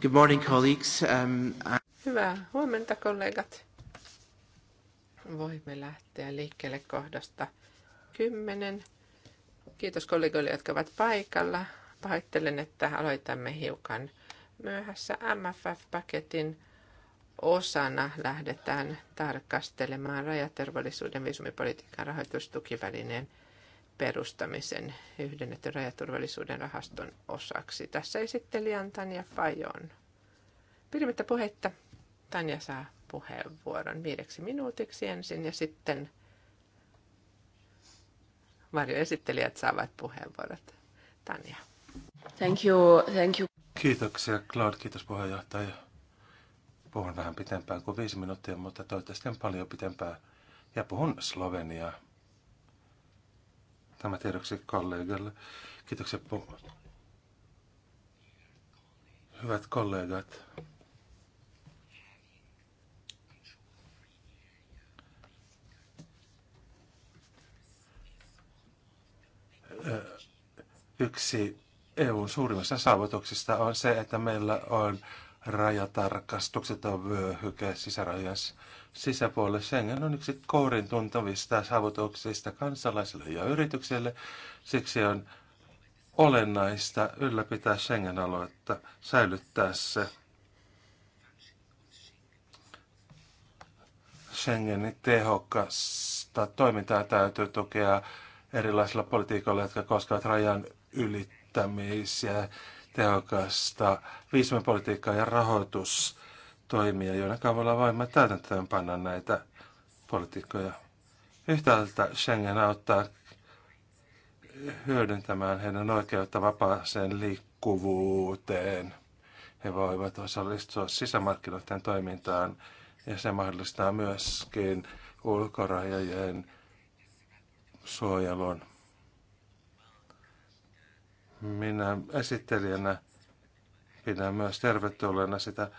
Good morning, colleagues. Um, I... Hyvää huomenta, kollegat. Voimme lähteä liikkeelle kohdasta 10. Kiitos kollegoille, jotka ovat paikalla. Pahoittelen, että aloitamme hiukan myöhässä. MFF-paketin osana lähdetään tarkastelemaan rajaterveellisuuden viisumipolitiikan rahoitustukivälineen – perustamisen yhdennetyn rajaturvallisuuden rahaston osaksi. Tässä esittelijän Tanja Fajon. Pidemmittä puhetta Tanja saa puheenvuoron viideksi minuutiksi ensin ja sitten varjoesittelijät saavat puheenvuorot. Tanja. Thank you, thank you. Kiitoksia Claude, kiitos puheenjohtaja. Puhun vähän pitempään kuin viisi minuuttia, mutta toivottavasti on paljon pitempää. Ja puhun Sloveniaa tämä tiedoksi kollegalle. Kiitoksia. Hyvät kollegat. Yksi EUn suurimmista saavutuksista on se, että meillä on rajatarkastukset on vyöhyke sisärajojen sisäpuolelle. Schengen on yksi kourin tuntavista saavutuksista kansalaisille ja yrityksille. Siksi on olennaista ylläpitää Schengen-aluetta, säilyttää se. Schengenin tehokasta toimintaa täytyy tukea erilaisilla politiikoilla, jotka koskevat rajan ylittämisiä, tehokasta viisumipolitiikkaa ja rahoitus toimia, joiden kaavalla voimme täytäntöön panna näitä politiikkoja. Yhtäältä Schengen auttaa hyödyntämään heidän oikeutta vapaaseen liikkuvuuteen. He voivat osallistua sisämarkkinoiden toimintaan ja se mahdollistaa myöskin ulkorajojen suojelun. Minä esittelijänä pidän myös tervetulleena sitä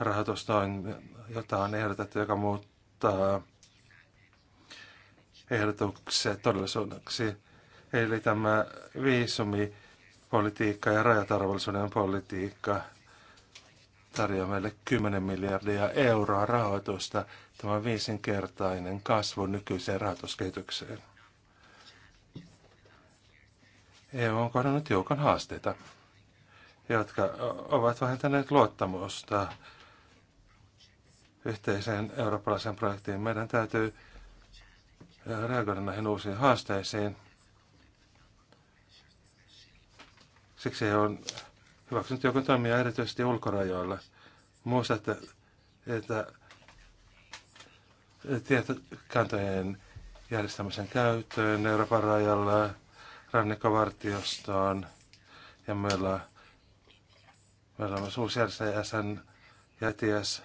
rahoitusta on, jota on ehdotettu, joka muuttaa ehdotuksia todellisuudeksi. Eli tämä viisumipolitiikka ja rajatarvallisuuden politiikka tarjoaa meille 10 miljardia euroa rahoitusta. Tämä on viisinkertainen kasvu nykyiseen rahoituskehitykseen. EU on kohdannut joukon haasteita, jotka ovat vähentäneet luottamusta yhteiseen eurooppalaiseen projektiin. Meidän täytyy reagoida näihin uusiin haasteisiin. Siksi on hyväksynyt joku toimia erityisesti ulkorajoilla. Muista, että tietokantojen järjestämisen käyttöön Euroopan rajalla, rannikkovartiostoon ja meillä, meillä on myös uusi järjestäjä SN ja TS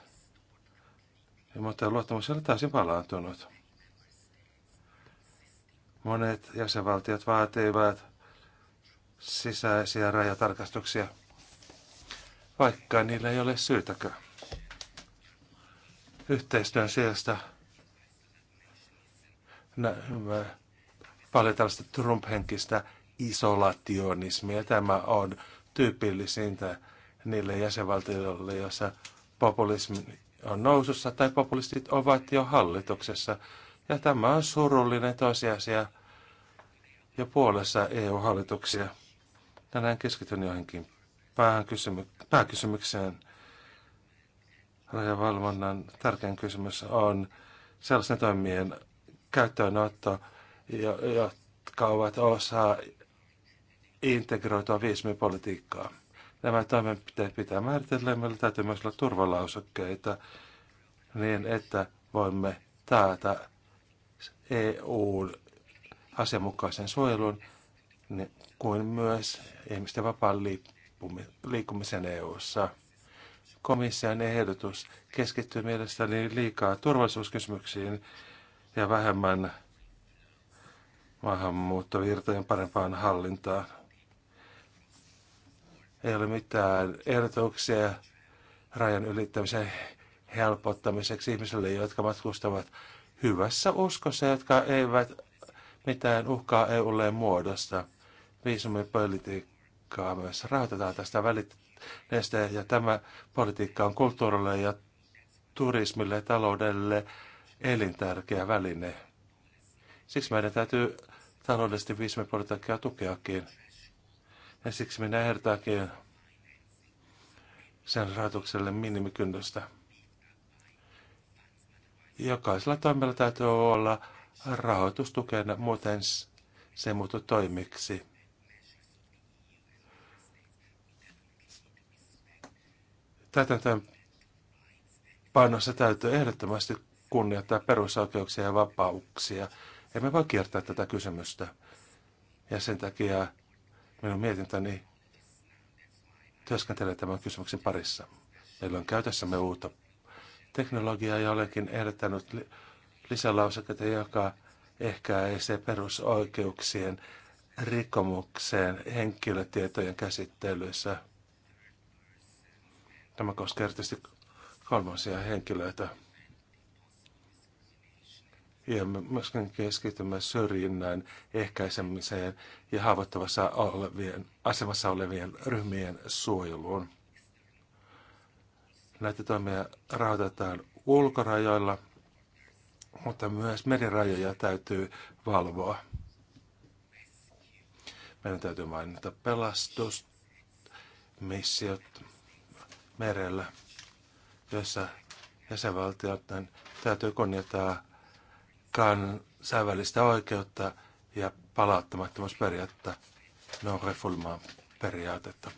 otan luottamus oli täysin palaantunut. Monet jäsenvaltiot vaativat sisäisiä rajatarkastuksia, vaikka niillä ei ole syytäkään. Yhteistyön sijasta näemme paljon tällaista Trump-henkistä isolationismia. Tämä on tyypillisintä niille jäsenvaltioille, joissa populismi on nousussa tai populistit ovat jo hallituksessa. Ja tämä on surullinen tosiasia ja puolessa EU-hallituksia. Tänään keskityn johonkin pääkysymykseen. pääkysymykseen. Rajavalvonnan tärkein kysymys on sellaisen toimien käyttöönotto, jotka ovat osa integroitua viismipolitiikkaa. politiikkaa nämä toimenpiteet pitää määritellä ja meillä täytyy myös olla turvalausakkeita niin, että voimme taata eu asianmukaisen suojelun niin kuin myös ihmisten vapaan liikkumisen EUssa. Komission ehdotus keskittyy mielestäni liikaa turvallisuuskysymyksiin ja vähemmän maahanmuuttovirtojen parempaan hallintaan. Ei ole mitään ehdotuksia rajan ylittämisen helpottamiseksi ihmisille, jotka matkustavat hyvässä uskossa, jotka eivät mitään uhkaa EUlle muodosta. Viisumipolitiikkaa myös rahoitetaan tästä välineestä ja tämä politiikka on kulttuurille ja turismille ja taloudelle elintärkeä väline. Siksi meidän täytyy taloudellisesti viisumipolitiikkaa tukeakin. Ja siksi me nähdäänkin sen rahoitukselle minimikynnystä. Jokaisella toimella täytyy olla rahoitustukena, muuten se muuttuu toimiksi. Täytäntöön painossa täytyy ehdottomasti kunnioittaa perusoikeuksia ja vapauksia. Emme voi kiertää tätä kysymystä. Ja sen takia Minun mietintäni työskentelee tämän kysymyksen parissa. Meillä on käytössämme uutta teknologiaa ja olenkin ehdottanut li- joka ehkäisee perusoikeuksien rikkomukseen henkilötietojen käsittelyssä. Tämä koskee erityisesti kolmansia henkilöitä. Ja myöskin keskitymme syrjinnän ehkäisemiseen ja haavoittuvassa olevien, asemassa olevien ryhmien suojeluun. Näitä toimia rahoitetaan ulkorajoilla, mutta myös merirajoja täytyy valvoa. Meidän täytyy mainita pelastusmissiot merellä, joissa jäsenvaltioiden täytyy kunnioittaa kansainvälistä oikeutta ja palauttamattomuusperiaatetta, no reformaa periaatetta.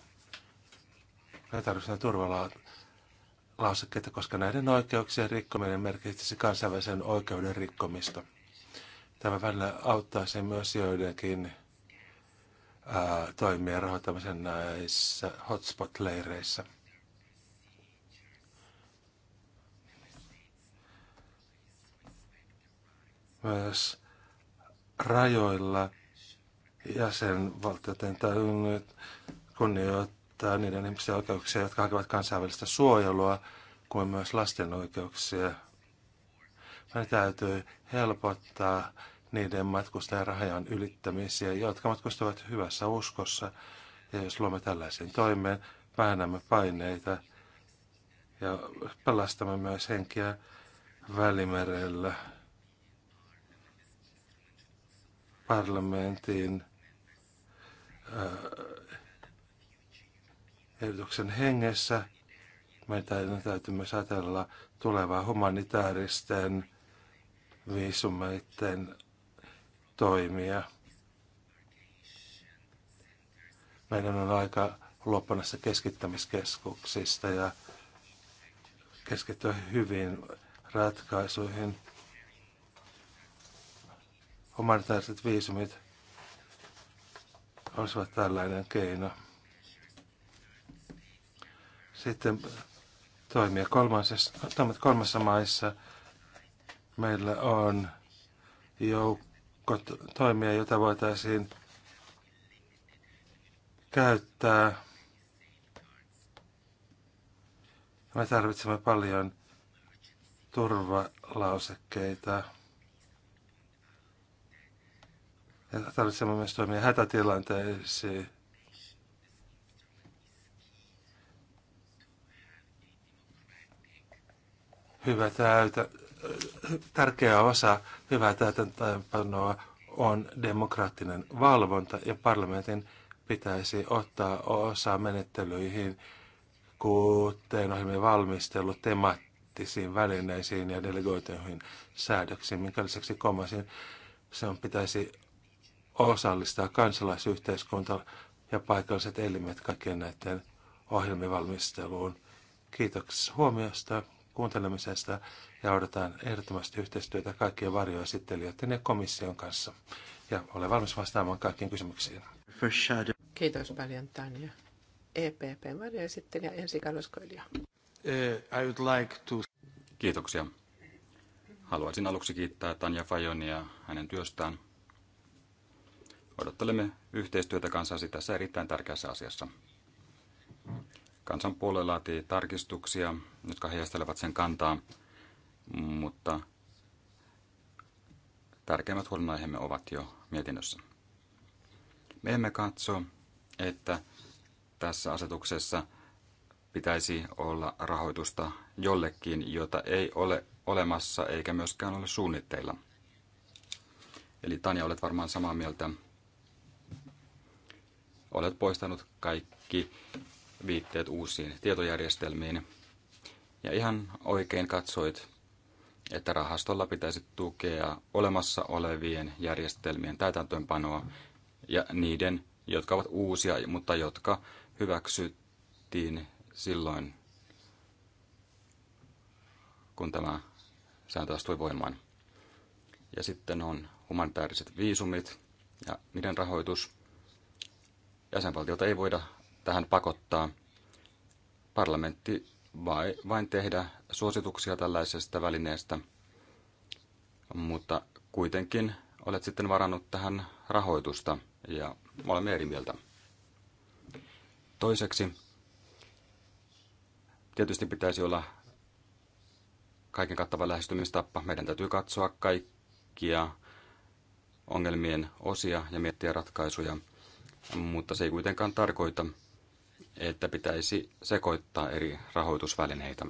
Me tarvitsemme turvalausekkeita, koska näiden oikeuksien rikkominen merkitsisi kansainvälisen oikeuden rikkomista. Tämä välillä auttaisi myös joidenkin ää, toimien rahoittamisen näissä hotspot-leireissä – myös rajoilla jäsenvaltioiden täytyy kunnioittaa niiden ihmisten oikeuksia, jotka hakevat kansainvälistä suojelua, kuin myös lasten oikeuksia. Meidän täytyy helpottaa niiden matkustajan rajan ylittämisiä, jotka matkustavat hyvässä uskossa. Ja jos luomme tällaisen toimeen, vähennämme paineita ja pelastamme myös henkiä Välimerellä. parlamentin äh, ehdotuksen hengessä. Meidän täytyy myös ajatella tulevaa humanitaaristen viisumeiden toimia. Meidän on aika luopua näistä keskittämiskeskuksista ja keskittyä hyvin ratkaisuihin humanitaariset viisumit olisivat tällainen keino. Sitten toimia kolmassa maissa. Meillä on joukko toimia, jota voitaisiin käyttää. Me tarvitsemme paljon turvalausekkeita. Ja tarvitsemme myös toimia hätätilanteisiin. Hyvä täytä, tärkeä osa hyvää täytäntöönpanoa on demokraattinen valvonta ja parlamentin pitäisi ottaa osaa menettelyihin, kuten ohjelmien valmistelu, temaattisiin välineisiin ja delegoituihin säädöksiin, minkä lisäksi komasin on pitäisi osallistaa kansalaisyhteiskunta ja paikalliset elimet kaikkien näiden ohjelmivalmisteluun. Kiitoksia huomiosta, kuuntelemisesta ja odotan ehdottomasti yhteistyötä kaikkien varjoesittelijöiden ja komission kanssa. Ja olen valmis vastaamaan kaikkiin kysymyksiin. Kiitos paljon Tanja. epp varjoesittelijä Ensi Kaloskoilija. Eh, I would like to... Kiitoksia. Haluaisin aluksi kiittää Tanja Fajonia hänen työstään. Odottelemme yhteistyötä kansasi tässä erittäin tärkeässä asiassa. Kansan puolue laatii tarkistuksia, jotka heijastelevat sen kantaa, mutta tärkeimmät huolenaiheemme ovat jo mietinnössä. Me emme katso, että tässä asetuksessa pitäisi olla rahoitusta jollekin, jota ei ole olemassa eikä myöskään ole suunnitteilla. Eli Tanja, olet varmaan samaa mieltä olet poistanut kaikki viitteet uusiin tietojärjestelmiin. Ja ihan oikein katsoit, että rahastolla pitäisi tukea olemassa olevien järjestelmien täytäntöönpanoa ja niiden, jotka ovat uusia, mutta jotka hyväksyttiin silloin, kun tämä sääntö astui voimaan. Ja sitten on humanitaariset viisumit ja niiden rahoitus. Jäsenvaltiota ei voida tähän pakottaa. Parlamentti vai vain tehdä suosituksia tällaisesta välineestä, mutta kuitenkin olet sitten varannut tähän rahoitusta ja olemme eri mieltä. Toiseksi, tietysti pitäisi olla kaiken kattava lähestymistapa. Meidän täytyy katsoa kaikkia ongelmien osia ja miettiä ratkaisuja mutta se ei kuitenkaan tarkoita, että pitäisi sekoittaa eri rahoitusvälineitä.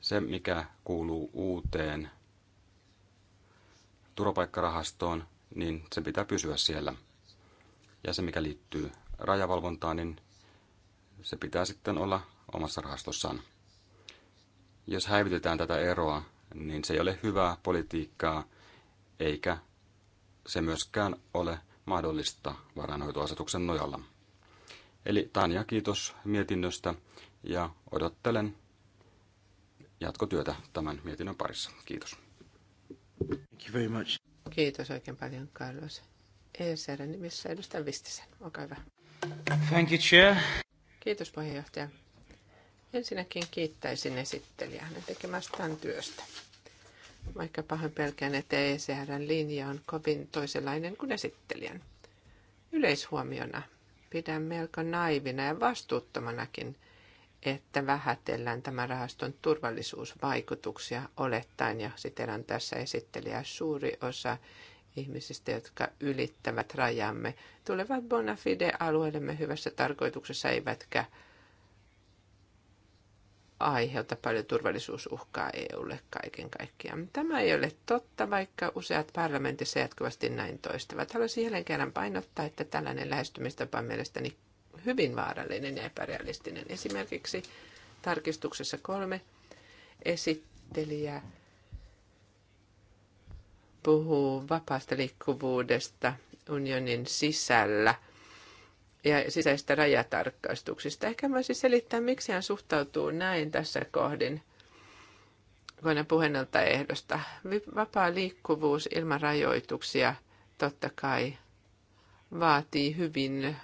Se, mikä kuuluu uuteen turvapaikkarahastoon, niin se pitää pysyä siellä. Ja se, mikä liittyy rajavalvontaan, niin se pitää sitten olla omassa rahastossaan. Jos häivitetään tätä eroa, niin se ei ole hyvää politiikkaa, eikä se myöskään ole mahdollista varainhoitoasetuksen nojalla. Eli Tanja, kiitos mietinnöstä ja odottelen jatkotyötä tämän mietinnön parissa. Kiitos. Thank you very much. Kiitos oikein paljon, Carlos. ESR nimissä edustan Vistisen. Olkaa hyvä. Thank you, Chair. Kiitos puheenjohtaja. Ensinnäkin kiittäisin esittelijää hänen tekemästään työstä vaikka pahan pelkään, että ECRn linja on kovin toisenlainen kuin esittelijän. Yleishuomiona pidän melko naivina ja vastuuttomanakin, että vähätellään tämän rahaston turvallisuusvaikutuksia olettaen, ja siteran tässä esittelijä suuri osa ihmisistä, jotka ylittävät rajamme, tulevat bona fide-alueellemme hyvässä tarkoituksessa, eivätkä aiheuta paljon turvallisuusuhkaa EUlle kaiken kaikkiaan. Tämä ei ole totta, vaikka useat parlamentissa jatkuvasti näin toistavat. Haluaisin jälleen kerran painottaa, että tällainen lähestymistapa on mielestäni hyvin vaarallinen ja epärealistinen. Esimerkiksi tarkistuksessa kolme esittelijä puhuu vapaasta liikkuvuudesta unionin sisällä – ja sisäistä rajatarkastuksista. Ehkä voisi selittää, miksi hän suhtautuu näin tässä kohdin vuonna puhennelta ehdosta. Vapaa liikkuvuus ilman rajoituksia totta kai vaatii hyvin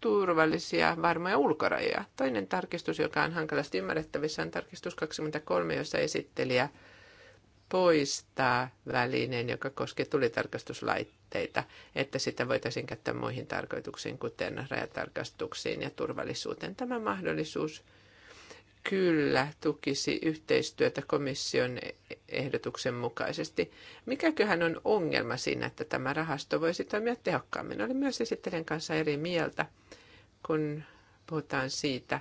turvallisia, varmoja ulkorajoja. Toinen tarkistus, joka on hankalasti ymmärrettävissä, on tarkistus 23, jossa esittelijä – poistaa välineen, joka koskee tulitarkastuslaitteita, että sitä voitaisiin käyttää muihin tarkoituksiin, kuten rajatarkastuksiin ja turvallisuuteen. Tämä mahdollisuus kyllä tukisi yhteistyötä komission ehdotuksen mukaisesti. Mikäköhän on ongelma siinä, että tämä rahasto voisi toimia tehokkaammin? Olin myös esittelen kanssa eri mieltä, kun puhutaan siitä,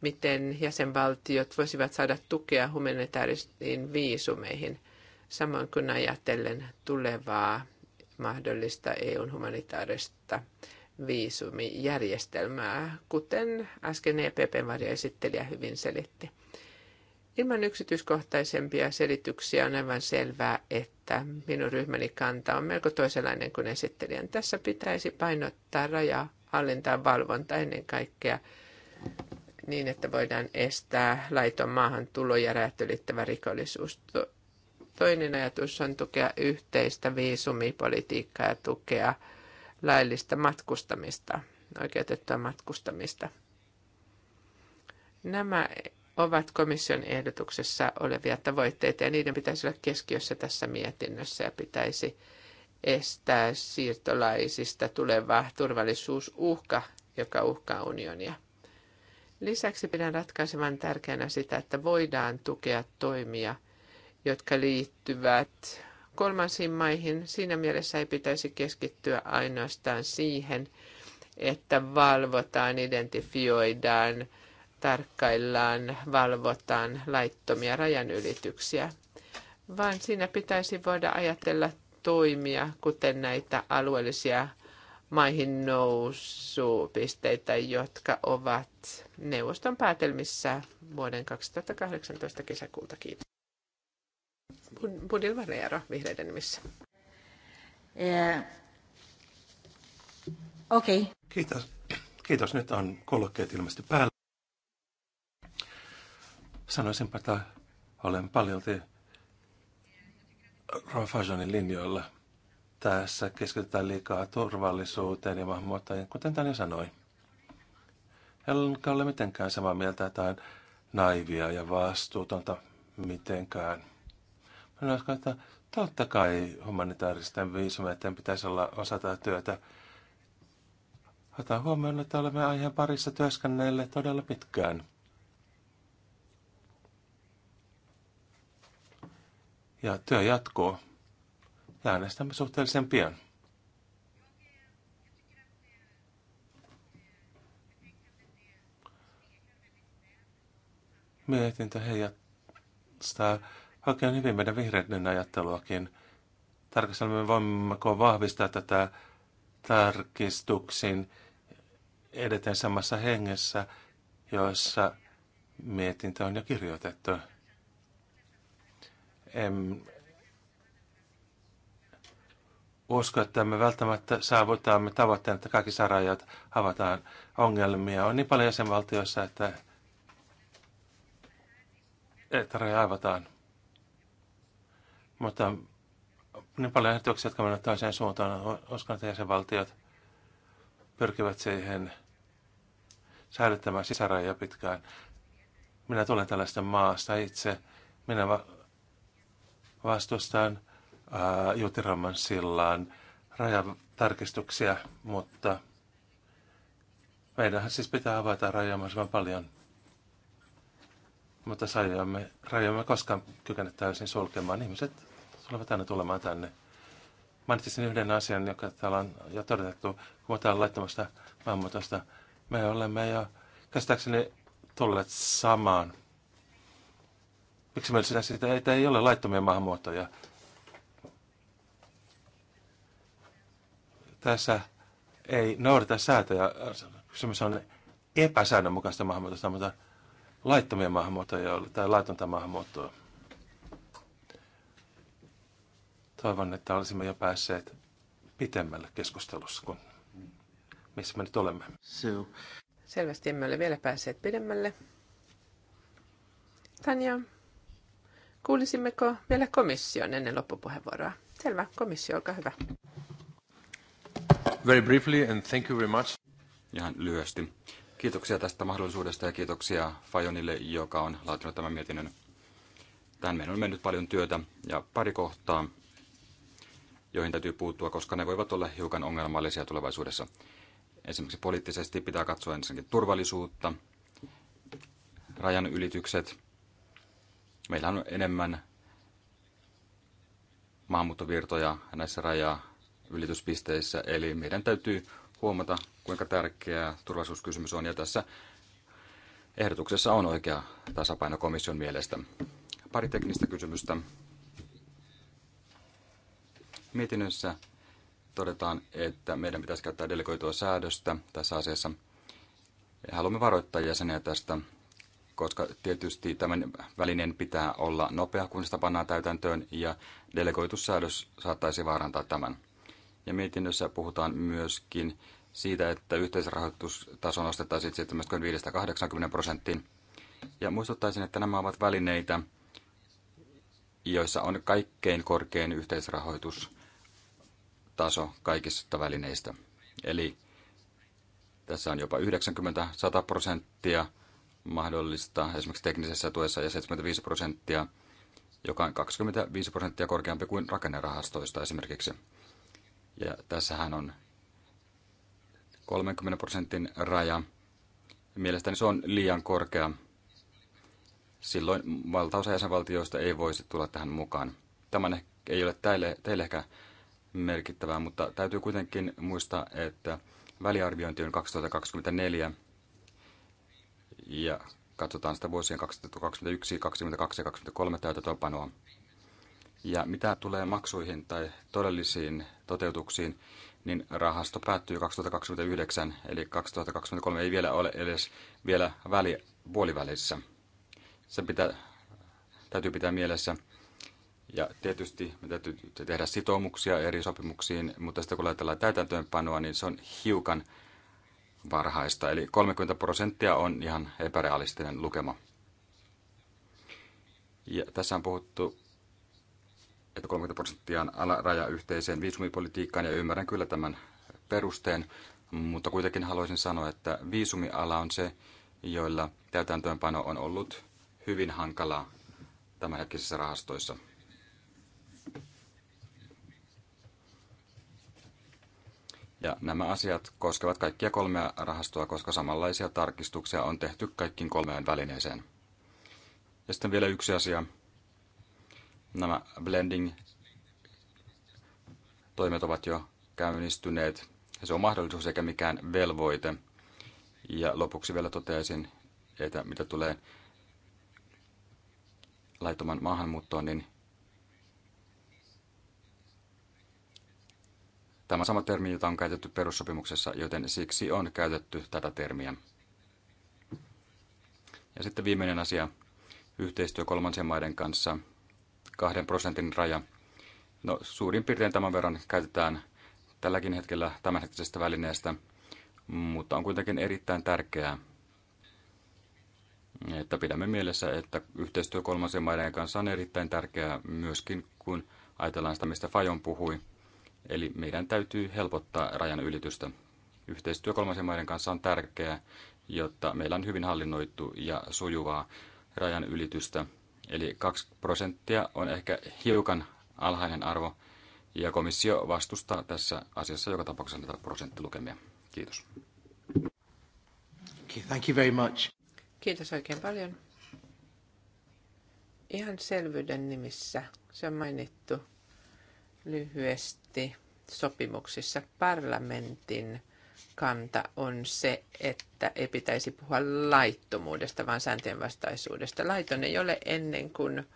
miten jäsenvaltiot voisivat saada tukea humanitaarisiin viisumeihin, samoin kuin ajatellen tulevaa mahdollista EUn humanitaarista viisumijärjestelmää, kuten äsken EPPn varjoesittelijä hyvin selitti. Ilman yksityiskohtaisempia selityksiä on aivan selvää, että minun ryhmäni kanta on melko toisenlainen kuin esittelijän. Tässä pitäisi painottaa rajaa, hallintaa, valvonta ennen kaikkea niin, että voidaan estää laiton maahantulo ja räätylittävä rikollisuus. Toinen ajatus on tukea yhteistä viisumipolitiikkaa ja tukea laillista matkustamista, oikeutettua matkustamista. Nämä ovat komission ehdotuksessa olevia tavoitteita ja niiden pitäisi olla keskiössä tässä mietinnössä ja pitäisi estää siirtolaisista tuleva turvallisuusuhka, joka uhkaa unionia. Lisäksi pidän ratkaisevan tärkeänä sitä, että voidaan tukea toimia, jotka liittyvät kolmansiin maihin. Siinä mielessä ei pitäisi keskittyä ainoastaan siihen, että valvotaan, identifioidaan, tarkkaillaan, valvotaan laittomia rajanylityksiä, vaan siinä pitäisi voida ajatella toimia, kuten näitä alueellisia maihin nousupisteitä, jotka ovat neuvoston päätelmissä vuoden 2018 kesäkuulta. Kiitos. Budil Vareero, vihreiden nimissä. Yeah. Okei. Okay. Kiitos. Kiitos. Nyt on kollokkeet ilmeisesti päällä. Sanoisinpa, että olen paljolti Rafajanin linjoilla – tässä keskitytään liikaa turvallisuuteen ja maahanmuuttajien, kuten Tanja sanoi. Enkä ole mitenkään samaa mieltä, että on naivia ja vastuutonta mitenkään. Mä uskon, että totta kai humanitaaristen viisumeiden pitäisi olla osa tätä työtä. Otan huomioon, että olemme aiheen parissa työskennelle todella pitkään. Ja työ jatkuu. Ja äänestämme suhteellisen pian. Mietintö heijastaa oikein hyvin meidän vihreiden ajatteluakin. Tarkastelemme voimmeko vahvistaa tätä tarkistuksin edeten samassa hengessä, joissa mietintö on jo kirjoitettu usko, että me välttämättä saavutamme tavoitteen, että kaikki sarajat havataan ongelmia. On niin paljon jäsenvaltioissa, että, että raja avataan. Mutta niin paljon ehdotuksia, jotka menevät toiseen suuntaan. Uskon, että jäsenvaltiot pyrkivät siihen säilyttämään sisärajoja pitkään. Minä tulen tällaista maasta itse. Minä va- vastustan Äh, Jutiraman sillaan rajatarkistuksia, mutta meidän siis pitää avata rajamaisemman paljon. Mutta rajojamme, rajamme koskaan kykene täysin sulkemaan. Ihmiset tulevat tänne tulemaan tänne. Mainitsin yhden asian, joka täällä on jo todettu, kun on laittomasta maanmuutosta. Me olemme jo käsittääkseni tulleet samaan. Miksi meillä sitä siitä, että ei ole laittomia maahanmuuttoja? tässä ei noudata säätöjä, Kysymys on epäsäännönmukaista maahanmuuttoa, mutta laittomia maahanmuuttoja tai laitonta maahanmuuttoa. Toivon, että olisimme jo päässeet pitemmälle keskustelussa kuin missä me nyt olemme. So. Selvästi emme ole vielä päässeet pidemmälle. Tanja, kuulisimmeko vielä komission ennen loppupuheenvuoroa? Selvä, komissio, olkaa hyvä. Very briefly and thank you very much. Ihan lyhyesti. Kiitoksia tästä mahdollisuudesta ja kiitoksia Fajonille, joka on laatinut tämän mietinnön. Tähän meidän on mennyt paljon työtä ja pari kohtaa, joihin täytyy puuttua, koska ne voivat olla hiukan ongelmallisia tulevaisuudessa. Esimerkiksi poliittisesti pitää katsoa ensinnäkin turvallisuutta, rajan ylitykset. Meillä on enemmän maahanmuuttovirtoja näissä raja ylityspisteissä. Eli meidän täytyy huomata, kuinka tärkeä turvallisuuskysymys on. Ja tässä ehdotuksessa on oikea tasapaino komission mielestä. Pari teknistä kysymystä. Mietinnössä todetaan, että meidän pitäisi käyttää delegoitua säädöstä tässä asiassa. Haluamme varoittaa jäseniä tästä, koska tietysti tämän välinen pitää olla nopea, kun sitä pannaan täytäntöön, ja delegoitussäädös saattaisi vaarantaa tämän. Ja mietinnössä puhutaan myöskin siitä, että yhteisrahoitustaso nostettaisiin 75-80 prosenttiin. Ja muistuttaisin, että nämä ovat välineitä, joissa on kaikkein korkein yhteisrahoitustaso kaikista välineistä. Eli tässä on jopa 90-100 prosenttia mahdollista esimerkiksi teknisessä tuessa ja 75 prosenttia, joka on 25 prosenttia korkeampi kuin rakennerahastoista esimerkiksi. Ja tässähän on 30 prosentin raja. Mielestäni se on liian korkea. Silloin valtaosa jäsenvaltioista ei voisi tulla tähän mukaan. Tämä ei ole teille, teille ehkä merkittävää, mutta täytyy kuitenkin muistaa, että väliarviointi on 2024 ja katsotaan sitä vuosien 2021, 2022 ja 2023 täytäntöönpanoa. Ja mitä tulee maksuihin tai todellisiin toteutuksiin, niin rahasto päättyy 2029, eli 2023 ei vielä ole edes vielä väli, puolivälissä. Se pitää, täytyy pitää mielessä. Ja tietysti me täytyy tehdä sitoumuksia eri sopimuksiin, mutta sitten kun laitetaan täytäntöönpanoa, niin se on hiukan varhaista. Eli 30 prosenttia on ihan epärealistinen lukema. Ja tässä on puhuttu että 30 prosenttia on alaraja yhteiseen viisumipolitiikkaan ja ymmärrän kyllä tämän perusteen, mutta kuitenkin haluaisin sanoa, että viisumiala on se, joilla täytäntöönpano on ollut hyvin hankalaa tämänhetkisissä rahastoissa. Ja nämä asiat koskevat kaikkia kolmea rahastoa, koska samanlaisia tarkistuksia on tehty kaikkiin kolmeen välineeseen. Ja sitten vielä yksi asia, Nämä blending-toimet ovat jo käynnistyneet. Ja se on mahdollisuus eikä mikään velvoite. Ja lopuksi vielä toteaisin, että mitä tulee laittoman maahanmuuttoon, niin Tämä sama termi, jota on käytetty perussopimuksessa, joten siksi on käytetty tätä termiä. Ja sitten viimeinen asia, yhteistyö kolmansien maiden kanssa kahden prosentin raja. No, suurin piirtein tämän verran käytetään tälläkin hetkellä tämänhetkisestä välineestä, mutta on kuitenkin erittäin tärkeää, että pidämme mielessä, että yhteistyö kolmansien maiden kanssa on erittäin tärkeää myöskin, kun ajatellaan sitä, mistä Fajon puhui. Eli meidän täytyy helpottaa rajan ylitystä. Yhteistyö kolmansien maiden kanssa on tärkeää, jotta meillä on hyvin hallinnoitu ja sujuvaa rajan ylitystä Eli 2 prosenttia on ehkä hiukan alhainen arvo, ja komissio vastustaa tässä asiassa joka tapauksessa näitä prosenttilukemia. Kiitos. Okay, thank you very much. Kiitos oikein paljon. Ihan selvyyden nimissä se on mainittu lyhyesti sopimuksissa parlamentin kanta on se, että ei pitäisi puhua laittomuudesta, vaan sääntöjen vastaisuudesta. Laiton ei ole ennen kuin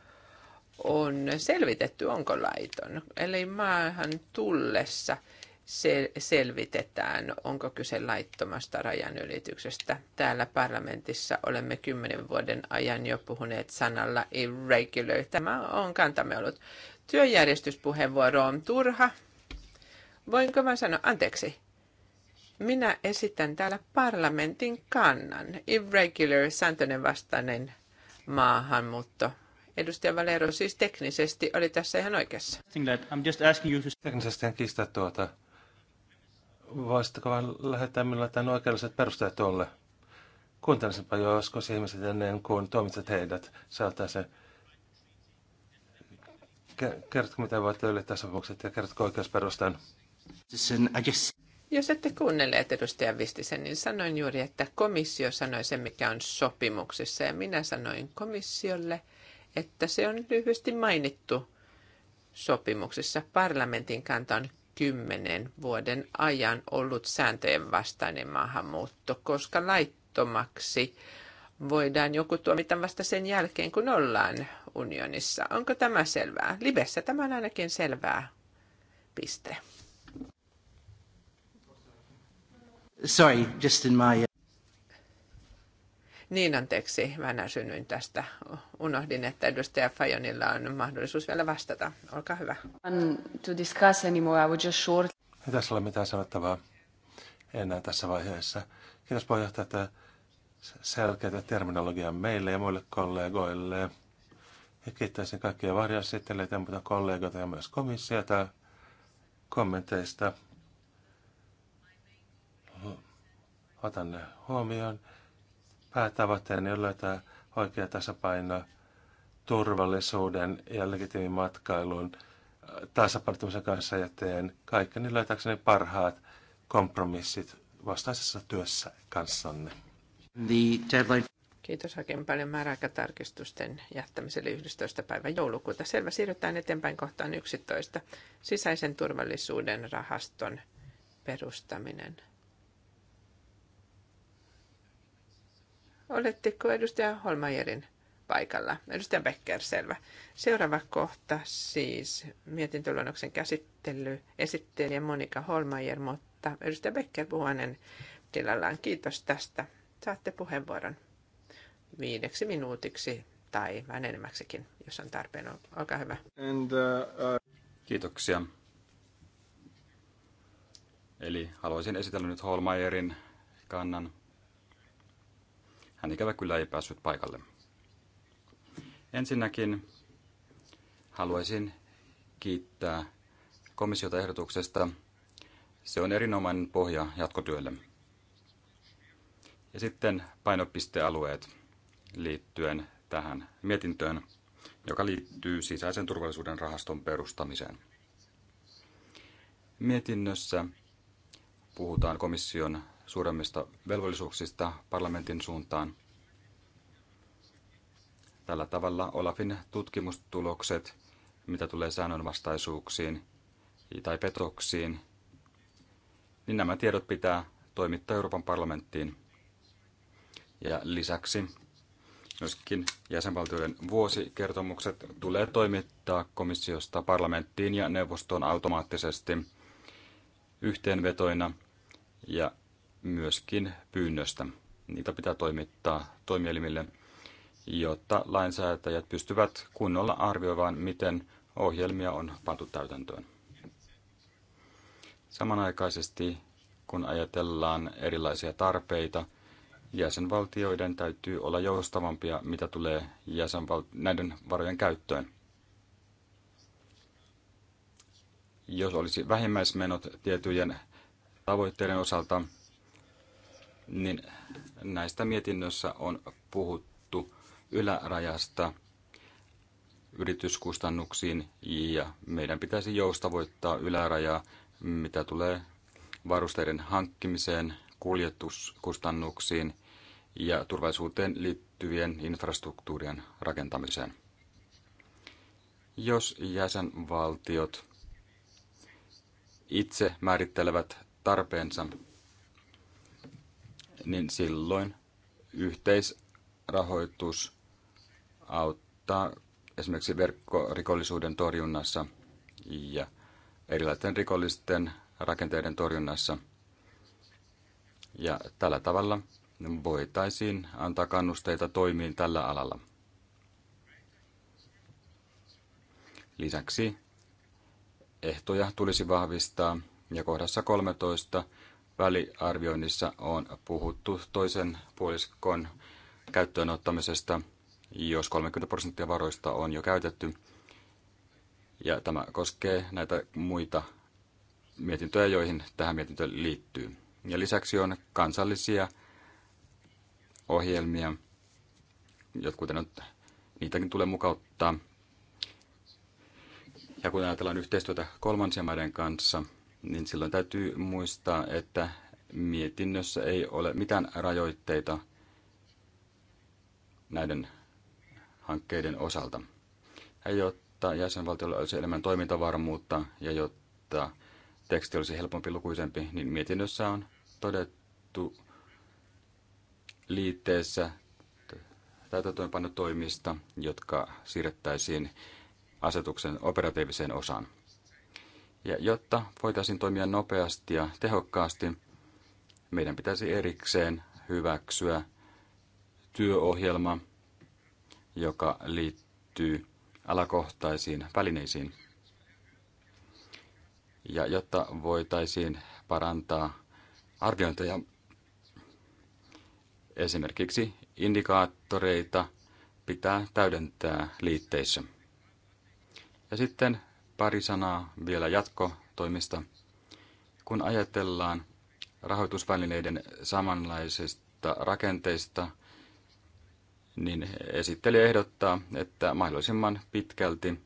on selvitetty, onko laiton. Eli maahan tullessa sel- selvitetään, onko kyse laittomasta rajanylityksestä. Täällä parlamentissa olemme kymmenen vuoden ajan jo puhuneet sanalla irregular. Tämä on kantamme ollut. Työjärjestyspuheenvuoro on turha. Voinko mä sanoa, anteeksi, minä esitän täällä parlamentin kannan. Irregular, sääntöinen vastainen maahanmuutto. Edustaja Valero siis teknisesti oli tässä ihan oikeassa. I'm just asking you to... Teknisesti hän kiistää tuota. Voisitteko vain lähettää minulle tämän oikeudelliset perusteet tuolle? Kuuntelisinpa joskus ihmiset ennen kuin tuomitset heidät. Saattaa se. Kerrotko, mitä voit löytää sopimukset ja kerrotko oikeusperustan? Jos ette kuunnelleet edustaja Vistisen, niin sanoin juuri, että komissio sanoi sen, mikä on sopimuksessa. Ja minä sanoin komissiolle, että se on lyhyesti mainittu sopimuksessa. Parlamentin kanta on kymmenen vuoden ajan ollut sääntöjen vastainen maahanmuutto, koska laittomaksi voidaan joku tuomita vasta sen jälkeen, kun ollaan unionissa. Onko tämä selvää? Libessä tämä on ainakin selvää. Piste. Sorry, just in my... Uh, niin, anteeksi, mä synnyin tästä. Unohdin, että edustaja Fajonilla on mahdollisuus vielä vastata. Olkaa hyvä. Um, to discuss anymore, I would just short... Ei tässä ole mitään sanottavaa enää tässä vaiheessa. Kiitos puheenjohtaja, että selkeitä terminologiaa meille ja muille kollegoille. Ja kiittäisin kaikkia varjoesittelijöitä, muita kollegoita ja myös komissiota kommenteista. Otan ne huomioon. Päätavoitteeni on löytää oikea tasapaino turvallisuuden ja legitiimin matkailun äh, tasapainottamisen kanssa ja teen kaikkeni löytääkseni parhaat kompromissit vastaisessa työssä kanssanne. Kiitos oikein paljon määräaikatarkistusten jättämiselle 11. päivä joulukuuta. Selvä, siirrytään eteenpäin kohtaan 11. Sisäisen turvallisuuden rahaston perustaminen. Oletteko edustaja Holmajerin paikalla? Edustaja Becker, selvä. Seuraava kohta siis mietintöluonnoksen käsittely esittelijä Monika Holmajer, mutta edustaja Becker puhuu hänen tilallaan. Kiitos tästä. Saatte puheenvuoron viideksi minuutiksi tai vähän enemmäksikin, jos on tarpeen. Olkaa hyvä. And, uh, uh... Kiitoksia. Eli haluaisin esitellä nyt Holmajerin kannan hän ikävä kyllä ei päässyt paikalle. Ensinnäkin haluaisin kiittää komissiota ehdotuksesta. Se on erinomainen pohja jatkotyölle. Ja sitten painopistealueet liittyen tähän mietintöön, joka liittyy sisäisen turvallisuuden rahaston perustamiseen. Mietinnössä puhutaan komission suuremmista velvollisuuksista parlamentin suuntaan. Tällä tavalla Olafin tutkimustulokset, mitä tulee säännönvastaisuuksiin tai petoksiin, niin nämä tiedot pitää toimittaa Euroopan parlamenttiin. Ja lisäksi myöskin jäsenvaltioiden vuosikertomukset tulee toimittaa komissiosta parlamenttiin ja neuvostoon automaattisesti yhteenvetoina ja myöskin pyynnöstä. Niitä pitää toimittaa toimielimille, jotta lainsäätäjät pystyvät kunnolla arvioimaan, miten ohjelmia on pantu täytäntöön. Samanaikaisesti, kun ajatellaan erilaisia tarpeita, jäsenvaltioiden täytyy olla joustavampia, mitä tulee jäsenval- näiden varojen käyttöön. Jos olisi vähimmäismenot tiettyjen tavoitteiden osalta, niin näistä mietinnössä on puhuttu ylärajasta yrityskustannuksiin ja meidän pitäisi joustavoittaa ylärajaa, mitä tulee varusteiden hankkimiseen, kuljetuskustannuksiin ja turvallisuuteen liittyvien infrastruktuurien rakentamiseen. Jos jäsenvaltiot itse määrittelevät tarpeensa niin silloin yhteisrahoitus auttaa esimerkiksi verkkorikollisuuden torjunnassa ja erilaisten rikollisten rakenteiden torjunnassa. Ja tällä tavalla voitaisiin antaa kannusteita toimiin tällä alalla. Lisäksi ehtoja tulisi vahvistaa ja kohdassa 13 väliarvioinnissa on puhuttu toisen puoliskon käyttöön ottamisesta, jos 30 prosenttia varoista on jo käytetty. Ja tämä koskee näitä muita mietintöjä, joihin tähän mietintöön liittyy. Ja lisäksi on kansallisia ohjelmia, jotka nyt, niitäkin tulee mukauttaa. Ja kun ajatellaan yhteistyötä kolmansien maiden kanssa – niin silloin täytyy muistaa, että mietinnössä ei ole mitään rajoitteita näiden hankkeiden osalta. Ja jotta jäsenvaltiolla olisi enemmän toimintavarmuutta ja jotta teksti olisi helpompi lukuisempi, niin mietinnössä on todettu liitteessä täytäntöönpanotoimista, jotka siirrettäisiin asetuksen operatiiviseen osaan. Ja jotta voitaisiin toimia nopeasti ja tehokkaasti, meidän pitäisi erikseen hyväksyä työohjelma, joka liittyy alakohtaisiin välineisiin. Ja jotta voitaisiin parantaa arviointeja esimerkiksi indikaattoreita pitää täydentää liitteissä. Ja sitten Pari sanaa vielä jatkotoimista. Kun ajatellaan rahoitusvälineiden samanlaisista rakenteista, niin esitteli ehdottaa, että mahdollisimman pitkälti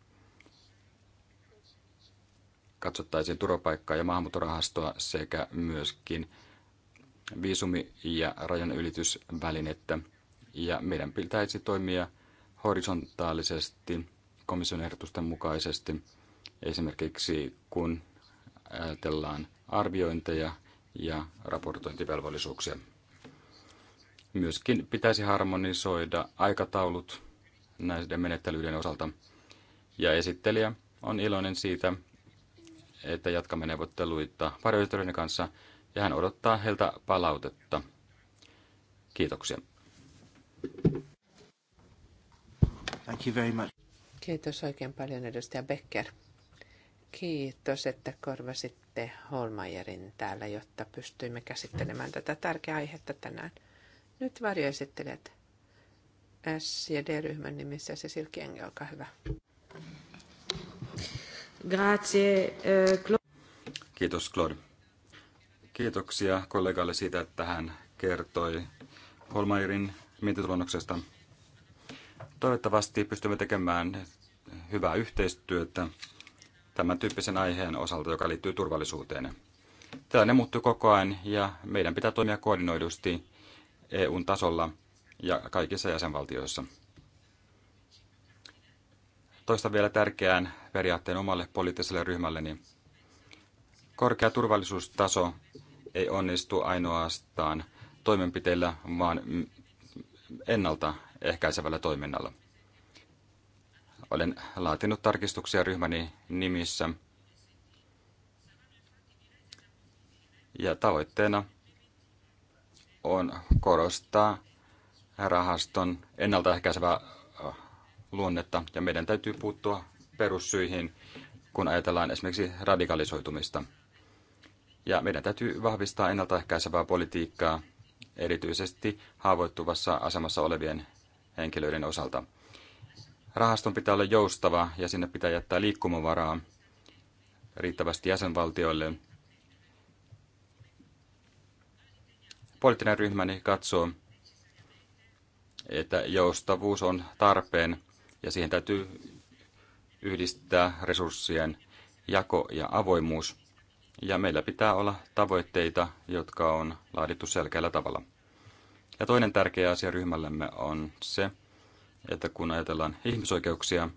katsottaisiin turvapaikkaa ja maahanmuuttorahastoa sekä myöskin viisumi- ja rajanylitysvälinettä. Ja meidän pitäisi toimia horisontaalisesti komission ehdotusten mukaisesti – Esimerkiksi kun ajatellaan arviointeja ja raportointivelvollisuuksia. Myöskin pitäisi harmonisoida aikataulut näiden menettelyiden osalta. Ja esittelijä on iloinen siitä, että jatkamme neuvotteluita varjoitoriiden kanssa ja hän odottaa heiltä palautetta. Kiitoksia. Thank you very much. Kiitos oikein paljon edustaja Becker. Kiitos, että korvasitte Holmajerin täällä, jotta pystyimme käsittelemään tätä tärkeää aihetta tänään. Nyt varjoesittelijät S- ja D-ryhmän nimissä se Kienge, olkaa hyvä. Grazie, eh, Kiitos, Claude. Kiitoksia kollegalle siitä, että hän kertoi Holmairin mietintöluonnoksesta. Toivottavasti pystymme tekemään hyvää yhteistyötä tämän tyyppisen aiheen osalta, joka liittyy turvallisuuteen. Tilanne muuttuu koko ajan ja meidän pitää toimia koordinoidusti EUn tasolla ja kaikissa jäsenvaltioissa. Toista vielä tärkeään periaatteen omalle poliittiselle ryhmälleni. Korkea turvallisuustaso ei onnistu ainoastaan toimenpiteillä, vaan ennaltaehkäisevällä toiminnalla. Olen laatinut tarkistuksia ryhmäni nimissä. Ja tavoitteena on korostaa rahaston ennaltaehkäisevää luonnetta ja meidän täytyy puuttua perussyihin, kun ajatellaan esimerkiksi radikalisoitumista. Ja meidän täytyy vahvistaa ennaltaehkäisevää politiikkaa erityisesti haavoittuvassa asemassa olevien henkilöiden osalta rahaston pitää olla joustava ja sinne pitää jättää liikkumavaraa riittävästi jäsenvaltioille. Poliittinen ryhmäni katsoo, että joustavuus on tarpeen ja siihen täytyy yhdistää resurssien jako ja avoimuus. Ja meillä pitää olla tavoitteita, jotka on laadittu selkeällä tavalla. Ja toinen tärkeä asia ryhmällämme on se, että kun ajatellaan ihmisoikeuksia,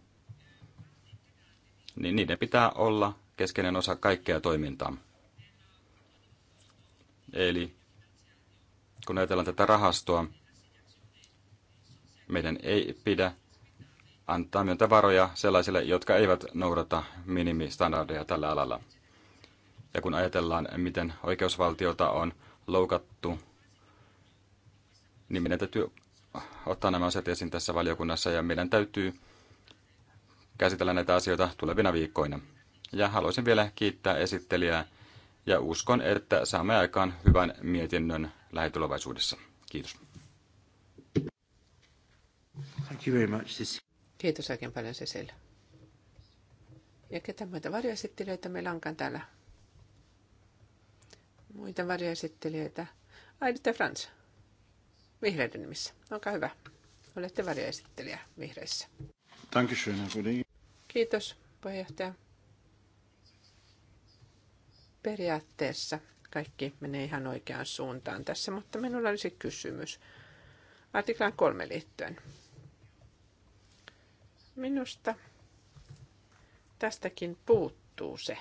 niin niiden pitää olla keskeinen osa kaikkea toimintaa. Eli kun ajatellaan tätä rahastoa, meidän ei pidä antaa myöntä varoja sellaisille, jotka eivät noudata minimistandardeja tällä alalla. Ja kun ajatellaan, miten oikeusvaltiota on loukattu, niin meidän täytyy ottaa nämä asiat esiin tässä valiokunnassa ja meidän täytyy käsitellä näitä asioita tulevina viikkoina. Ja haluaisin vielä kiittää esittelijää ja uskon, että saamme aikaan hyvän mietinnön lähitulevaisuudessa. Kiitos. Thank you very much, Kiitos oikein paljon Cecil. Ja ketä muita varjoesittelijöitä meillä onkaan täällä? Muita varjoesittelijöitä? Aidette France vihreiden nimissä. Olkaa hyvä. Olette varjoesittelijä vihreissä. Kiitos, puheenjohtaja. Periaatteessa kaikki menee ihan oikeaan suuntaan tässä, mutta minulla olisi kysymys artiklaan kolme liittyen. Minusta tästäkin puuttuu se,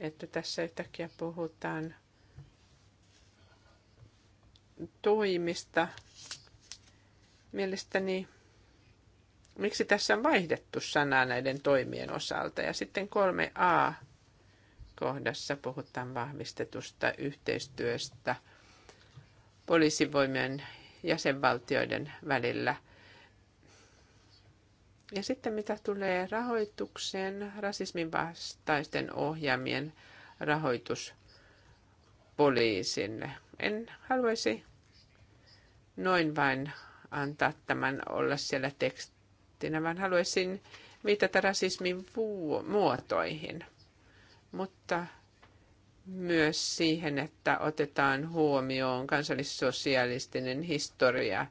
että tässä yhtäkkiä puhutaan toimista. Mielestäni, miksi tässä on vaihdettu sanaa näiden toimien osalta. Ja sitten 3a kohdassa puhutaan vahvistetusta yhteistyöstä poliisivoimien jäsenvaltioiden välillä. Ja sitten mitä tulee rahoitukseen, rasismin vastaisten ohjaamien rahoitus poliisille. En haluaisi noin vain antaa tämän olla siellä tekstinä, vaan haluaisin viitata rasismin muotoihin, mutta myös siihen, että otetaan huomioon kansallissosialistinen historia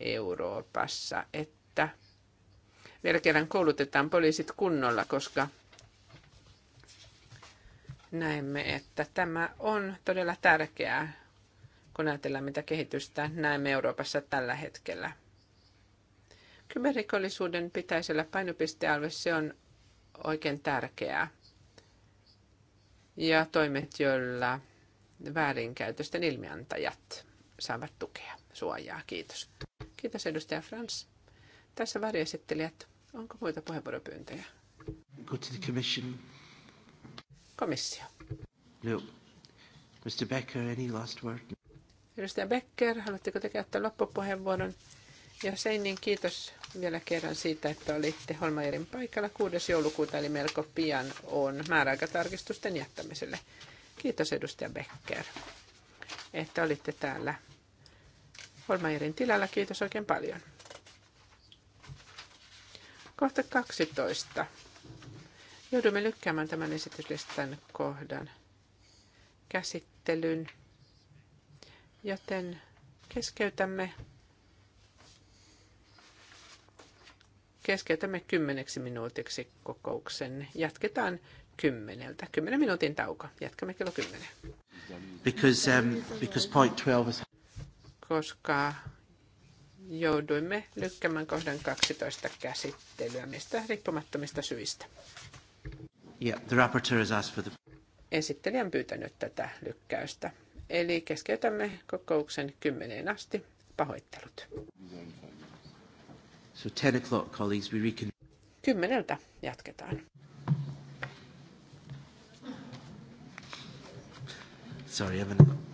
Euroopassa, että vielä kerran koulutetaan poliisit kunnolla, koska näemme, että tämä on todella tärkeää kun ajatellaan, mitä kehitystä näemme Euroopassa tällä hetkellä. Kyberrikollisuuden pitäisi olla painopistealue, se on oikein tärkeää. Ja toimet, joilla väärinkäytösten ilmiantajat saavat tukea, suojaa. Kiitos. Kiitos edustaja Frans. Tässä väriesittelijät. Onko muita puheenvuoropyyntöjä? Go to the commission. Komissio. No. Mr. Becker, any last word? Edustaja Becker, haluatteko te käyttää loppupuheenvuoron? Jos ei, niin kiitos vielä kerran siitä, että olitte Holmajerin paikalla 6. joulukuuta, eli melko pian on määräaikatarkistusten jättämiselle. Kiitos edustaja Becker, että olitte täällä Holmajerin tilalla. Kiitos oikein paljon. Kohta 12. Joudumme lykkäämään tämän esityslistan kohdan käsittelyn joten keskeytämme. Keskeytämme kymmeneksi minuutiksi kokouksen. Jatketaan kymmeneltä. Kymmenen minuutin tauko. Jatkamme kello kymmenen. Because, um, because point 12 Koska jouduimme lykkämään kohdan 12 käsittelyä mistä riippumattomista syistä. Yeah, the rapporteur has asked for the... Esittelijä on pyytänyt tätä lykkäystä. Eli keskeytämme kokouksen kymmeneen asti. Pahoittelut. So 10 o'clock, colleagues, we Kymmeneltä jatketaan. Sorry, haven't...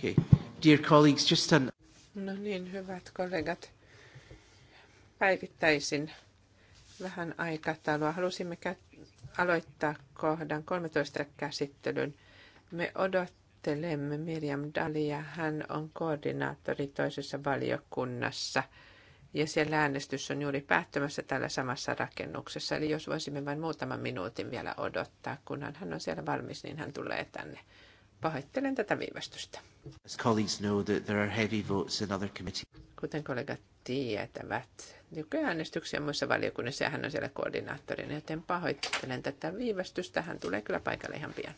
Okay. Dear colleagues, just an... No niin, hyvät kollegat. Päivittäisin vähän aikataulua. Halusimme aloittaa kohdan 13 käsittelyn. Me odottelemme Mirjam Dalia. Hän on koordinaattori toisessa valiokunnassa. Ja siellä äänestys on juuri päättymässä tällä samassa rakennuksessa. Eli jos voisimme vain muutaman minuutin vielä odottaa, kunhan hän on siellä valmis, niin hän tulee tänne. Pahoittelen tätä viivästystä. As colleagues know that there are heavy votes in other committees. Kuten kollegat tietävät, niukkoja äänestyksiä muissa valiokunnissa ja hän on siellä koordinaattorina, joten pahoittelen tätä viivästystä. Hän tulee kyllä paikalle ihan pian.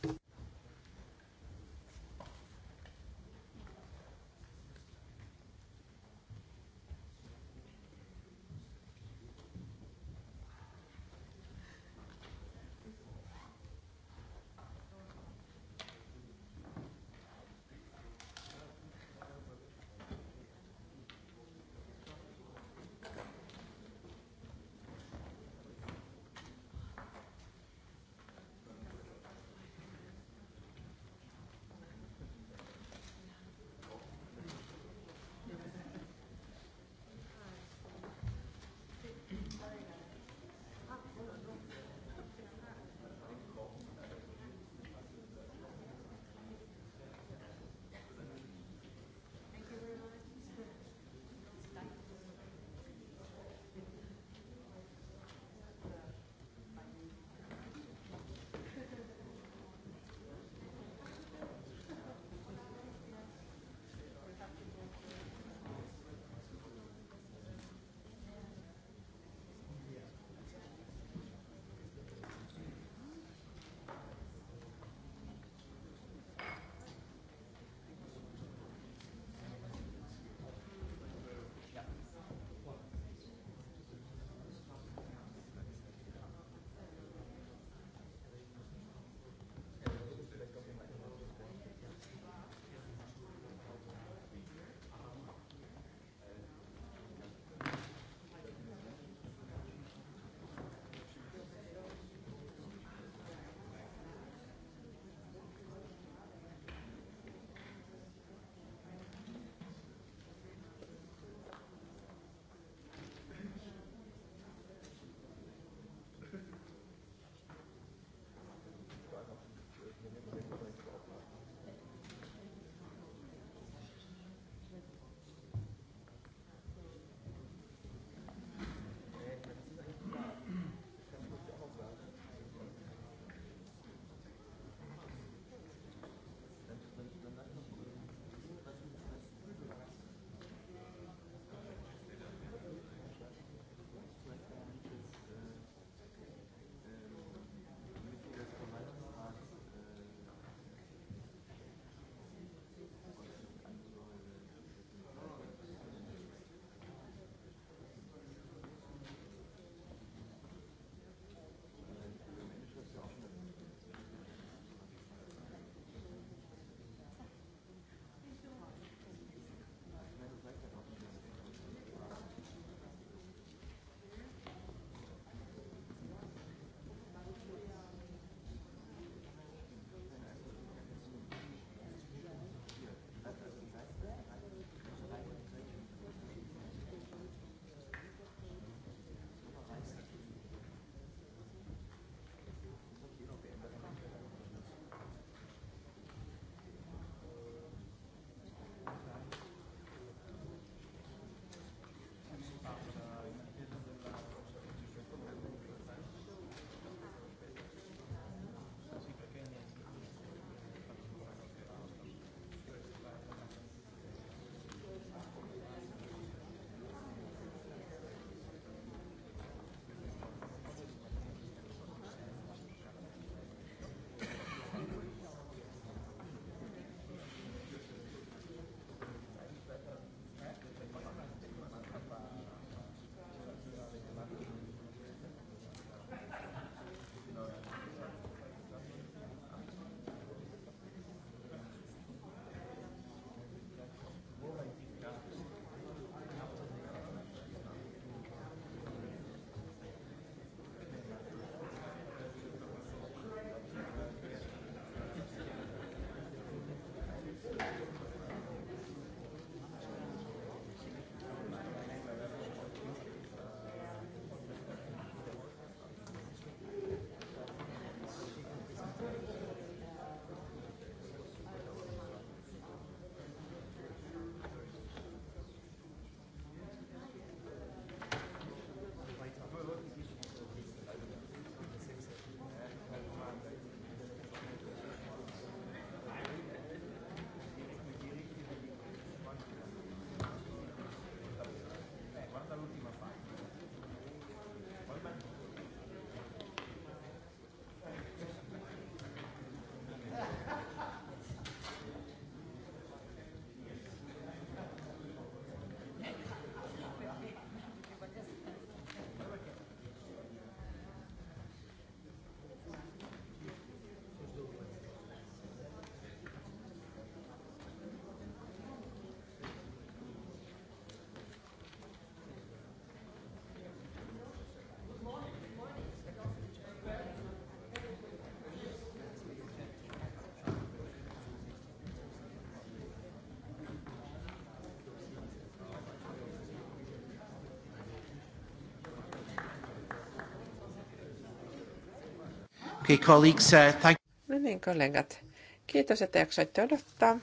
Okay, colleagues, uh, thank... No niin, kollegat. Kiitos, että jaksoitte odottaa.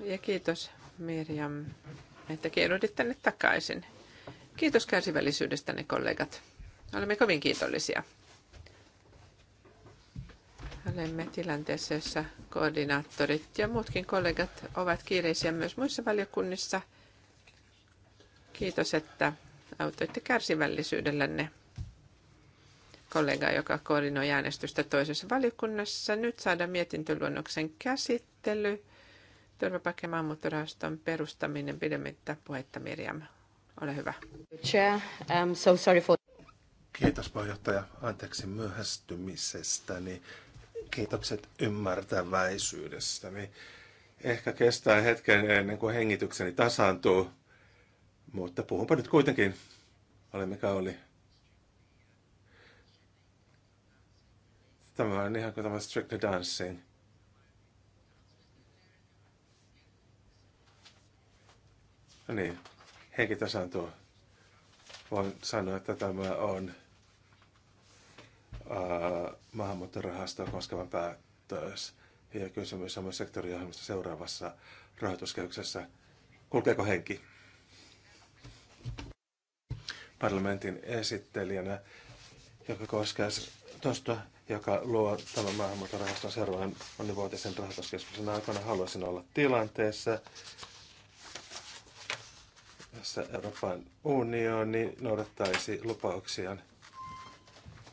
Ja kiitos Mirjam, että kiiruhdit tänne takaisin. Kiitos kärsivällisyydestänne kollegat. Olemme kovin kiitollisia. Olemme tilanteessa, jossa koordinaattorit ja muutkin kollegat ovat kiireisiä myös muissa valiokunnissa. Kiitos, että autoitte kärsivällisyydellänne kollegaa, joka koordinoi äänestystä toisessa valiokunnassa. Nyt saada mietintöluonnoksen käsittely. Turvapaikka- perustaminen pidemmittä puhetta Mirjam. Ole hyvä. Chair, I'm um, so sorry for... Kiitos puheenjohtaja. Anteeksi myöhästymisestäni. Kiitokset ymmärtäväisyydestäni. Ehkä kestää hetken ennen kuin hengitykseni tasaantuu. Mutta puhunpa nyt kuitenkin, oli mikä oli. Tämä on ihan kuin tämä Strictly Dancing. No niin, henki tasaantuu. Voin sanoa, että tämä on ää, maahanmuuttorahastoa koskeva päätös. Ja kysymys on myös sektoriohjelmasta seuraavassa rahoituskehyksessä. Kulkeeko henki? parlamentin esittelijänä, joka koskee tuosta, joka luo tämän maahanmuuttorahaston seuraavan monivuotisen rahoituskeskuksen aikana. Haluaisin olla tilanteessa, jossa Euroopan unioni noudattaisi lupauksiaan.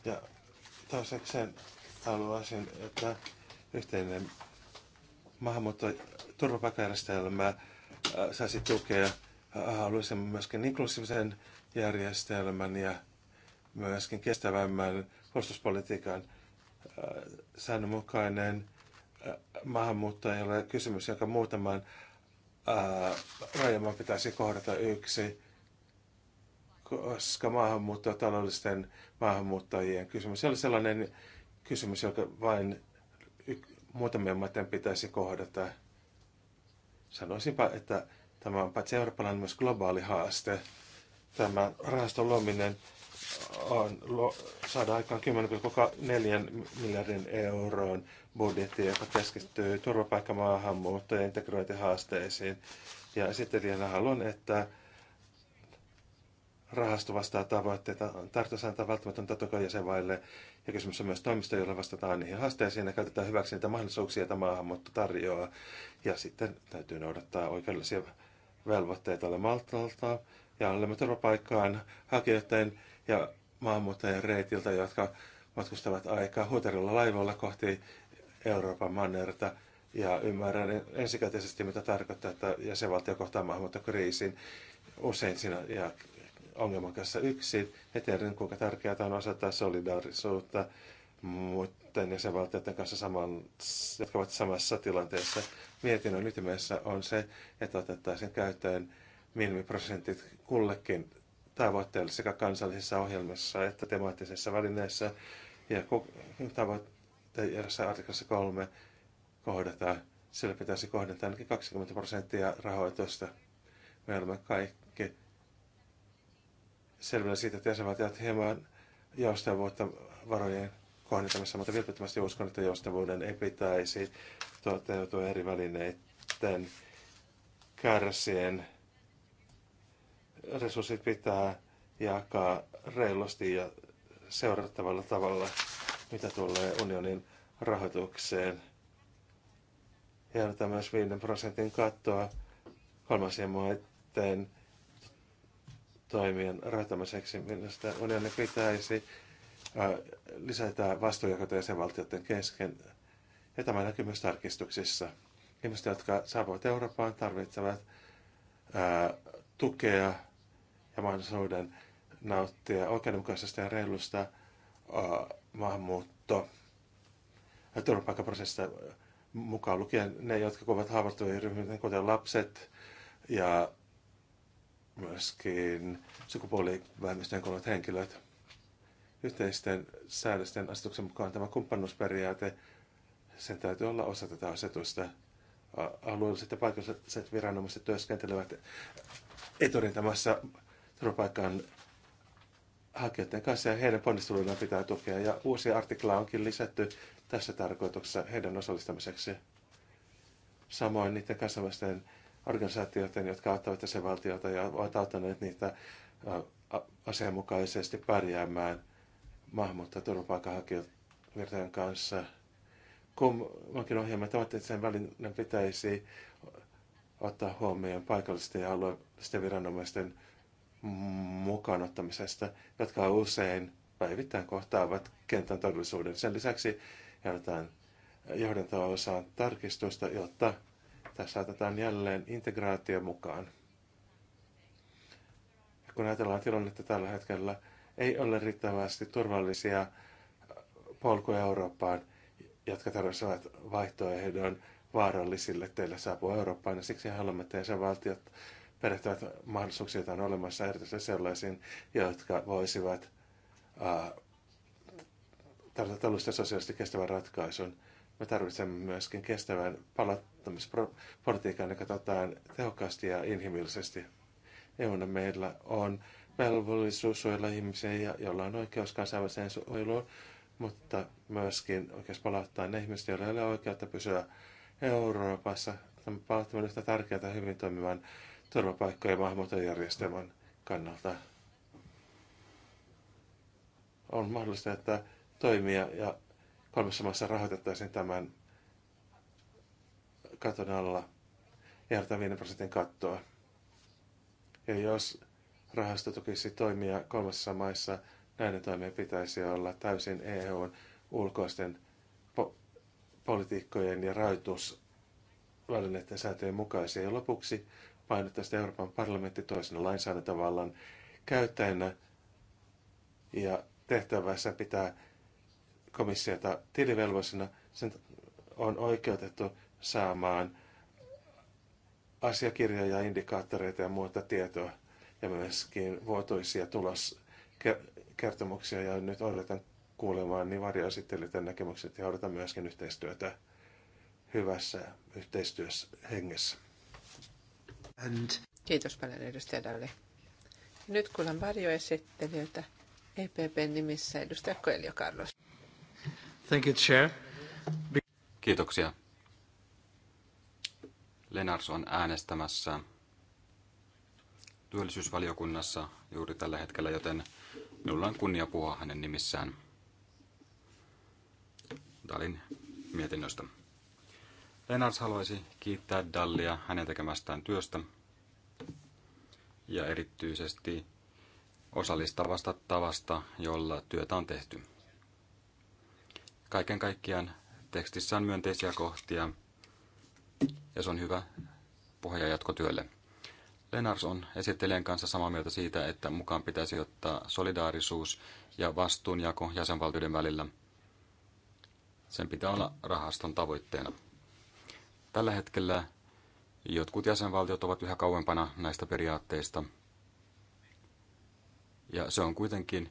Ja toisekseen haluaisin, että yhteinen maahanmuutto- turvapaikkajärjestelmä äh, saisi tukea. Haluaisin myöskin inklusiivisen järjestelmän ja myöskin kestävämmän puolustuspolitiikan äh, säännönmukainen äh, maahanmuutto ei ole kysymys, jonka muutaman äh, rajamaan pitäisi kohdata yksi, koska maahanmuutto taloudellisten maahanmuuttajien kysymys se oli sellainen kysymys, joka vain muutamien maiden pitäisi kohdata. Sanoisinpa, että tämä on paitsi eurooppalainen myös globaali haaste. Tämä rahaston luominen on, saada aikaan 10,4 miljardin euron budjetti, joka keskittyy turvapaikkamaahanmuuttoon ja integrointihaasteisiin. Ja esittelijänä haluan, että rahasto vastaa tavoitteita, tarkoitus antaa välttämätöntä toko jäsenvaille. Ja kysymys on myös toimista, joilla vastataan niihin haasteisiin ja käytetään hyväksi niitä mahdollisuuksia, joita maahanmuutto tarjoaa. Ja sitten täytyy noudattaa oikeudellisia velvoitteita ole Maltalta ja olemme turvapaikkaan hakijoiden ja maahanmuuttajien reitiltä, jotka matkustavat aikaa huterilla laivalla kohti Euroopan mannerta. Ja ymmärrän ensikäteisesti, mitä tarkoittaa, että jäsenvaltio kohtaa maahanmuuttokriisin usein siinä ja ongelman kanssa yksin. Ja tiedän, kuinka tärkeää on osoittaa solidaarisuutta muiden jäsenvaltioiden kanssa, saman, jotka ovat samassa tilanteessa. Mietinnön ytimessä on se, että otettaisiin käyttöön minimiprosentit kullekin tavoitteelle sekä kansallisessa ohjelmassa että temaattisessa välineessä ja tavoitteessa artiklassa kolme kohdataan. Sillä pitäisi kohdentaa ainakin 20 prosenttia rahoitusta. Me olemme kaikki selvillä siitä, että jäsenvaltiot hieman joustavuutta varojen kohdentamassa, mutta vilpittömästi uskon, että joustavuuden ei pitäisi toteutua eri välineiden kärsien resurssit pitää jakaa reilusti ja seurattavalla tavalla, mitä tulee unionin rahoitukseen. Ehdotetaan myös 5 prosentin kattoa kolmansien maiden toimien rahoittamiseksi, minusta unionin pitäisi lisätä vastuujakoita jäsenvaltioiden kesken. Ja tämä näkyy myös tarkistuksissa. Ihmiset, jotka saapuvat Eurooppaan, tarvitsevat ää, tukea ja mahdollisuuden nauttia oikeudenmukaisesta ja reilusta äh, maahanmuutto- ja turvapaikkaprosessista mukaan lukien ne, jotka kovat haavoittuvia ryhmiä, kuten lapset ja myöskin sukupuolivähemmistöjen kuuluvat henkilöt. Yhteisten säädösten asetuksen mukaan tämä kumppanuusperiaate, sen täytyy olla osa tätä asetusta. Alueelliset ja paikalliset viranomaiset työskentelevät eturintamassa turvapaikan hakijoiden kanssa ja heidän ponnisteluillaan pitää tukea. Ja uusia artikla onkin lisätty tässä tarkoituksessa heidän osallistamiseksi. Samoin niiden kansainvälisten organisaatioiden, jotka auttavat valtiota ja ovat auttaneet niitä asianmukaisesti pärjäämään maahanmuutta turvapaikanhakijoiden kanssa. Kummankin ohjelman sen välinen pitäisi ottaa huomioon paikallisten ja alueellisten viranomaisten mukaanottamisesta, jotka usein päivittäin kohtaavat kentän todellisuuden. Sen lisäksi jätetään johdanto-osaan tarkistusta, jotta tässä otetaan jälleen integraatio mukaan. Ja kun ajatellaan tilannetta tällä hetkellä, ei ole riittävästi turvallisia polkuja Eurooppaan, jotka tarvitsevat vaihtoehdon vaarallisille teille saapua Eurooppaan, ja siksi haluamme, että valtiot perehtyvät mahdollisuuksia, joita on olemassa, erityisesti sellaisiin, jotka voisivat tarjota taloudellisesti ja sosiaalisesti kestävän ratkaisun. Me tarvitsemme myöskin kestävän palauttamispolitiikan, joka katsotaan tehokkaasti ja inhimillisesti. EUna meillä on velvollisuus suojella ihmisiä, joilla on oikeus kansainväliseen suojeluun, mutta myöskin oikeus palauttaa ne ihmiset, joilla ei ole oikeutta pysyä Euroopassa. Tämä palauttaminen on yhtä tärkeää hyvin toimivan turvapaikka- ja maahanmuuttojärjestelmän kannalta. On mahdollista, että toimia ja kolmessa maassa rahoitettaisiin tämän katon alla ehdotetaan 5 prosentin kattoa. Ja jos rahasto tukisi toimia kolmessa maissa, näiden toimien pitäisi olla täysin EUn ulkoisten po- politiikkojen ja rahoitusvälineiden sääntöjen mukaisia. Ja lopuksi painottaa sitä Euroopan parlamentti toisena lainsäädäntövallan käyttäjänä ja tehtävässä pitää komissiota tilivelvoisena, Sen on oikeutettu saamaan asiakirjoja, indikaattoreita ja muuta tietoa ja myöskin vuotuisia tuloskertomuksia. Ja nyt odotan kuulemaan niin varjoesittelyiden näkemykset ja odotan myöskin yhteistyötä hyvässä yhteistyössä hengessä. And... Kiitos paljon edustaja Dalli. Nyt kuulen varjoesittelijöitä EPPn nimissä edustaja Coelho Carlos. Thank you, Chair. Kiitoksia. Lenars on äänestämässä työllisyysvaliokunnassa juuri tällä hetkellä, joten minulla on kunnia puhua hänen nimissään Dalin mietinnöstä. Lennars haluaisi kiittää Dallia hänen tekemästään työstä ja erityisesti osallistavasta tavasta, jolla työtä on tehty. Kaiken kaikkiaan tekstissä on myönteisiä kohtia ja se on hyvä pohja jatkotyölle. Lenars on esittelijän kanssa samaa mieltä siitä, että mukaan pitäisi ottaa solidaarisuus ja vastuunjako jäsenvaltioiden välillä. Sen pitää olla rahaston tavoitteena. Tällä hetkellä jotkut jäsenvaltiot ovat yhä kauempana näistä periaatteista. Ja se on kuitenkin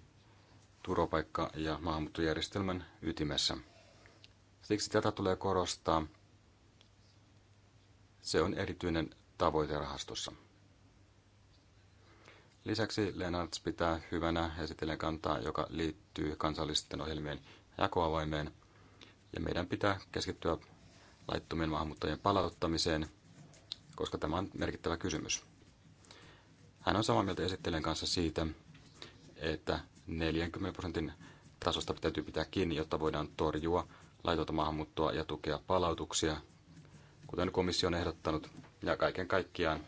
turvapaikka- ja maahanmuuttojärjestelmän ytimessä. Siksi tätä tulee korostaa. Se on erityinen tavoite rahastossa. Lisäksi Lennarts pitää hyvänä esitellen kantaa, joka liittyy kansallisten ohjelmien jakoavaimeen, ja meidän pitää keskittyä laittomien maahanmuuttajien palauttamiseen, koska tämä on merkittävä kysymys. Hän on samaa mieltä esittelijän kanssa siitä, että 40 prosentin tasosta täytyy pitää kiinni, jotta voidaan torjua laitonta maahanmuuttoa ja tukea palautuksia, kuten komissio on ehdottanut. Ja kaiken kaikkiaan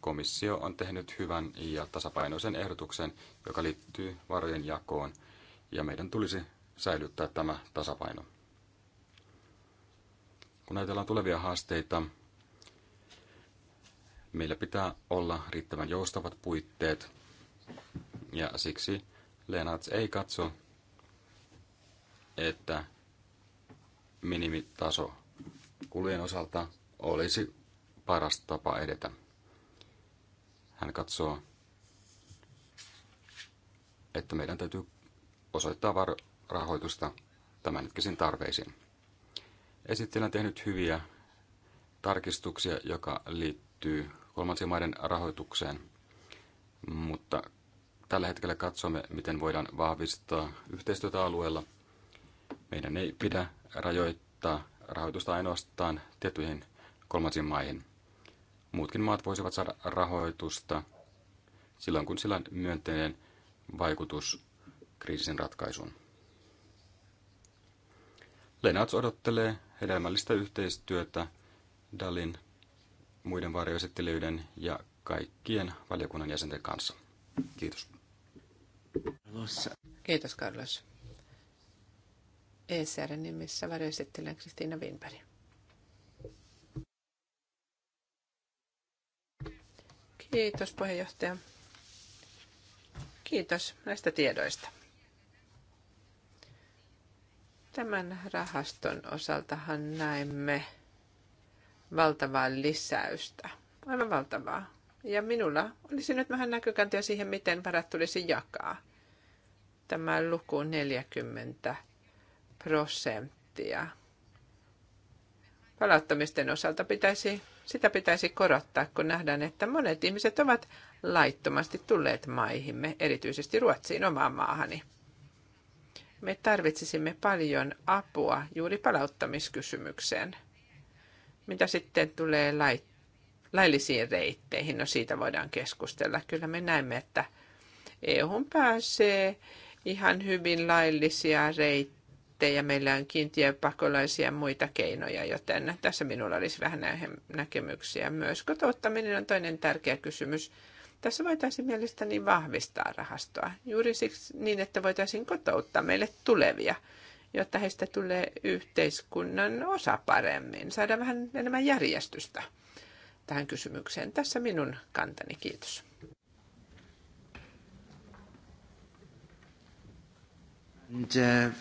komissio on tehnyt hyvän ja tasapainoisen ehdotuksen, joka liittyy varojen jakoon, ja meidän tulisi säilyttää tämä tasapaino. Kun ajatellaan tulevia haasteita, meillä pitää olla riittävän joustavat puitteet. Ja siksi Leenats ei katso, että minimitaso kulujen osalta olisi paras tapa edetä. Hän katsoo, että meidän täytyy osoittaa rahoitusta tämänhetkisiin tarpeisiin. Esittelijä on tehnyt hyviä tarkistuksia, joka liittyy kolmansien maiden rahoitukseen, mutta tällä hetkellä katsomme, miten voidaan vahvistaa yhteistyötä alueella. Meidän ei pidä rajoittaa rahoitusta ainoastaan tiettyihin kolmansiin maihin. Muutkin maat voisivat saada rahoitusta silloin, kun sillä on myönteinen vaikutus kriisin ratkaisuun. Lenats odottelee hedelmällistä yhteistyötä Dalin, muiden varjoesittelijöiden ja kaikkien valiokunnan jäsenten kanssa. Kiitos. Kiitos Carlos. ECRn nimissä varjoesittelijä Kristiina Winberg. Kiitos puheenjohtaja. Kiitos näistä tiedoista. Tämän rahaston osaltahan näemme valtavaa lisäystä. Aivan valtavaa. Ja minulla olisi nyt vähän näkökantia siihen, miten varat tulisi jakaa. Tämä luku 40 prosenttia. Palauttamisten osalta pitäisi, sitä pitäisi korottaa, kun nähdään, että monet ihmiset ovat laittomasti tulleet maihimme, erityisesti Ruotsiin omaan maahani. Me tarvitsisimme paljon apua juuri palauttamiskysymykseen. Mitä sitten tulee laillisiin reitteihin? No siitä voidaan keskustella. Kyllä me näemme, että EU pääsee ihan hyvin laillisia reittejä. Meillä on kiintiöpakolaisia ja muita keinoja, joten tässä minulla olisi vähän näkemyksiä myös. Kotouttaminen on toinen tärkeä kysymys. Tässä voitaisiin mielestäni vahvistaa rahastoa juuri siksi niin, että voitaisiin kotouttaa meille tulevia, jotta heistä tulee yhteiskunnan osa paremmin, saada vähän enemmän järjestystä tähän kysymykseen. Tässä minun kantani. Kiitos. And, uh,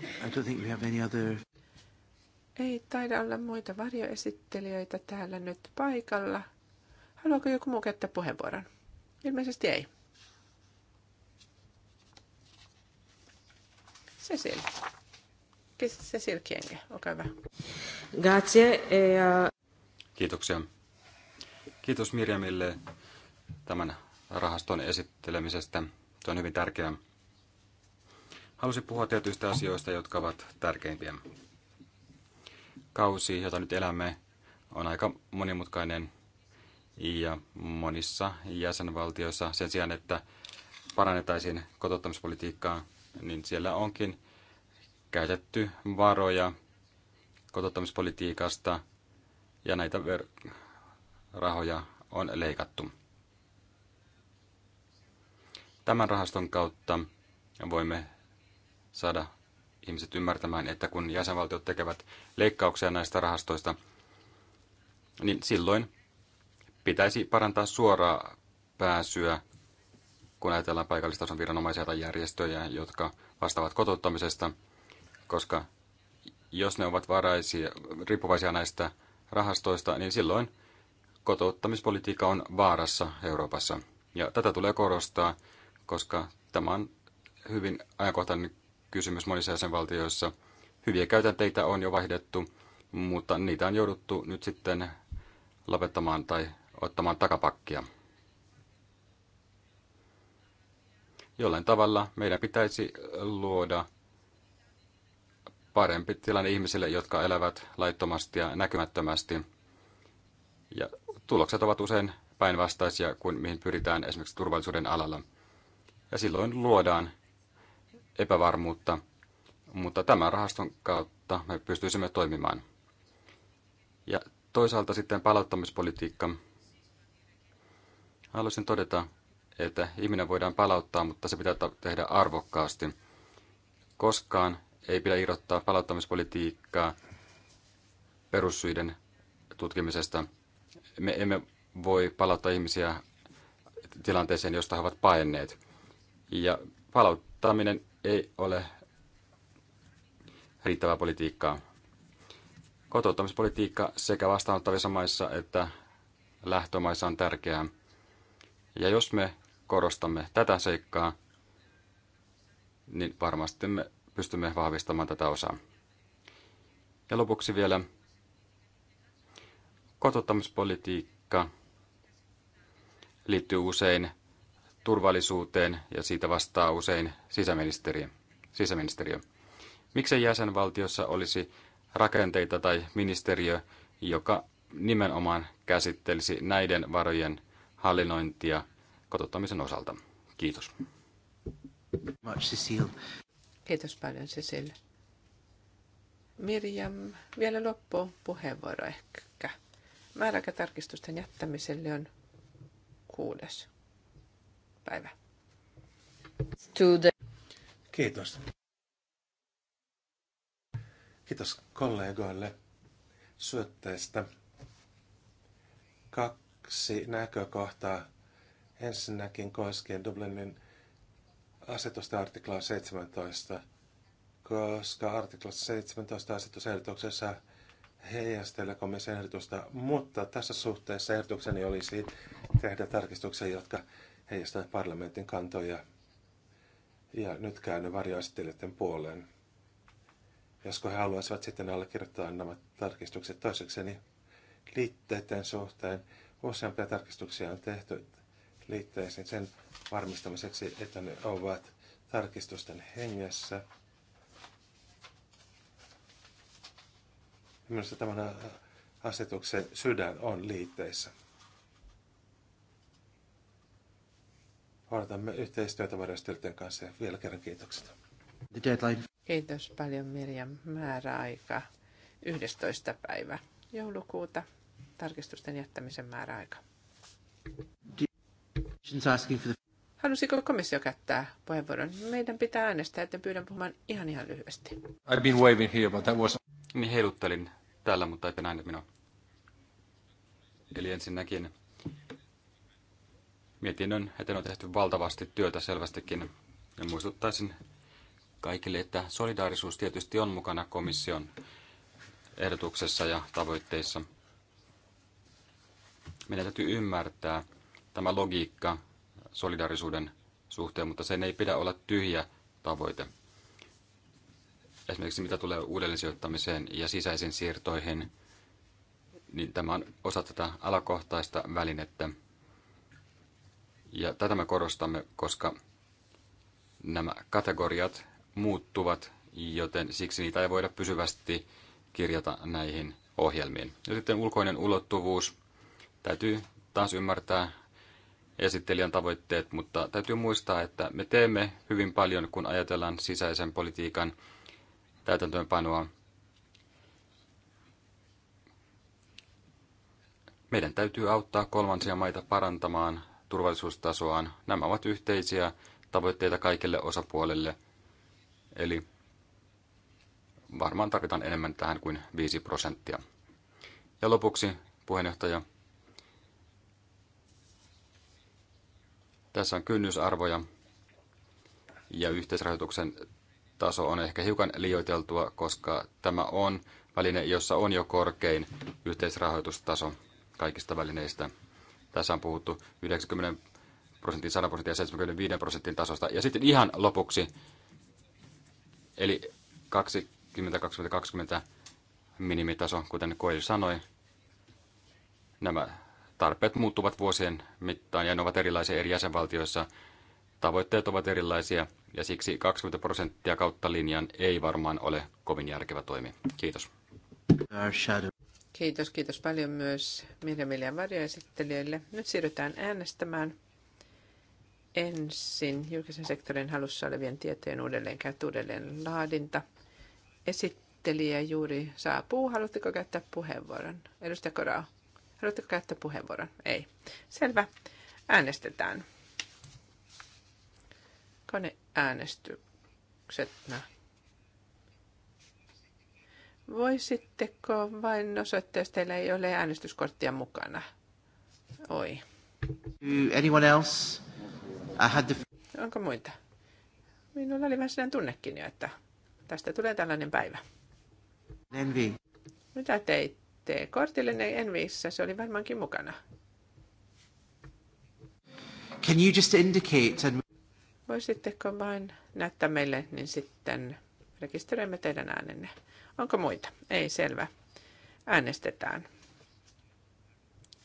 I don't think we have any other... Ei taida olla muita varjoesittelijöitä täällä nyt paikalla. Haluaako joku muu käyttää puheenvuoron? Ilmeisesti ei. Cecil. Cecil Kienge, olkaa hyvä. Grazie. E, Kiitoksia. Kiitos Mirjamille tämän rahaston esittelemisestä. Se on hyvin tärkeää. Halusin puhua tietyistä asioista, jotka ovat tärkeimpiä. Kausi, jota nyt elämme, on aika monimutkainen ja monissa jäsenvaltioissa sen sijaan, että parannetaisiin kotouttamispolitiikkaa, niin siellä onkin käytetty varoja kotouttamispolitiikasta ja näitä ver- rahoja on leikattu. Tämän rahaston kautta voimme saada ihmiset ymmärtämään, että kun jäsenvaltiot tekevät leikkauksia näistä rahastoista, niin silloin pitäisi parantaa suoraa pääsyä, kun ajatellaan paikallistason viranomaisia tai järjestöjä, jotka vastaavat kotouttamisesta, koska jos ne ovat varaisia, riippuvaisia näistä rahastoista, niin silloin kotouttamispolitiikka on vaarassa Euroopassa. Ja tätä tulee korostaa, koska tämä on hyvin ajankohtainen kysymys monissa jäsenvaltioissa. Hyviä käytänteitä on jo vaihdettu, mutta niitä on jouduttu nyt sitten lopettamaan tai ottamaan takapakkia. Jollain tavalla meidän pitäisi luoda parempi tilanne ihmisille, jotka elävät laittomasti ja näkymättömästi. Ja tulokset ovat usein päinvastaisia kuin mihin pyritään esimerkiksi turvallisuuden alalla. Ja silloin luodaan epävarmuutta, mutta tämän rahaston kautta me pystyisimme toimimaan. Ja toisaalta sitten palauttamispolitiikka – Haluaisin todeta, että ihminen voidaan palauttaa, mutta se pitää tehdä arvokkaasti. Koskaan ei pidä irrottaa palauttamispolitiikkaa perussyiden tutkimisesta. Me emme voi palauttaa ihmisiä tilanteeseen, josta he ovat paenneet. Ja palauttaminen ei ole riittävää politiikkaa. Kotouttamispolitiikka sekä vastaanottavissa maissa että lähtömaissa on tärkeää. Ja jos me korostamme tätä seikkaa, niin varmasti me pystymme vahvistamaan tätä osaa. Ja lopuksi vielä kotouttamispolitiikka liittyy usein turvallisuuteen ja siitä vastaa usein sisäministeriö. sisäministeriö. Miksei jäsenvaltiossa olisi rakenteita tai ministeriö, joka nimenomaan käsittelisi näiden varojen hallinnointia kotouttamisen osalta. Kiitos. Kiitos paljon Cecil. Mirjam, vielä loppuun puheenvuoro ehkä. Määräaikatarkistusten jättämiselle on kuudes päivä. Kiitos. Kiitos kollegoille syötteestä. Kaksi kaksi näkökohtaa. Ensinnäkin koskien Dublinin asetusta artiklaa 17, koska artikla 17 asetusehdotuksessa heijastella komission ehdotusta, mutta tässä suhteessa ehdotukseni olisi tehdä tarkistuksia, jotka heijastavat parlamentin kantoja. Ja nyt käyn varjoesittelijöiden puoleen. Josko he haluaisivat sitten allekirjoittaa nämä tarkistukset toisekseni liitteiden suhteen, Useampia tarkistuksia on tehty liitteisiin sen varmistamiseksi, että ne ovat tarkistusten hengessä. Minusta tämän asetuksen sydän on liitteissä. Odotamme yhteistyötä varjostelten kanssa ja vielä kerran kiitokset. Kiitos paljon Mirjam. Määräaika 11. päivä joulukuuta tarkistusten jättämisen määräaika. Halusiko komissio käyttää puheenvuoron? Meidän pitää äänestää, että pyydän puhumaan ihan ihan lyhyesti. I've been waving here, but that was... Niin heiluttelin täällä, mutta ette nähnyt minua. Eli ensinnäkin mietinnön eteen on tehty valtavasti työtä selvästikin. Ja muistuttaisin kaikille, että solidaarisuus tietysti on mukana komission ehdotuksessa ja tavoitteissa – meidän täytyy ymmärtää tämä logiikka solidaarisuuden suhteen, mutta sen ei pidä olla tyhjä tavoite. Esimerkiksi mitä tulee uudelleensijoittamiseen ja sisäisiin siirtoihin, niin tämä on osa tätä alakohtaista välinettä. Ja tätä me korostamme, koska nämä kategoriat muuttuvat, joten siksi niitä ei voida pysyvästi kirjata näihin ohjelmiin. Ja sitten ulkoinen ulottuvuus. Täytyy taas ymmärtää esittelijän tavoitteet, mutta täytyy muistaa, että me teemme hyvin paljon, kun ajatellaan sisäisen politiikan täytäntöönpanoa. Meidän täytyy auttaa kolmansia maita parantamaan turvallisuustasoaan. Nämä ovat yhteisiä tavoitteita kaikille osapuolille. Eli varmaan tarvitaan enemmän tähän kuin 5 prosenttia. Ja lopuksi, puheenjohtaja, Tässä on kynnysarvoja ja yhteisrahoituksen taso on ehkä hiukan liioiteltua, koska tämä on väline, jossa on jo korkein yhteisrahoitustaso kaikista välineistä. Tässä on puhuttu 90 prosentin, 100 prosentin ja 75 prosentin tasosta. Ja sitten ihan lopuksi, eli 20-20-20 minimitaso, kuten Koil sanoi, nämä tarpeet muuttuvat vuosien mittaan ja ne ovat erilaisia eri jäsenvaltioissa. Tavoitteet ovat erilaisia ja siksi 20 prosenttia kautta linjan ei varmaan ole kovin järkevä toimi. Kiitos. Kiitos, kiitos paljon myös Mirjamille ja varjoesittelijöille. Nyt siirrytään äänestämään ensin julkisen sektorin halussa olevien tietojen uudelleenkäyttö, uudelleen laadinta. Esittelijä juuri saapuu. Haluatteko käyttää puheenvuoron? Edustaja Korao. Haluatteko käyttää puheenvuoron? Ei. Selvä. Äänestetään. Kone Koneäänestykset. Voisitteko vain osoittaa, jos teillä ei ole äänestyskorttia mukana? Oi. Anyone else? I had the... Onko muita? Minulla oli vähän sellainen tunnekin jo, että tästä tulee tällainen päivä. Envy. Mitä teit? lähtee niin en missä, Se oli varmaankin mukana. Can you just indicate and... Voisitteko vain näyttää meille, niin sitten rekisteröimme teidän äänenne. Onko muita? Ei, selvä. Äänestetään.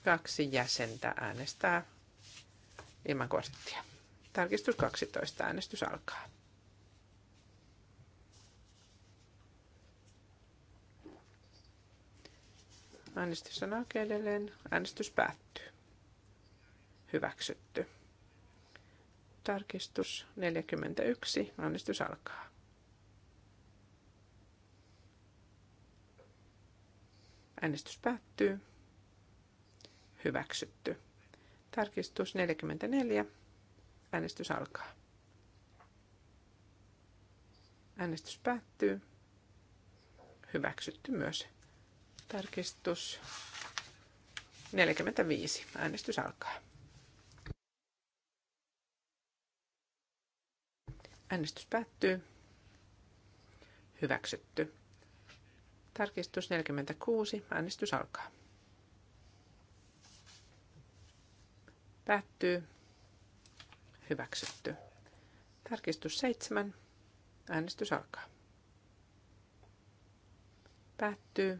Kaksi jäsentä äänestää ilman korttia. Tarkistus 12. Äänestys alkaa. Äänestys on auki edelleen. Äänestys päättyy. Hyväksytty. Tarkistus 41. Äänestys alkaa. Äänestys päättyy. Hyväksytty. Tarkistus 44. Äänestys alkaa. Äänestys päättyy. Hyväksytty myös. Tarkistus 45. Äänestys alkaa. Äänestys päättyy. Hyväksytty. Tarkistus 46. Äänestys alkaa. Päättyy. Hyväksytty. Tarkistus 7. Äänestys alkaa. Päättyy.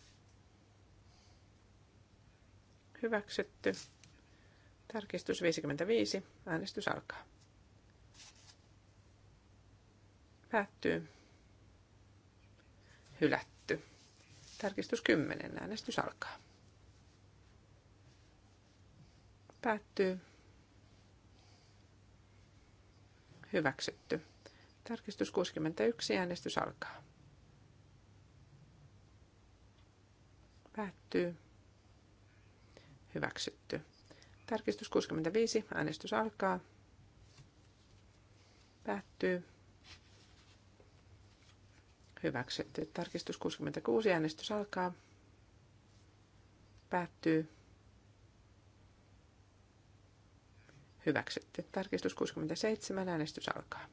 Hyväksytty. Tarkistus 55. Äänestys alkaa. Päättyy. Hylätty. Tarkistus 10. Äänestys alkaa. Päättyy. Hyväksytty. Tarkistus 61. Äänestys alkaa. Päättyy. Hyväksytty. Tarkistus 65. Äänestys alkaa. Päättyy. Hyväksytty. Tarkistus 66. Äänestys alkaa. Päättyy. Hyväksytty. Tarkistus 67. Äänestys alkaa.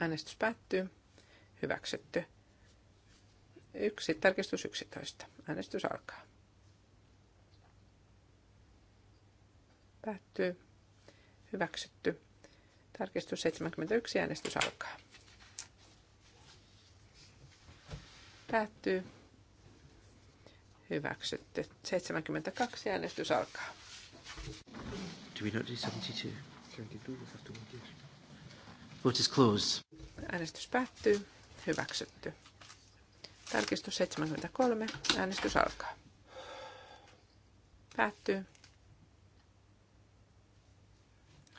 Äänestys päättyy. Hyväksytty. Yksi, tarkistus 11. Äänestys alkaa. Päättyy. Hyväksytty. Tarkistus 71. Äänestys alkaa. Päättyy. Hyväksytty. 72. Äänestys alkaa. Do we not do 72? 72 Vote is closed. Äänestys päättyy. Hyväksytty. Tarkistus 73. Äänestys alkaa. Päättyy.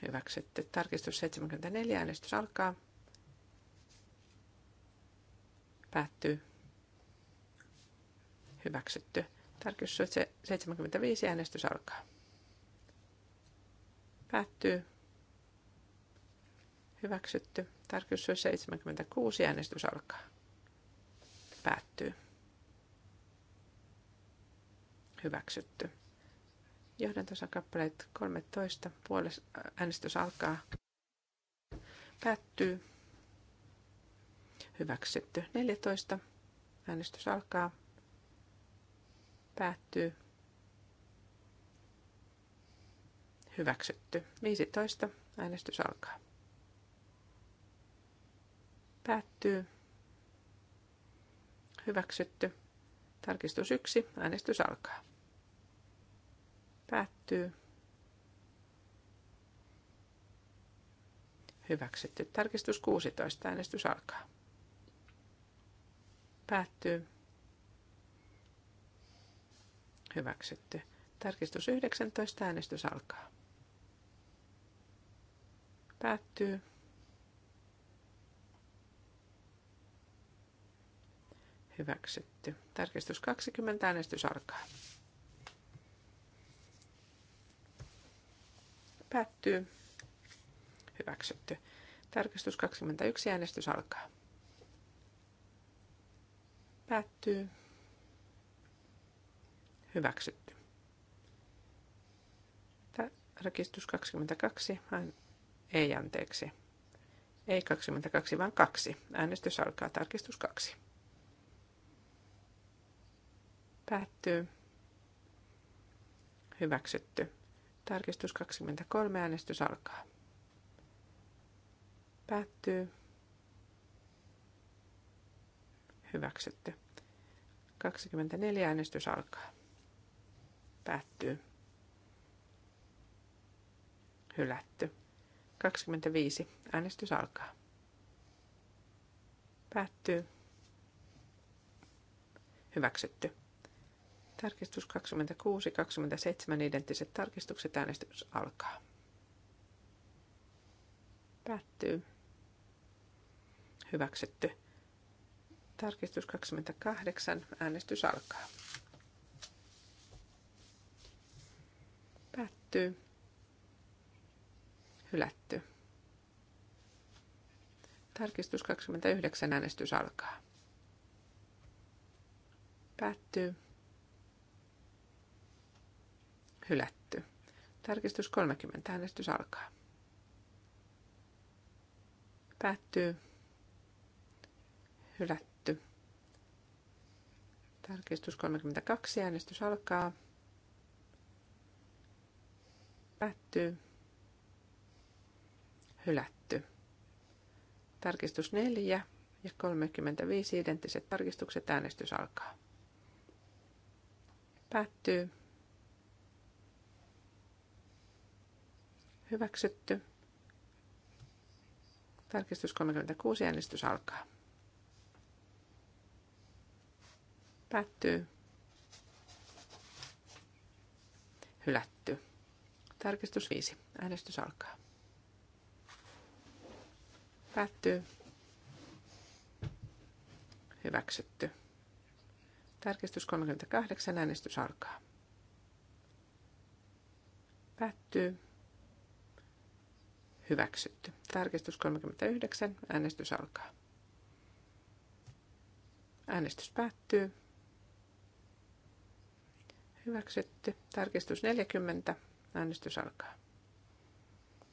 Hyväksytty. Tarkistus 74. Äänestys alkaa. Päättyy. Hyväksytty. Tarkistus 75. Äänestys alkaa. Päättyy. Hyväksytty. Tarkistus 76. Äänestys alkaa. Päättyy. Hyväksytty. Johdantosakappaleet 13. Puoles, äh, äänestys alkaa. Päättyy. Hyväksytty. 14. Äänestys alkaa. Päättyy. Hyväksytty. 15. Äänestys alkaa. Päättyy. Hyväksytty. Tarkistus 1. Äänestys alkaa. Päättyy. Hyväksytty. Tarkistus 16. Äänestys alkaa. Päättyy. Hyväksytty. Tarkistus 19. Äänestys alkaa. Päättyy. Hyväksytty. Tarkistus 20. Äänestys alkaa. Päättyy. Hyväksytty. Tarkistus 21. Äänestys alkaa. Päättyy. Hyväksytty. Tarkistus 22. hän Ei anteeksi. Ei 22, vaan 2. Äänestys alkaa. Tarkistus 2. Päättyy. Hyväksytty. Tarkistus 23. Äänestys alkaa. Päättyy. Hyväksytty. 24. Äänestys alkaa. Päättyy. Hylätty. 25. Äänestys alkaa. Päättyy. Hyväksytty. Tarkistus 26, 27, identtiset tarkistukset, äänestys alkaa. Päättyy. Hyväksytty. Tarkistus 28, äänestys alkaa. Päättyy. Hylätty. Tarkistus 29, äänestys alkaa. Päättyy. Hylätty. Tarkistus 30. Äänestys alkaa. Päättyy. Hylätty. Tarkistus 32. Äänestys alkaa. Päättyy. Hylätty. Tarkistus 4 ja 35 identtiset tarkistukset äänestys alkaa. Päättyy. Hyväksytty. Tarkistus 36. Äänestys alkaa. Päättyy. Hylätty. Tarkistus 5. Äänestys alkaa. Päättyy. Hyväksytty. Tarkistus 38. Äänestys alkaa. Päättyy. Hyväksytty. Tarkistus 39. Äänestys alkaa. Äänestys päättyy. Hyväksytty. Tarkistus 40. Äänestys alkaa.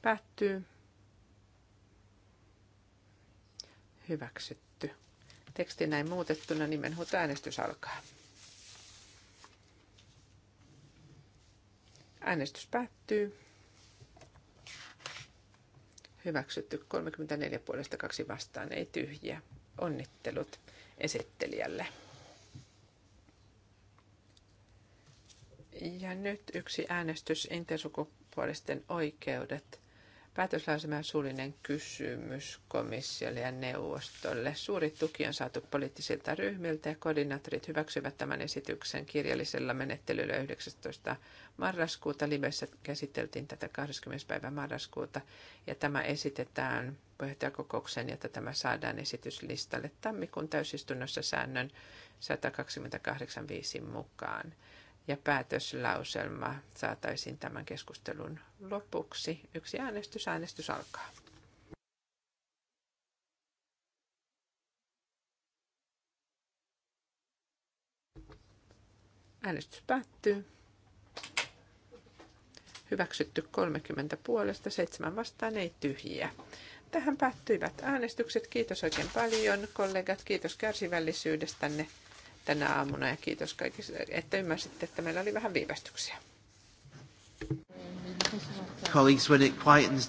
Päättyy. Hyväksytty. Teksti näin muutettuna nimenhuuto äänestys alkaa. Äänestys päättyy. Hyväksytty 34 puolesta kaksi vastaan, ei tyhjiä. Onnittelut esittelijälle. Ja nyt yksi äänestys intersukupuolisten oikeudet Päätöslauselman suullinen kysymys komissiolle ja neuvostolle. Suuri tuki on saatu poliittisilta ryhmiltä ja koordinaattorit hyväksyvät tämän esityksen kirjallisella menettelyllä 19. marraskuuta. Livessä käsiteltiin tätä 20. päivä marraskuuta ja tämä esitetään puheenjohtajakokouksen, jotta tämä saadaan esityslistalle tammikuun täysistunnossa säännön 128.5 mukaan ja päätöslauselma saataisiin tämän keskustelun lopuksi. Yksi äänestys, äänestys alkaa. Äänestys päättyy. Hyväksytty 30 puolesta, 7 vastaan, ei tyhjiä. Tähän päättyivät äänestykset. Kiitos oikein paljon kollegat, kiitos kärsivällisyydestänne tänä aamuna ja kiitos kaikille, että ymmärsitte, että meillä oli vähän viivästyksiä. Colleagues, when it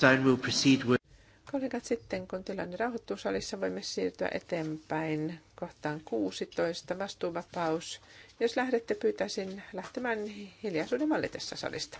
down, we'll proceed with... Kollegat, sitten kun tilanne rauhoittuu salissa, voimme siirtyä eteenpäin kohtaan 16, vastuuvapaus. Jos lähdette, pyytäisin lähtemään hiljaisuuden vallitessa salista.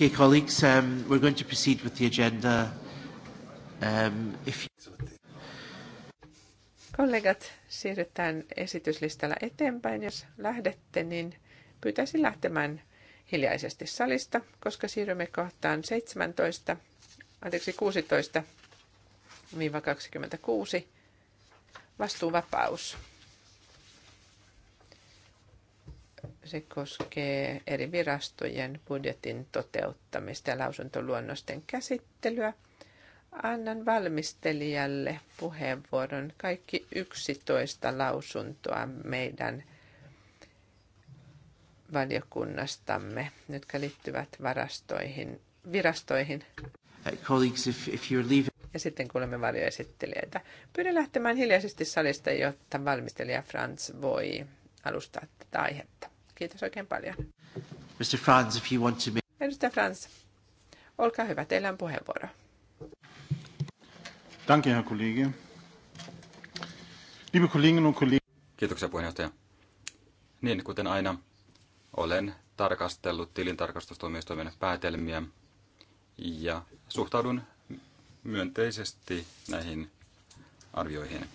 Okay, colleagues, um, we're going to proceed with the agenda. Um, if Kollegat, siirrytään esityslistalla eteenpäin. Jos lähdette, niin pyytäisin lähtemään hiljaisesti salista, koska siirrymme kohtaan 17, anteeksi 16-26, vastuuvapaus. Se koskee eri virastojen budjetin toteuttamista ja lausuntoluonnosten käsittelyä. Annan valmistelijalle puheenvuoron kaikki 11 lausuntoa meidän valiokunnastamme, jotka liittyvät varastoihin, virastoihin. if, if leaving... Ja sitten kuulemme varjoesittelijöitä. Pyydän lähtemään hiljaisesti salista, jotta valmistelija Franz voi alustaa tätä aihetta. Kiitos oikein paljon. Mr. Franz, if you want to make... Edustaja Franz, olkaa hyvä, teillä on puheenvuoro. Danke, Herr Kollege. Liebe Kolleginnen und Kollegen. Kiitoksia puheenjohtaja. Niin, kuten aina, olen tarkastellut tilintarkastustuomioistuimen päätelmiä ja suhtaudun myönteisesti näihin arvioihin.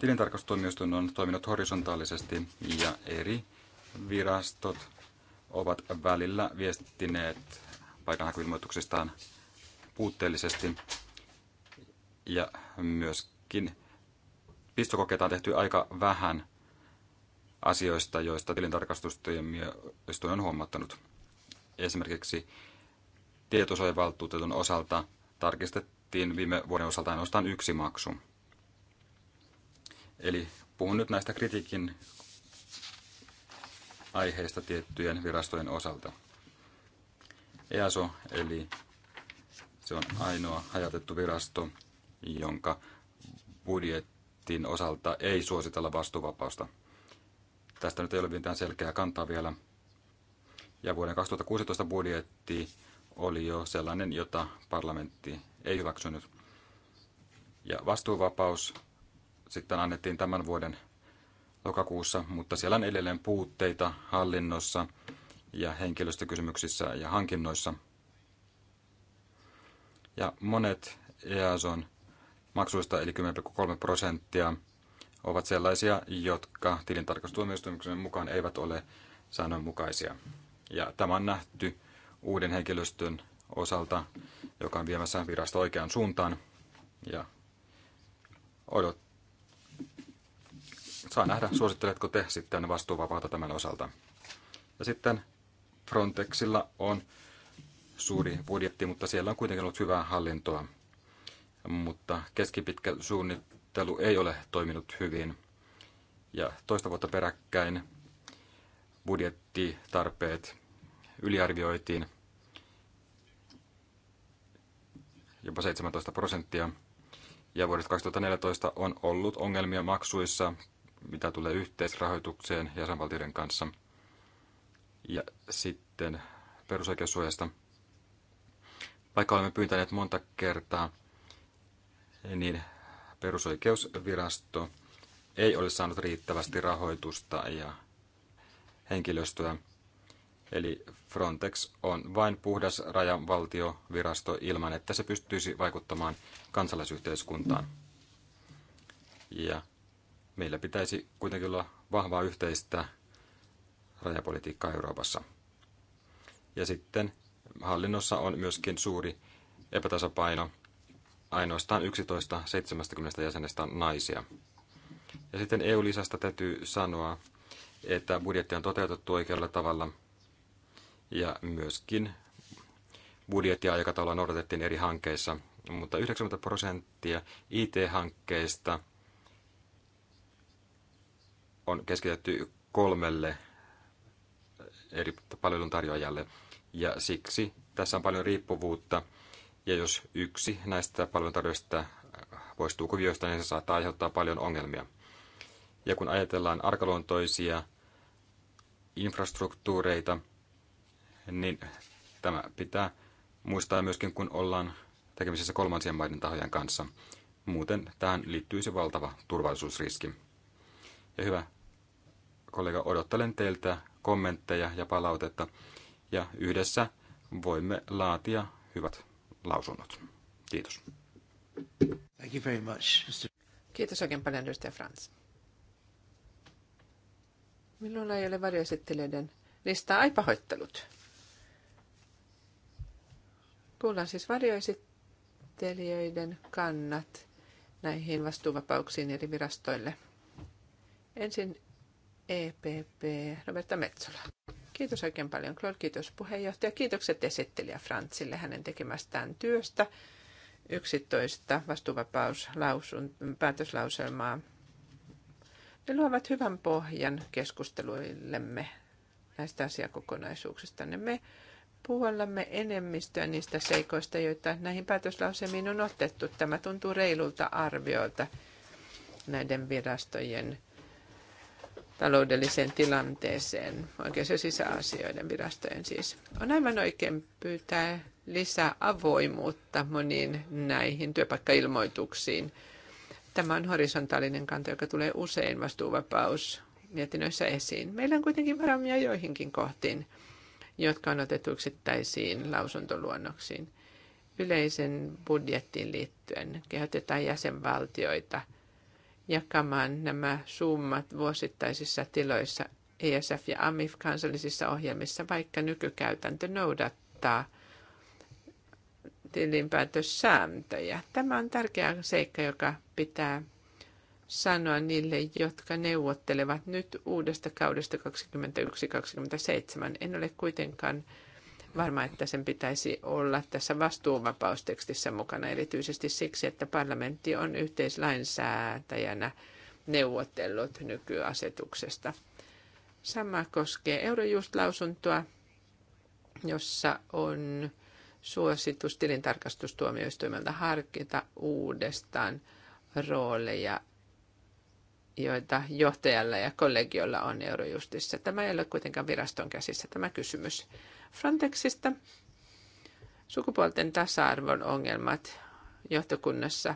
Tilintarkastustuomioistuin on toiminut horisontaalisesti ja eri virastot ovat välillä viestineet paikanhakuilmoituksistaan puutteellisesti ja myöskin pistokokeita on tehty aika vähän asioista, joista tilintarkastustuomioistuin on huomattanut. Esimerkiksi tietosuojavaltuutetun osalta tarkistettiin viime vuoden osalta ainoastaan yksi maksu. Eli puhun nyt näistä kritiikin aiheista tiettyjen virastojen osalta. EASO, eli se on ainoa hajatettu virasto, jonka budjetin osalta ei suositella vastuuvapausta. Tästä nyt ei ole mitään selkeää kantaa vielä. Ja vuoden 2016 budjetti oli jo sellainen, jota parlamentti ei hyväksynyt. Ja vastuuvapaus sitten annettiin tämän vuoden lokakuussa, mutta siellä on edelleen puutteita hallinnossa ja henkilöstökysymyksissä ja hankinnoissa. Ja monet EASON maksuista, eli 10,3 prosenttia, ovat sellaisia, jotka tilintarkastustuomioistuimen mukaan eivät ole säännönmukaisia. Ja tämä on nähty uuden henkilöstön osalta, joka on viemässä virasta oikeaan suuntaan. Ja odot, saa nähdä, suositteletko te sitten vastuuvapaata tämän osalta. Ja sitten Frontexilla on suuri budjetti, mutta siellä on kuitenkin ollut hyvää hallintoa. Mutta keskipitkä suunnittelu ei ole toiminut hyvin. Ja toista vuotta peräkkäin budjettitarpeet yliarvioitiin jopa 17 prosenttia. Ja vuodesta 2014 on ollut ongelmia maksuissa mitä tulee yhteisrahoitukseen jäsenvaltioiden kanssa. Ja sitten perusoikeussuojasta. Vaikka olemme pyytäneet monta kertaa, niin perusoikeusvirasto ei ole saanut riittävästi rahoitusta ja henkilöstöä. Eli Frontex on vain puhdas rajavaltiovirasto ilman, että se pystyisi vaikuttamaan kansalaisyhteiskuntaan. Ja meillä pitäisi kuitenkin olla vahvaa yhteistä rajapolitiikkaa Euroopassa. Ja sitten hallinnossa on myöskin suuri epätasapaino. Ainoastaan 11 70 jäsenestä on naisia. Ja sitten EU-lisästä täytyy sanoa, että budjetti on toteutettu oikealla tavalla ja myöskin budjettia aikataulua noudatettiin eri hankkeissa, mutta 90 prosenttia IT-hankkeista – on keskitetty kolmelle eri palveluntarjoajalle. Ja siksi tässä on paljon riippuvuutta. Ja jos yksi näistä palveluntarjoajista poistuu kuvioista, niin se saattaa aiheuttaa paljon ongelmia. Ja kun ajatellaan arkaluontoisia infrastruktuureita, niin tämä pitää muistaa myöskin, kun ollaan tekemisissä kolmansien maiden tahojen kanssa. Muuten tähän liittyy se valtava turvallisuusriski. Ja hyvä kollega, odottelen teiltä kommentteja ja palautetta ja yhdessä voimme laatia hyvät lausunnot. Kiitos. Thank you very much, Mr. Kiitos oikein paljon, edustaja Frans. Minulla ei ole varjoesittelijöiden listaa. Ai pahoittelut. Kuullaan siis varjoesittelijöiden kannat näihin vastuuvapauksiin eri virastoille. Ensin EPP Roberta Metsola. Kiitos oikein paljon, Claude. Kiitos puheenjohtaja. Kiitokset esittelijä Frantsille hänen tekemästään työstä. 11 vastuuvapauslausun päätöslauselmaa. Ne luovat hyvän pohjan keskusteluillemme näistä asiakokonaisuuksista. Me puolellamme enemmistöä niistä seikoista, joita näihin päätöslausemiin on otettu. Tämä tuntuu reilulta arviolta näiden virastojen taloudelliseen tilanteeseen, oikeus- ja sisäasioiden virastojen siis. On aivan oikein pyytää lisää avoimuutta moniin näihin työpaikkailmoituksiin. Tämä on horisontaalinen kanta, joka tulee usein vastuuvapaus mietinnöissä esiin. Meillä on kuitenkin varamia joihinkin kohtiin, jotka on otettu yksittäisiin lausuntoluonnoksiin. Yleisen budjettiin liittyen kehotetaan jäsenvaltioita – jakamaan nämä summat vuosittaisissa tiloissa ESF ja AMIF kansallisissa ohjelmissa, vaikka nykykäytäntö noudattaa tilinpäätössääntöjä. Tämä on tärkeä seikka, joka pitää sanoa niille, jotka neuvottelevat nyt uudesta kaudesta 2021-2027. En ole kuitenkaan varma, että sen pitäisi olla tässä vastuunvapaustekstissä mukana, erityisesti siksi, että parlamentti on yhteislainsäätäjänä neuvotellut nykyasetuksesta. Sama koskee Eurojust-lausuntoa, jossa on suositus tilintarkastustuomioistuimelta harkita uudestaan rooleja joita johtajalla ja kollegiolla on Eurojustissa. Tämä ei ole kuitenkaan viraston käsissä tämä kysymys. Frontexista sukupuolten tasa-arvon ongelmat johtokunnassa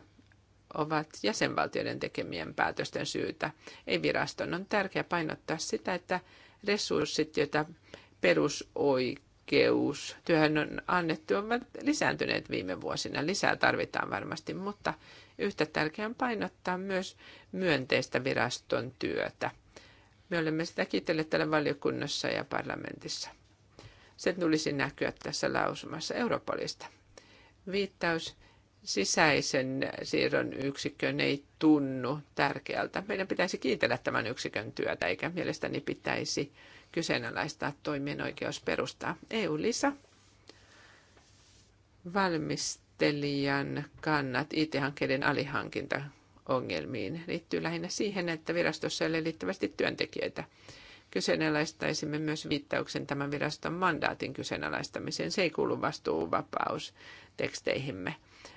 ovat jäsenvaltioiden tekemien päätösten syytä, ei viraston. On tärkeää painottaa sitä, että resurssit, joita perusoikeudet, rohkeus. työhön on annettu on lisääntyneet viime vuosina. Lisää tarvitaan varmasti, mutta yhtä tärkeää on painottaa myös myönteistä viraston työtä. Me olemme sitä kiitelleet täällä valiokunnassa ja parlamentissa. Se tulisi näkyä tässä lausumassa Europolista. Viittaus sisäisen siirron yksikön ei tunnu tärkeältä. Meidän pitäisi kiitellä tämän yksikön työtä, eikä mielestäni pitäisi kyseenalaistaa toimien oikeus perustaa. EU-lisä valmistelijan kannat IT-hankkeiden alihankintaongelmiin liittyy lähinnä siihen, että virastossa ei ole riittävästi työntekijöitä. Kyseenalaistaisimme myös viittauksen tämän viraston mandaatin kyseenalaistamiseen. Se ei kuulu vastuuvapaus teksteihimme.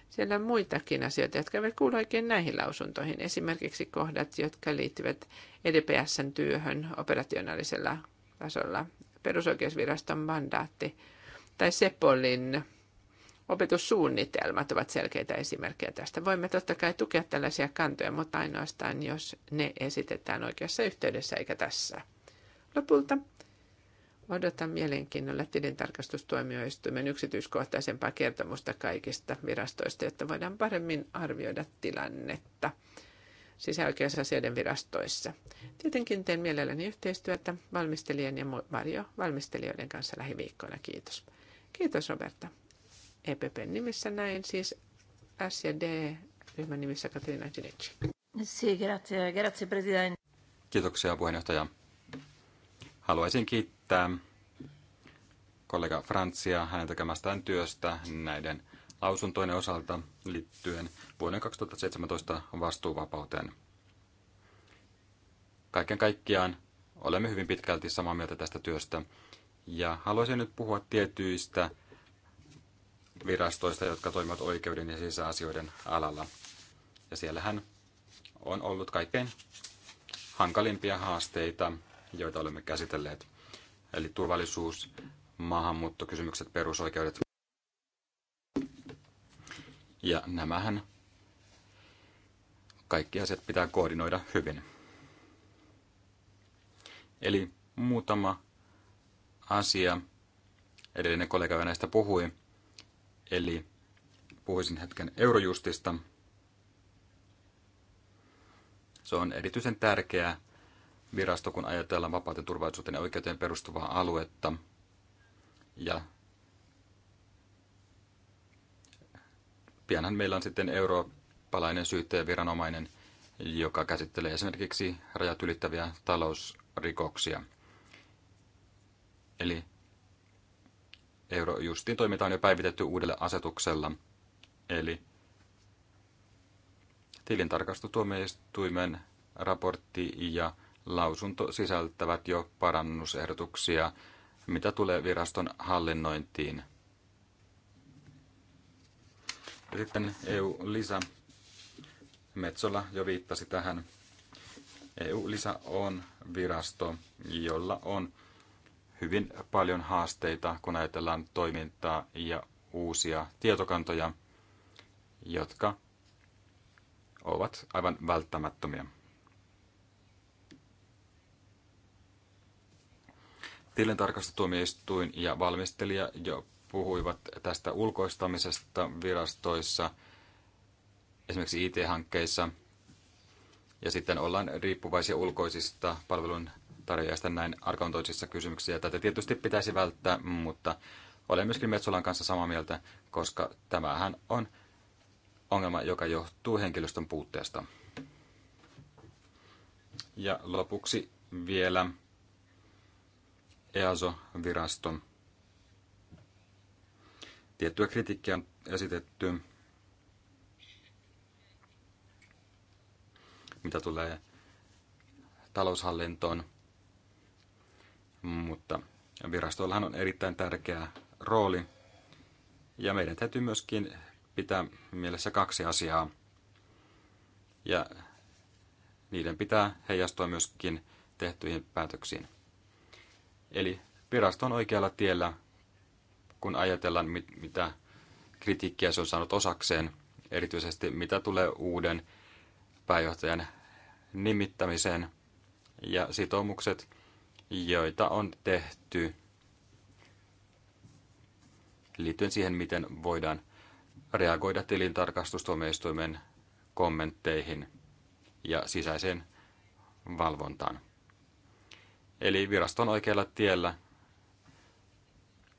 Siellä on muitakin asioita, jotka eivät kuulu oikein näihin lausuntoihin. Esimerkiksi kohdat, jotka liittyvät EDPSn työhön operationaalisella tasolla perusoikeusviraston mandaatti tai Sepolin opetussuunnitelmat ovat selkeitä esimerkkejä tästä. Voimme totta kai tukea tällaisia kantoja, mutta ainoastaan jos ne esitetään oikeassa yhteydessä eikä tässä. Lopulta odotan mielenkiinnolla tilintarkastustuomioistuimen yksityiskohtaisempaa kertomusta kaikista virastoista, jotta voidaan paremmin arvioida tilannetta sisäoikeusasioiden virastoissa. Tietenkin teen mielelläni yhteistyötä valmistelijan ja varjo valmistelijoiden kanssa lähiviikkoina. Kiitos. Kiitos Roberta. EPPn nimissä näin siis S ja D ryhmän nimissä Katrina Ginici. Sì, grazie, grazie presidente. Kiitoksia puheenjohtaja. Haluaisin kiittää kollega Francia hänen tekemästään työstä näiden lausuntoinen osalta liittyen vuoden 2017 vastuuvapauteen. Kaiken kaikkiaan olemme hyvin pitkälti samaa mieltä tästä työstä ja haluaisin nyt puhua tietyistä virastoista, jotka toimivat oikeuden ja sisäasioiden alalla. Ja siellähän on ollut kaikkein hankalimpia haasteita, joita olemme käsitelleet. Eli turvallisuus, maahanmuuttokysymykset, perusoikeudet, ja nämähän kaikki asiat pitää koordinoida hyvin. Eli muutama asia. Edellinen kollega näistä puhui. Eli puhuisin hetken Eurojustista. Se on erityisen tärkeä virasto, kun ajatellaan vapauteen, turvallisuuteen ja oikeuteen perustuvaa aluetta. Ja pianhan meillä on sitten eurooppalainen syyttäjäviranomainen, joka käsittelee esimerkiksi rajat ylittäviä talousrikoksia. Eli Eurojustin toiminta on jo päivitetty uudelle asetuksella, eli tilintarkastustuomioistuimen raportti ja lausunto sisältävät jo parannusehdotuksia, mitä tulee viraston hallinnointiin ja sitten EU-lisä. Metsola jo viittasi tähän. EU-lisä on virasto, jolla on hyvin paljon haasteita, kun ajatellaan toimintaa ja uusia tietokantoja, jotka ovat aivan välttämättömiä. Tilintarkastustuomioistuin ja valmistelija jo puhuivat tästä ulkoistamisesta virastoissa, esimerkiksi IT-hankkeissa, ja sitten ollaan riippuvaisia ulkoisista palvelun tarjoajista näin arkaontoisissa kysymyksissä. Tätä tietysti pitäisi välttää, mutta olen myöskin Metsolan kanssa samaa mieltä, koska tämähän on ongelma, joka johtuu henkilöstön puutteesta. Ja lopuksi vielä EASO-viraston Tiettyä kritiikkiä esitetty, mitä tulee taloushallintoon, mutta virastoillahan on erittäin tärkeä rooli. Ja meidän täytyy myöskin pitää mielessä kaksi asiaa. Ja niiden pitää heijastua myöskin tehtyihin päätöksiin. Eli virasto on oikealla tiellä, kun ajatellaan, mit, mitä kritiikkiä se on saanut osakseen, erityisesti mitä tulee uuden pääjohtajan nimittämiseen ja sitoumukset, joita on tehty liittyen siihen, miten voidaan reagoida tilintarkastustuomioistuimen kommentteihin ja sisäiseen valvontaan. Eli viraston oikealla tiellä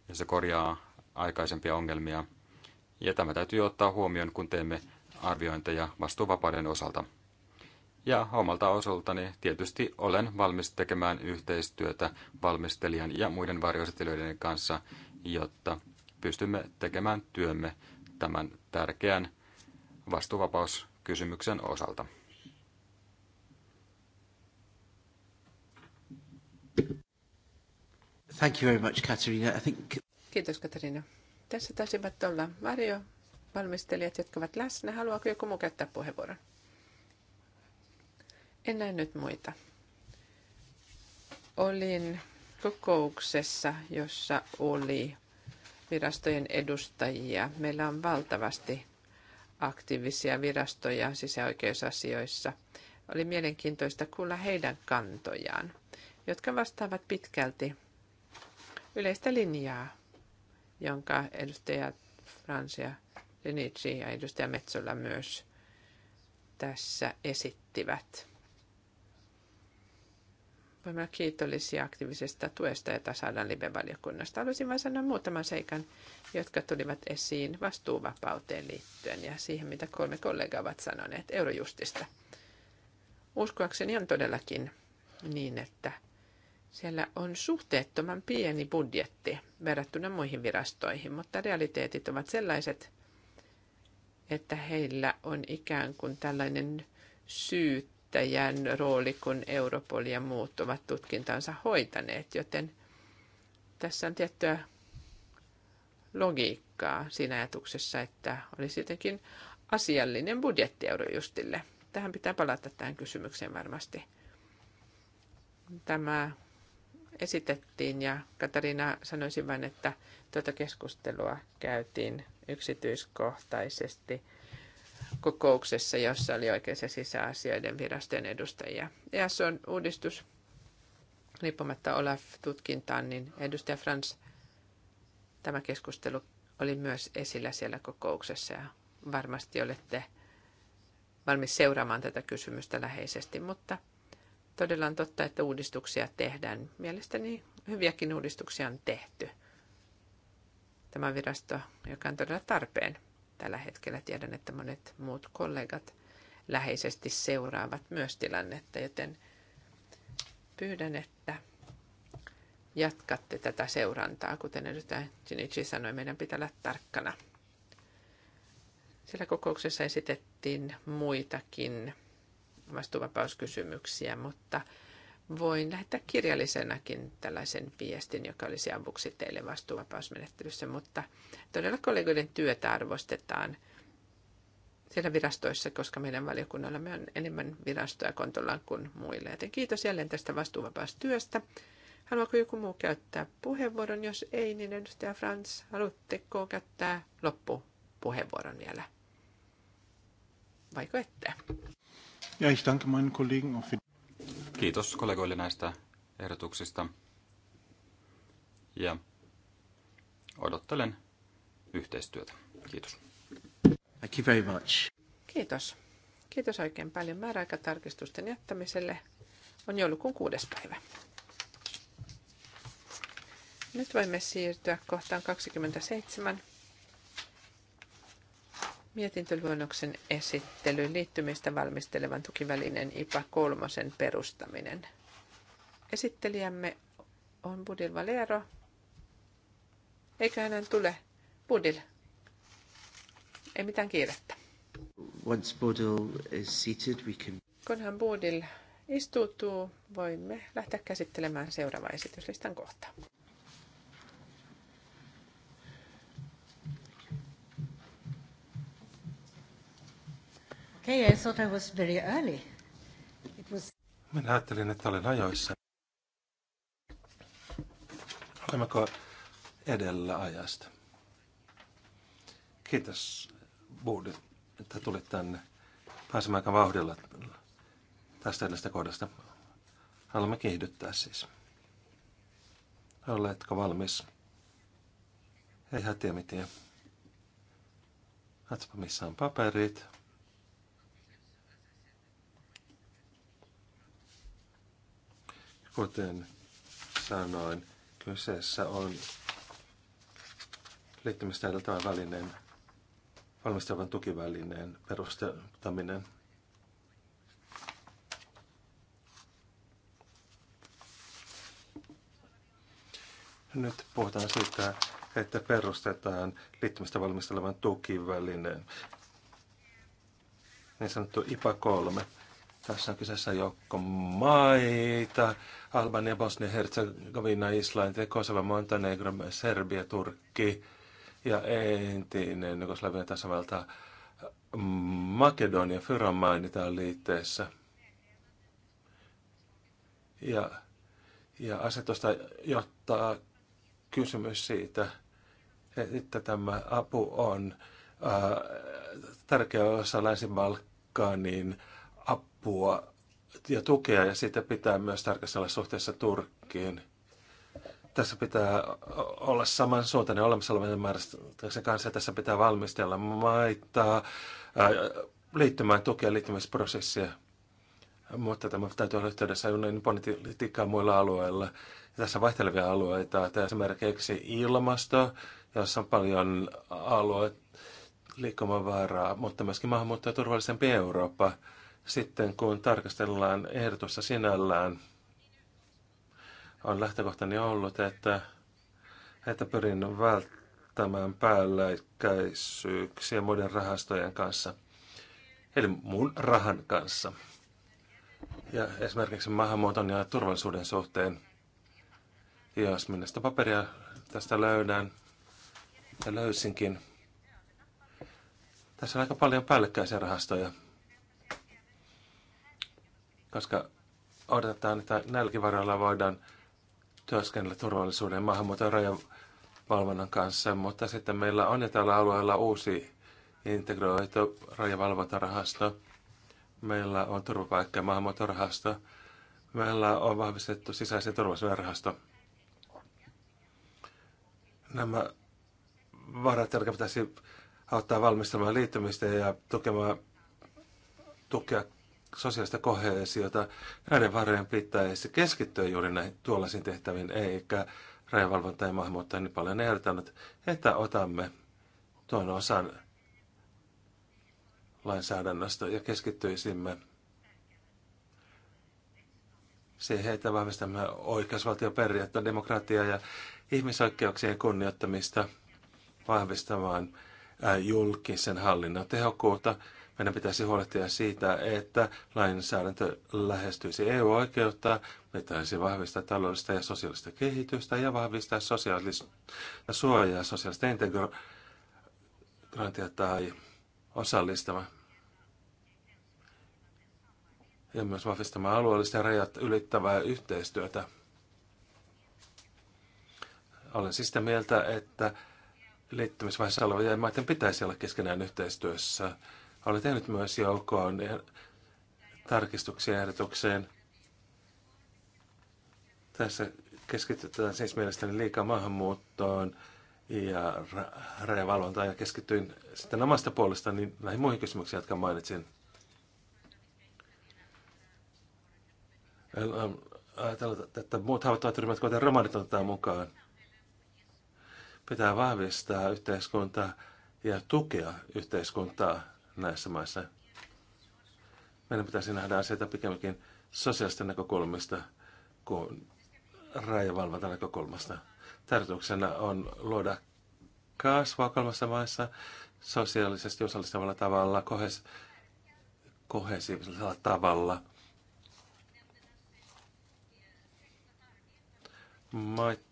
ja se korjaa aikaisempia ongelmia. Ja tämä täytyy ottaa huomioon, kun teemme arviointeja vastuuvapauden osalta. Ja omalta osaltani tietysti olen valmis tekemään yhteistyötä valmistelijan ja muiden varjoesittelijöiden kanssa, jotta pystymme tekemään työmme tämän tärkeän vastuuvapauskysymyksen osalta. Thank you very much, I think... Kiitos, Katarina. Tässä taisivat olla Mario, valmistelijat, jotka ovat läsnä. Haluaako joku muu käyttää puheenvuoron? En näe nyt muita. Olin kokouksessa, jossa oli virastojen edustajia. Meillä on valtavasti aktiivisia virastoja sisäoikeusasioissa. Oli mielenkiintoista kuulla heidän kantojaan, jotka vastaavat pitkälti yleistä linjaa, jonka edustaja Fransia Renici ja edustaja Metsola myös tässä esittivät. Voimme olla kiitollisia aktiivisesta tuesta, jota saadaan live-valiokunnasta. Haluaisin vain sanoa muutaman seikan, jotka tulivat esiin vastuuvapauteen liittyen ja siihen, mitä kolme kollegaa ovat sanoneet Eurojustista. Uskoakseni on todellakin niin, että siellä on suhteettoman pieni budjetti verrattuna muihin virastoihin, mutta realiteetit ovat sellaiset, että heillä on ikään kuin tällainen syyttäjän rooli, kun Europol ja muut ovat tutkintansa hoitaneet, joten tässä on tiettyä logiikkaa siinä ajatuksessa, että olisi jotenkin asiallinen budjetti Eurojustille. Tähän pitää palata tähän kysymykseen varmasti. Tämä esitettiin ja Katarina sanoisin vain, että tuota keskustelua käytiin yksityiskohtaisesti kokouksessa, jossa oli oikein se sisäasioiden virastojen edustajia. Ja e se on uudistus riippumatta Olaf-tutkintaan, niin edustaja Frans, tämä keskustelu oli myös esillä siellä kokouksessa ja varmasti olette valmis seuraamaan tätä kysymystä läheisesti, mutta – todella on totta, että uudistuksia tehdään. Mielestäni hyviäkin uudistuksia on tehty. Tämä virasto, joka on todella tarpeen tällä hetkellä. Tiedän, että monet muut kollegat läheisesti seuraavat myös tilannetta, joten pyydän, että jatkatte tätä seurantaa. Kuten edustaja Shinichi sanoi, meidän pitää olla tarkkana. Sillä kokouksessa esitettiin muitakin vastuuvapauskysymyksiä, mutta voin lähettää kirjallisenakin tällaisen viestin, joka olisi avuksi teille vastuuvapausmenettelyssä, mutta todella kollegoiden työtä arvostetaan siellä virastoissa, koska meidän valiokunnallamme on enemmän virastoja kontollaan kuin muille. Joten kiitos jälleen tästä vastuuvapaustyöstä. Haluatko joku muu käyttää puheenvuoron? Jos ei, niin edustaja Frans, haluatteko käyttää loppupuheenvuoron vielä? Vaiko ette? Ja ich danke meinen Kollegen auch für... Kiitos kollegoille näistä ehdotuksista. Ja odottelen yhteistyötä. Kiitos. Thank you very much. Kiitos. Kiitos oikein paljon määräaikatarkistusten jättämiselle. On joulukuun kuudes päivä. Nyt voimme siirtyä kohtaan 27 mietintöluonnoksen esittelyyn liittymistä valmistelevan tukivälineen IPA kolmosen perustaminen. Esittelijämme on Budil Valero. Eikä hänen tule. Budil. Ei mitään kiirettä. Once Budil is seated, we can... Kunhan Budil istuutuu, voimme lähteä käsittelemään seuraava esityslistan kohtaa. Okay, I thought I was very early. It was... Minä ajattelin, että olen ajoissa. Olemmeko edellä ajasta? Kiitos, Bud, että tulit tänne. Pääsemme aika vauhdilla tästä edellisestä kohdasta. Haluamme kiihdyttää siis. Oletko valmis? Ei hätiä mitään. Katsopa missä on paperit. Kuten sanoin, kyseessä on liittymistä edeltävän välineen, valmistavan tukivälineen perustaminen. Nyt puhutaan siitä, että perustetaan liittymistä valmistelevan tukivälineen, niin sanottu IPA 3. Tässä on kyseessä joukko maita, Albania, Bosnia, Herzegovina, Islanti, Kosova, Montenegro, Serbia, Turkki ja entinen Jugoslavian tasavalta Makedonia, Fyron mainitaan liitteessä. Ja, ja asetusta jotta kysymys siitä, että tämä apu on ää, tärkeä osa Länsi-Balkanin apua ja tukea, ja sitä pitää myös tarkastella suhteessa Turkkiin. Tässä pitää olla samansuuntainen olemassa olevan määrästä kanssa. Tässä pitää valmistella maita, äh, liittymään tukea liittymisprosessia. Mutta tämä täytyy olla yhteydessä unionin politiikkaa muilla alueilla. Ja tässä vaihtelevia alueita. Tämä esimerkiksi ilmasto, jossa on paljon alueita liikkumavaraa, mutta myöskin maahanmuutto ja turvallisempi Eurooppa. Sitten kun tarkastellaan ehdotusta sinällään, on lähtökohtani ollut, että, että pyrin välttämään päälläikäisyyksiä muiden rahastojen kanssa, eli mun rahan kanssa. Ja esimerkiksi maahanmuuton ja turvallisuuden suhteen, jos minä sitä paperia tästä löydän, ja löysinkin, tässä on aika paljon päällekkäisiä rahastoja – koska odotetaan, että nälkivaroilla voidaan työskennellä turvallisuuden maahanmuuton rajavalvonnan kanssa, mutta sitten meillä on jo tällä alueella uusi integroitu rajavalvontarahasto. Meillä on turvapaikka- ja maahanmuuttorahasto. Meillä on vahvistettu sisäisen turvallisuuden rahasto. Nämä varat, jotka pitäisi auttaa valmistamaan liittymistä ja tukemaan tukea sosiaalista kohesiota. Näiden varojen pitäisi keskittyä juuri näihin tuollaisiin tehtäviin, eikä rajavalvonta ja maahanmuuttaja niin paljon ehdottanut, että otamme tuon osan lainsäädännöstä ja keskittyisimme siihen, että vahvistamme oikeusvaltioperiaatteen demokratiaa ja ihmisoikeuksien kunnioittamista vahvistamaan julkisen hallinnon tehokkuutta meidän pitäisi huolehtia siitä, että lainsäädäntö lähestyisi EU-oikeutta, pitäisi vahvistaa taloudellista ja sosiaalista kehitystä ja vahvistaa sosiaalista suojaa, sosiaalista integrointia tai osallistava. Ja myös vahvistamaan alueellista ja rajat ylittävää yhteistyötä. Olen siis sitä mieltä, että liittymisvaiheessa olevien maiden pitäisi olla keskenään yhteistyössä oli tehnyt myös joukkoon tarkistuksia ehdotukseen. Tässä keskitytään siis mielestäni liikaa maahanmuuttoon ja rajavalvontaan ja keskityin sitten omasta puolestani näihin muihin kysymyksiin, jotka mainitsin. Ajatellaan, että muut haavoittuvat ryhmät, kuten romanit, otetaan mukaan. Pitää vahvistaa yhteiskuntaa ja tukea yhteiskuntaa näissä maissa. Meidän pitäisi nähdä asioita pikemminkin sosiaalista näkökulmista kuin rajavalvonta näkökulmasta. Tarkoituksena on luoda kasvua kolmassa maissa sosiaalisesti osallistavalla tavalla, kohes, kohesiivisella tavalla. Maiden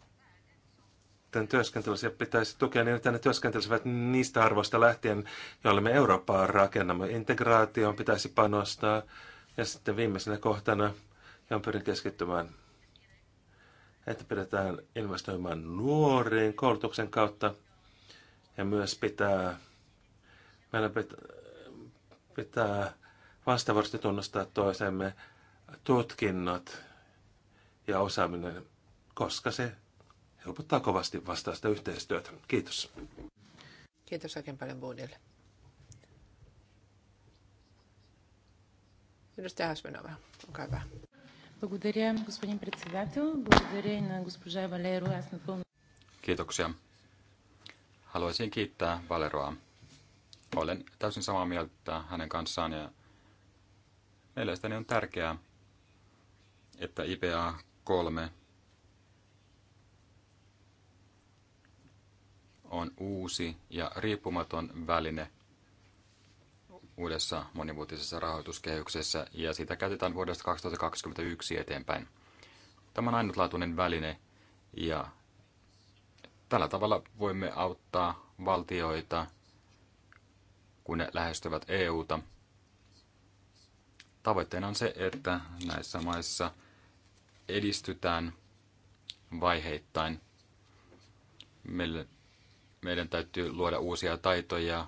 niiden työskentelyssä pitäisi tukea niin, että ne työskentelisivät niistä arvoista lähtien, joille me Eurooppaa rakennamme. Integraatioon pitäisi panostaa ja sitten viimeisenä kohtana, johon pyrin keskittymään, että pidetään investoimaan nuoriin koulutuksen kautta ja myös pitää, meillä pitää, pitää vastaavasti tunnustaa toisemme tutkinnot ja osaaminen, koska se helpottaa kovasti vastaista yhteistyötä. Kiitos. Kiitos oikein paljon Boodille. Edustaja Hasmenova, olkaa hyvä. Благодаря, господин председател. Благодаря на госпожа Валеро. Аз напълно... Kiitoksia. Haluaisin kiittää Valeroa. Olen täysin samaa mieltä hänen kanssaan ja mielestäni on tärkeää, että IPA 3 on uusi ja riippumaton väline uudessa monivuotisessa rahoituskehyksessä ja sitä käytetään vuodesta 2021 eteenpäin. Tämä on ainutlaatuinen väline ja tällä tavalla voimme auttaa valtioita, kun ne lähestyvät EUta. Tavoitteena on se, että näissä maissa edistytään vaiheittain. Meille meidän täytyy luoda uusia taitoja,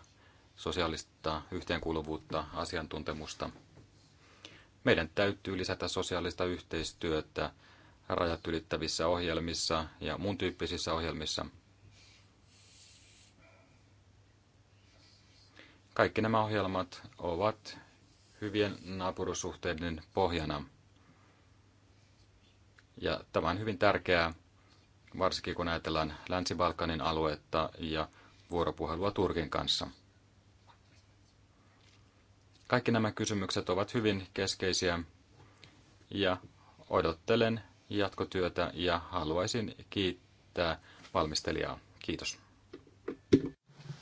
sosiaalista yhteenkuuluvuutta, asiantuntemusta. Meidän täytyy lisätä sosiaalista yhteistyötä rajat ylittävissä ohjelmissa ja muun tyyppisissä ohjelmissa. Kaikki nämä ohjelmat ovat hyvien naapurussuhteiden pohjana. Ja tämä on hyvin tärkeää, varsinkin kun ajatellaan Länsi-Balkanin aluetta ja vuoropuhelua Turkin kanssa. Kaikki nämä kysymykset ovat hyvin keskeisiä ja odottelen jatkotyötä ja haluaisin kiittää valmistelijaa. Kiitos.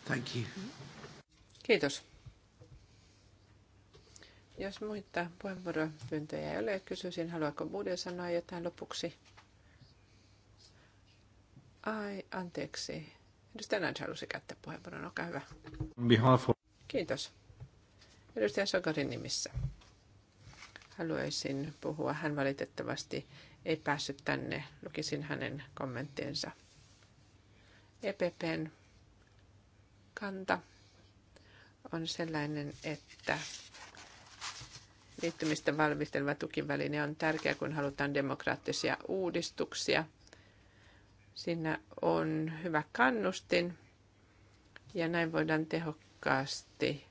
Thank you. Kiitos. Jos muita puheenvuoropyyntöjä ei ole, kysyisin, haluaako Bude sanoa jotain lopuksi? Ai, anteeksi. Edustaja Nans halusi käyttää puheenvuoron, olkaa hyvä. Kiitos. Edustaja Sokarin nimissä. Haluaisin puhua. Hän valitettavasti ei päässyt tänne. Lukisin hänen kommenttinsa. EPPn kanta on sellainen, että liittymistä valmisteleva tukiväline on tärkeä, kun halutaan demokraattisia uudistuksia – Siinä on hyvä kannustin ja näin voidaan tehokkaasti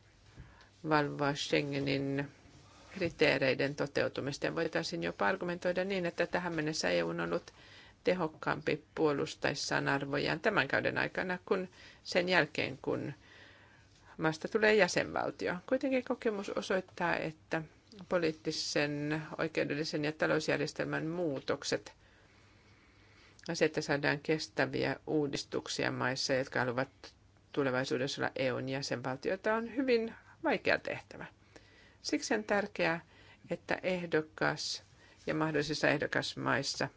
valvoa Schengenin kriteereiden toteutumista. Ja voitaisiin jopa argumentoida niin, että tähän mennessä EU on ollut tehokkaampi puolustaessaan arvojaan tämän kauden aikana kuin sen jälkeen, kun maasta tulee jäsenvaltio. Kuitenkin kokemus osoittaa, että poliittisen, oikeudellisen ja talousjärjestelmän muutokset ja no se, että saadaan kestäviä uudistuksia maissa, jotka haluavat tulevaisuudessa olla EUn jäsenvaltioita, on hyvin vaikea tehtävä. Siksi on tärkeää, että ehdokas ja mahdollisissa ehdokasmaissa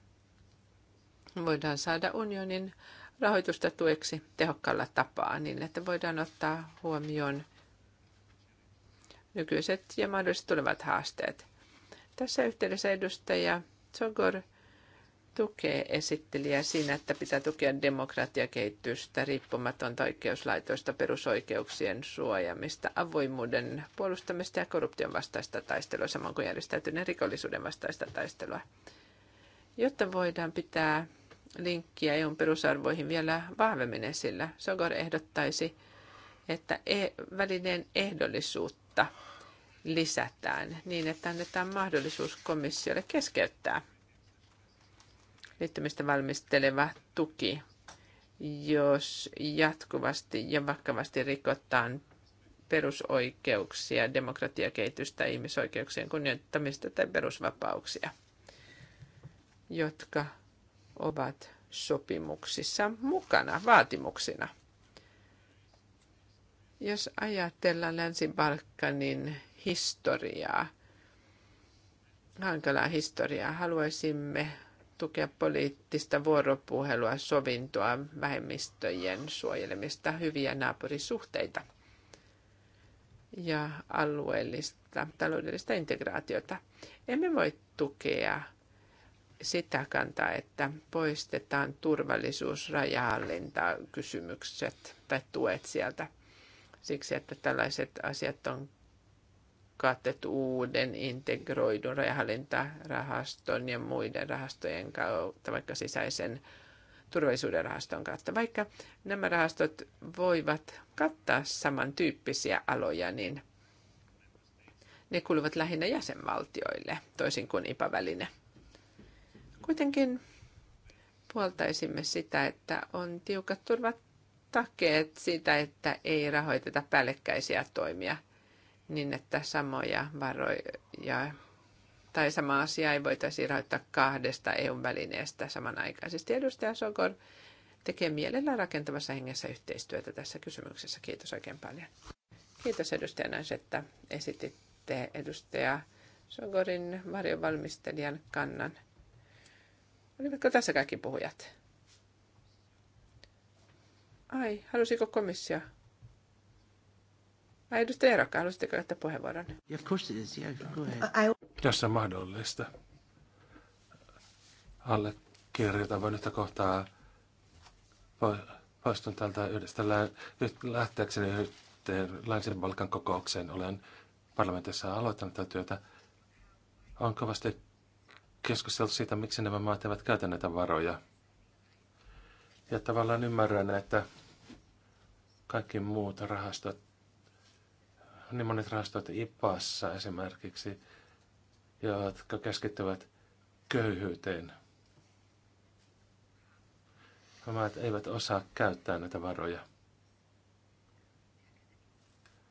voidaan saada unionin rahoitusta tueksi tehokkaalla tapaa niin, että voidaan ottaa huomioon nykyiset ja mahdolliset tulevat haasteet. Tässä yhteydessä edustaja Zogor – tukee esittelijää siinä, että pitää tukea demokratiakehitystä, riippumatonta oikeuslaitoista, perusoikeuksien suojamista, avoimuuden puolustamista ja korruption vastaista taistelua, samoin kuin järjestäytyneen rikollisuuden vastaista taistelua. Jotta voidaan pitää linkkiä EUn perusarvoihin vielä vahvemmin esillä, Sogor ehdottaisi, että e- välineen ehdollisuutta lisätään niin, että annetaan mahdollisuus komissiolle keskeyttää liittymistä valmisteleva tuki, jos jatkuvasti ja vakavasti rikotaan perusoikeuksia, demokratiakehitystä, ihmisoikeuksien kunnioittamista tai perusvapauksia, jotka ovat sopimuksissa mukana vaatimuksina. Jos ajatellaan Länsi-Balkanin historiaa, hankalaa historiaa, haluaisimme tukea poliittista vuoropuhelua, sovintoa, vähemmistöjen suojelemista, hyviä naapurisuhteita ja alueellista taloudellista integraatiota. Emme voi tukea sitä kantaa, että poistetaan turvallisuus, rajahallinta, kysymykset tai tuet sieltä siksi, että tällaiset asiat on katet uuden integroidun rajahallintarahaston ja muiden rahastojen kautta, vaikka sisäisen turvallisuuden rahaston kautta. Vaikka nämä rahastot voivat kattaa samantyyppisiä aloja, niin ne kuuluvat lähinnä jäsenvaltioille, toisin kuin IPA-väline. Kuitenkin puoltaisimme sitä, että on tiukat turvat takeet siitä, että ei rahoiteta päällekkäisiä toimia – niin, että samoja varoja tai sama asia ei voitaisi rahoittaa kahdesta EU-välineestä samanaikaisesti. Edustaja Sokor tekee mielellään rakentavassa hengessä yhteistyötä tässä kysymyksessä. Kiitos oikein paljon. Kiitos edustaja Nais, että esititte edustaja Sogorin varjovalmistelijan kannan. Olivatko tässä kaikki puhujat? Ai, halusiko komissio Ai edustaja Rokka, haluaisitteko ottaa puheenvuoron? Yeah, of course it is, yeah, go ahead. I... Jos on mahdollista. Alle kirjoitan vain yhtä kohtaa. Poistun täältä yhdestä lähteäkseni yhteen Länsi-Balkan kokoukseen. Olen parlamentissa aloittanut tätä työtä. On kovasti keskusteltu siitä, miksi nämä maat eivät käytä näitä varoja. Ja tavallaan ymmärrän, että kaikki muut rahastot on niin monet rahastot IPAssa esimerkiksi, jotka keskittyvät köyhyyteen. Maat eivät osaa käyttää näitä varoja.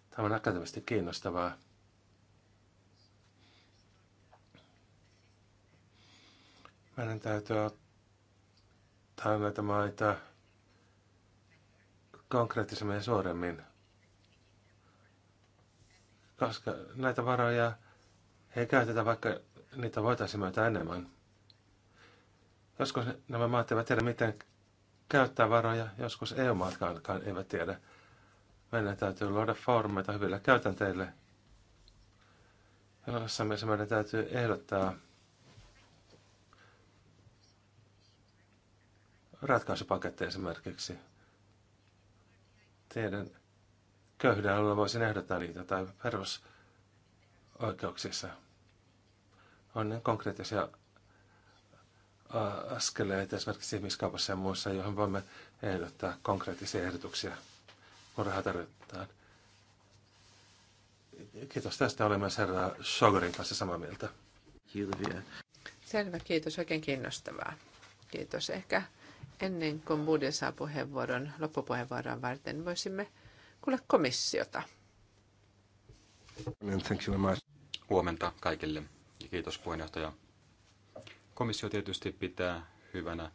Tämä on akateemisesti kiinnostavaa. Meidän täytyy ottaa näitä maita konkreettisemmin ja suoremmin koska näitä varoja ei käytetä, vaikka niitä voitaisiin myötä enemmän. Joskus nämä maat eivät tiedä, miten käyttää varoja, joskus EU-maatkaan eivät tiedä. Meidän täytyy luoda foorumeita hyvillä käytänteille. Jossain mielessä meidän täytyy ehdottaa ratkaisupaketteja esimerkiksi. Tiedän, köyhyyden alueella voisi nähdä niitä tai perusoikeuksissa. On niin konkreettisia askeleita esimerkiksi ihmiskaupassa ja muussa, johon voimme ehdottaa konkreettisia ehdotuksia, kun rahaa tarvitaan. Kiitos tästä. Olen myös herra Shogorin kanssa samaa mieltä. Kiitos. Selvä, kiitos. Oikein kiinnostavaa. Kiitos. Ehkä ennen kuin Budin saa puheenvuoron, loppupuheenvuoron varten, voisimme kuule komissiota. Thank you very much. Huomenta kaikille ja kiitos puheenjohtaja. Komissio tietysti pitää hyvänä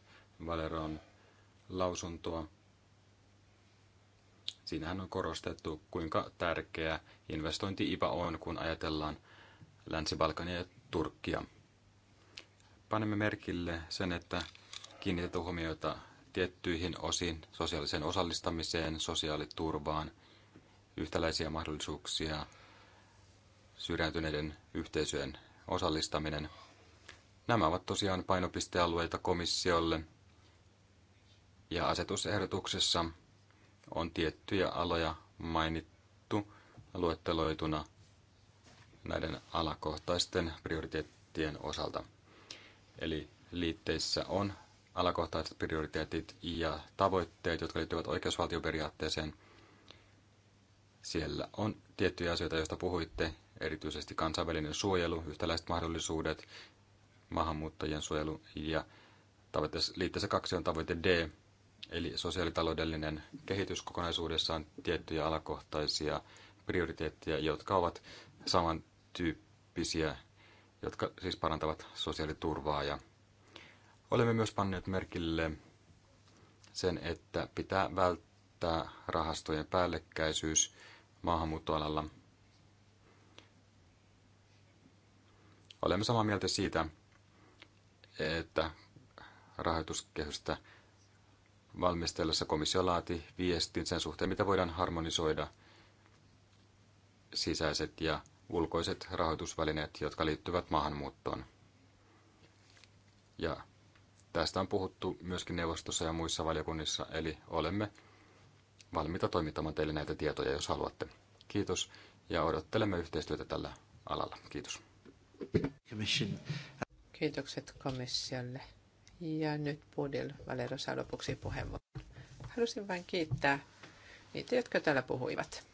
Valeron lausuntoa. Siinähän on korostettu, kuinka tärkeä investointi IPA on, kun ajatellaan Länsi-Balkania ja Turkkia. Panemme merkille sen, että kiinnitetään huomiota tiettyihin osiin, sosiaaliseen osallistamiseen, sosiaaliturvaan, yhtäläisiä mahdollisuuksia, syrjäytyneiden yhteisöjen osallistaminen. Nämä ovat tosiaan painopistealueita komissiolle, ja asetusehdotuksessa on tiettyjä aloja mainittu luetteloituna näiden alakohtaisten prioriteettien osalta. Eli liitteissä on alakohtaiset prioriteetit ja tavoitteet, jotka liittyvät oikeusvaltioperiaatteeseen – siellä on tiettyjä asioita, joista puhuitte, erityisesti kansainvälinen suojelu, yhtäläiset mahdollisuudet, maahanmuuttajien suojelu ja tavoite, liitteessä kaksi on tavoite D, eli sosiaalitaloudellinen kehitys kokonaisuudessaan tiettyjä alakohtaisia prioriteetteja, jotka ovat samantyyppisiä, jotka siis parantavat sosiaaliturvaa. Ja olemme myös panneet merkille sen, että pitää välttää rahastojen päällekkäisyys maahanmuuttoalalla. Olemme samaa mieltä siitä, että rahoituskehystä valmistellessa komissio laati viestin sen suhteen, mitä voidaan harmonisoida sisäiset ja ulkoiset rahoitusvälineet, jotka liittyvät maahanmuuttoon. Ja tästä on puhuttu myöskin neuvostossa ja muissa valiokunnissa, eli olemme valmiita toimittamaan teille näitä tietoja, jos haluatte. Kiitos ja odottelemme yhteistyötä tällä alalla. Kiitos. Kiitokset komissiolle. Ja nyt Budil Valero saa lopuksi puheenvuoron. Halusin vain kiittää niitä, jotka täällä puhuivat.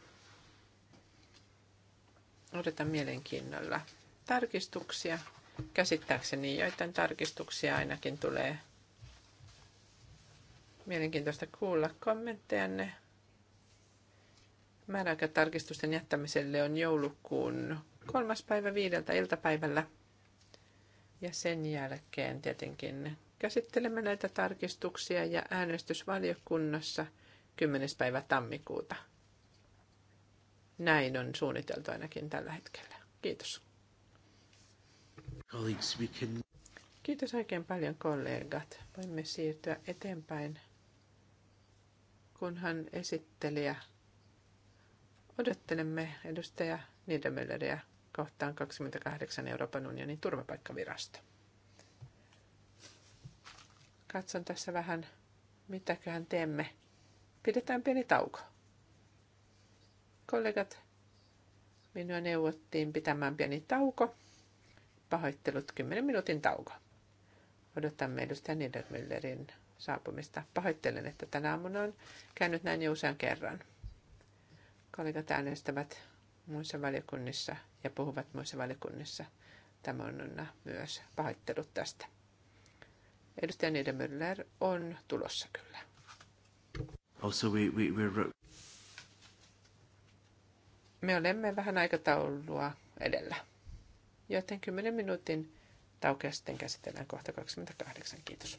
Odotan mielenkiinnolla tarkistuksia. Käsittääkseni joitain tarkistuksia ainakin tulee. Mielenkiintoista kuulla kommenttejanne. Määräaikatarkistusten jättämiselle on joulukuun kolmas päivä viideltä iltapäivällä. Ja sen jälkeen tietenkin käsittelemme näitä tarkistuksia ja äänestysvaliokunnassa 10. päivä tammikuuta. Näin on suunniteltu ainakin tällä hetkellä. Kiitos. Kiitos oikein paljon kollegat. Voimme siirtyä eteenpäin, kunhan esittelijä Odottelemme edustaja Niedemölleriä kohtaan 28 Euroopan unionin turvapaikkavirasto. Katson tässä vähän, mitäköhän teemme. Pidetään pieni tauko. Kollegat, minua neuvottiin pitämään pieni tauko. Pahoittelut 10 minuutin tauko. Odotamme edustaja Niedermüllerin saapumista. Pahoittelen, että tänä aamuna on käynyt näin jo usean kerran kollegat äänestävät muissa valiokunnissa ja puhuvat muissa valiokunnissa. Tämä on myös pahoittelut tästä. Edustaja Niedemöller on tulossa kyllä. Also oh, we, we, we're... Me olemme vähän aikataulua edellä, joten 10 minuutin taukea sitten käsitellään kohta 28. Kiitos.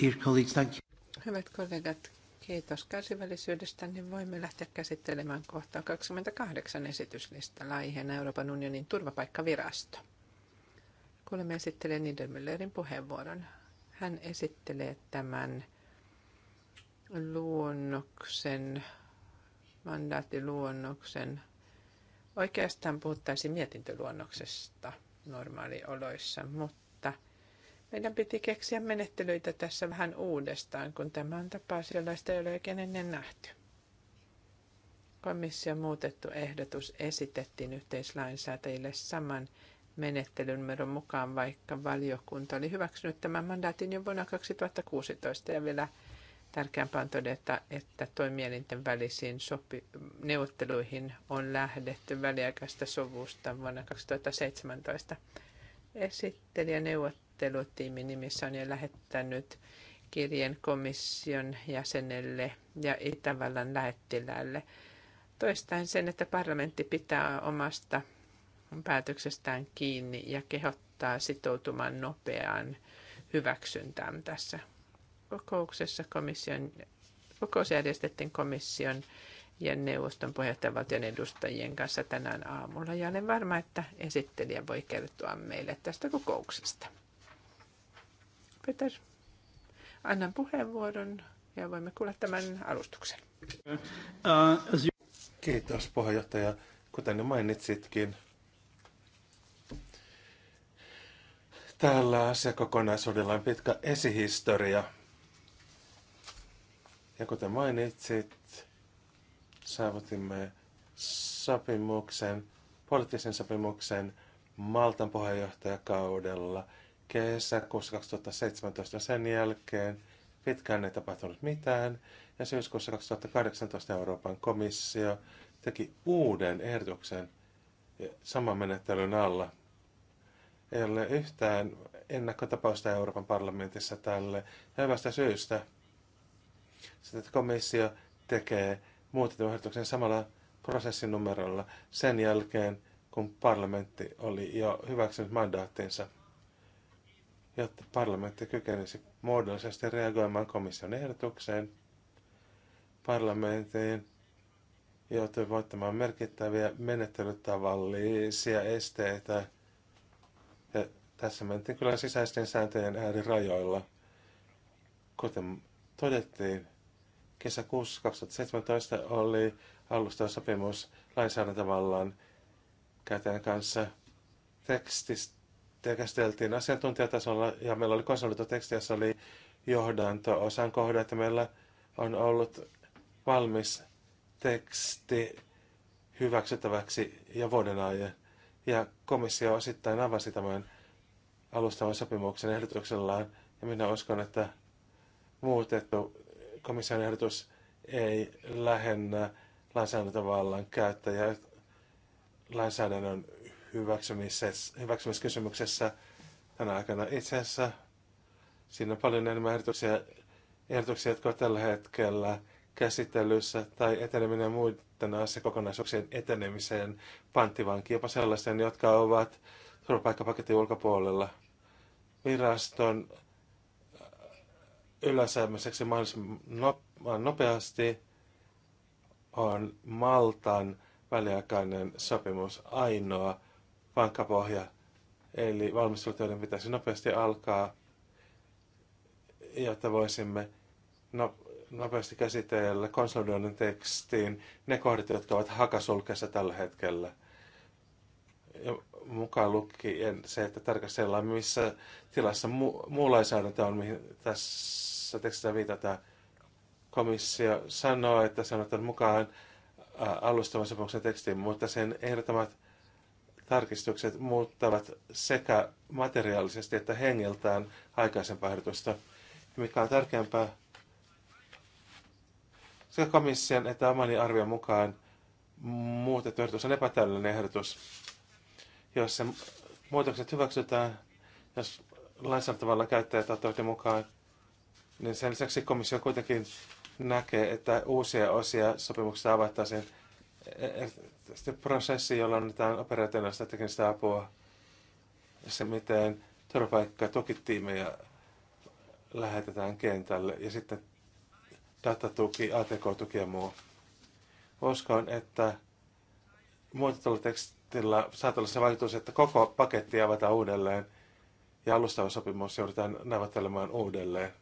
Dear colleagues, thank you. Hyvät kollegat, kiitos kärsivällisyydestä, niin voimme lähteä käsittelemään kohtaa 28 esityslistalla aiheena Euroopan unionin turvapaikkavirasto. Kuulemme esittelee Niedermüllerin puheenvuoron. Hän esittelee tämän luonnoksen, mandaattiluonnoksen. Oikeastaan puhuttaisiin mietintöluonnoksesta normaalioloissa, mutta meidän piti keksiä menettelyitä tässä vähän uudestaan, kun tämä on tapaa sellaista ei ole oikein ennen nähty. Komission muutettu ehdotus esitettiin yhteislainsäätäjille saman menettelynumeron mukaan, vaikka valiokunta oli hyväksynyt tämän mandaatin jo vuonna 2016 ja vielä tärkeämpää on todeta, että toimielinten välisiin sopi- neuvotteluihin on lähdetty väliaikaista sovusta vuonna 2017. Esittelijä neuvotteluja neuvottelutiimin nimissä on jo lähettänyt kirjeen komission jäsenelle ja Itävallan lähettilälle. Toistaen sen, että parlamentti pitää omasta päätöksestään kiinni ja kehottaa sitoutumaan nopeaan hyväksyntään tässä kokouksessa. Komission, kokous järjestettiin komission ja neuvoston puheenjohtajavaltion edustajien kanssa tänään aamulla. Ja olen varma, että esittelijä voi kertoa meille tästä kokouksesta. Peter, annan puheenvuoron ja voimme kuulla tämän alustuksen. Kiitos puheenjohtaja. Kuten jo mainitsitkin, tällä asiakokonaisuudella on pitkä esihistoria. Ja kuten mainitsit, saavutimme sopimuksen, poliittisen sopimuksen Maltan puheenjohtajakaudella – kesäkuussa 2017 sen jälkeen pitkään ei tapahtunut mitään, ja syyskuussa 2018 Euroopan komissio teki uuden ehdotuksen saman menettelyn alla. Ei ole yhtään ennakkotapausta Euroopan parlamentissa tälle, ja hyvästä syystä. että komissio tekee muutetun ehdotuksen samalla prosessinumerolla sen jälkeen, kun parlamentti oli jo hyväksynyt mandaattinsa jotta parlamentti kykenisi muodollisesti reagoimaan komission ehdotukseen. Parlamentin joutui voittamaan merkittäviä menettelytavallisia esteitä. Ja tässä mentiin kyllä sisäisten sääntöjen äärirajoilla. Kuten todettiin, kesäkuussa 2017 oli alustava sopimus lainsäädäntövallan käytäjän kanssa tekstistä tekstiä käsiteltiin asiantuntijatasolla ja meillä oli konsolidoitu teksti, jossa oli johdanto-osan kohde, että meillä on ollut valmis teksti hyväksyttäväksi ja vuoden ajan. Ja komissio osittain avasi tämän alustavan sopimuksen ehdotuksellaan ja minä uskon, että muutettu komission ehdotus ei lähennä lainsäädäntövallan käyttäjää lainsäädännön hyväksymisessä, hyväksymiskysymyksessä tänä aikana. Itse asiassa siinä on paljon enemmän ehdotuksia, ehdotuksia jotka ovat tällä hetkellä käsittelyssä tai eteneminen muiden asiakokonaisuuksien etenemiseen panttivankin, jopa sellaisten, jotka ovat turvapaikkapaketin ulkopuolella viraston äh, yläsäämiseksi mahdollisimman nopeasti on Maltan väliaikainen sopimus ainoa vankka pohja. Eli valmistelutöiden pitäisi nopeasti alkaa, jotta voisimme no, nopeasti käsitellä konsolidoinnin tekstiin ne kohdat, jotka ovat hakasulkeessa tällä hetkellä. Ja mukaan lukien se, että tarkastellaan, missä tilassa mu- muu lainsäädäntö on, mihin tässä tekstissä viitataan. Komissio sanoo, että sanotaan mukaan alustavan sopimuksen tekstiin, mutta sen ehdottomat tarkistukset muuttavat sekä materiaalisesti että hengeltään aikaisempaa ehdotusta, mikä on tärkeämpää sekä komission että omani arvion mukaan muutettu ehdotus on epätäydellinen ehdotus. Jos se muutokset hyväksytään, jos lainsäädäntövallan käyttäjät ottavat mukaan, niin sen lisäksi komissio kuitenkin näkee, että uusia osia sopimuksesta avattaisiin sitten prosessi, jolla annetaan operationaalista teknistä apua ja se, miten turvapaikka- ja tukitiimejä lähetetään kentälle ja sitten datatuki, ATK-tuki ja muu. Uskon, että muototulla tekstillä saattaa olla se vaikutus, että koko paketti avataan uudelleen ja alustava sopimus joudutaan neuvottelemaan uudelleen.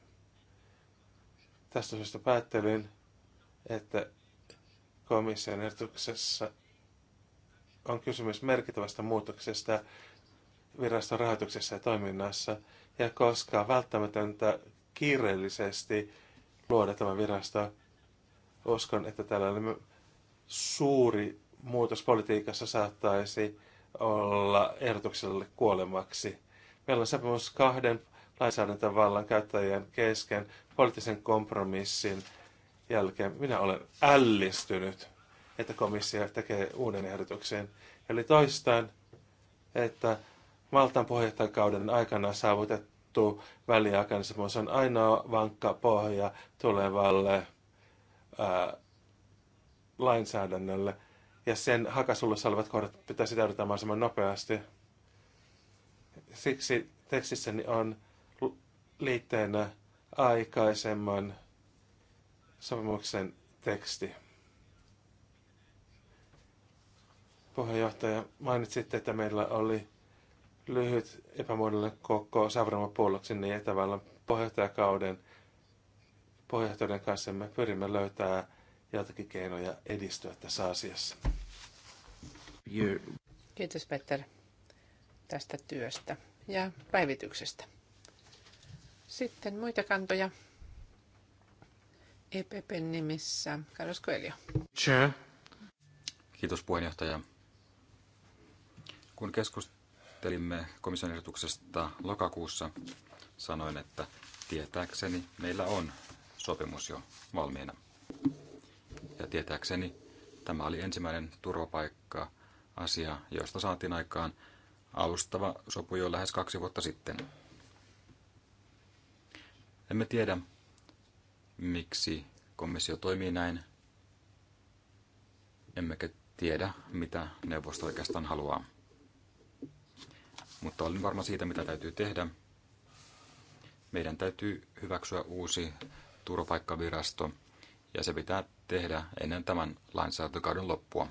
Tästä syystä päättelin, että komission ehdotuksessa on kysymys merkittävästä muutoksesta viraston rahoituksessa ja toiminnassa, ja koska välttämätöntä kiireellisesti luoda tämä virasto, uskon, että tällainen suuri muutos politiikassa saattaisi olla ehdotukselle kuolemaksi. Meillä on sopimus kahden lainsäädäntövallan käyttäjien kesken poliittisen kompromissin jälkeen. Minä olen ällistynyt että komissio tekee uuden ehdotuksen. Eli toistan, että Maltan puheenjohtajakauden aikana saavutettu väliaikainen on ainoa vankka pohja tulevalle ää, lainsäädännölle. Ja sen hakasulussa olevat kohdat pitäisi täydentää mahdollisimman nopeasti. Siksi tekstissäni on liitteenä aikaisemman sopimuksen teksti. Puheenjohtaja, mainitsitte, että meillä oli lyhyt epämuodollinen koko Savraman puoloksen niin tavallaan puheenjohtajakauden puheenjohtajan kanssa me pyrimme löytää joitakin keinoja edistyä tässä asiassa. Kiitos Peter tästä työstä ja päivityksestä. Sitten muita kantoja. EPP nimissä Carlos Coelho. Kiitos puheenjohtaja. Kun keskustelimme komission ehdotuksesta lokakuussa, sanoin, että tietääkseni meillä on sopimus jo valmiina. Ja tietääkseni tämä oli ensimmäinen turvapaikka asia, josta saatiin aikaan alustava sopu jo lähes kaksi vuotta sitten. Emme tiedä, miksi komissio toimii näin, emmekä tiedä, mitä neuvosto oikeastaan haluaa mutta olen varma siitä, mitä täytyy tehdä. Meidän täytyy hyväksyä uusi turvapaikkavirasto, ja se pitää tehdä ennen tämän lainsäädäntökauden loppua.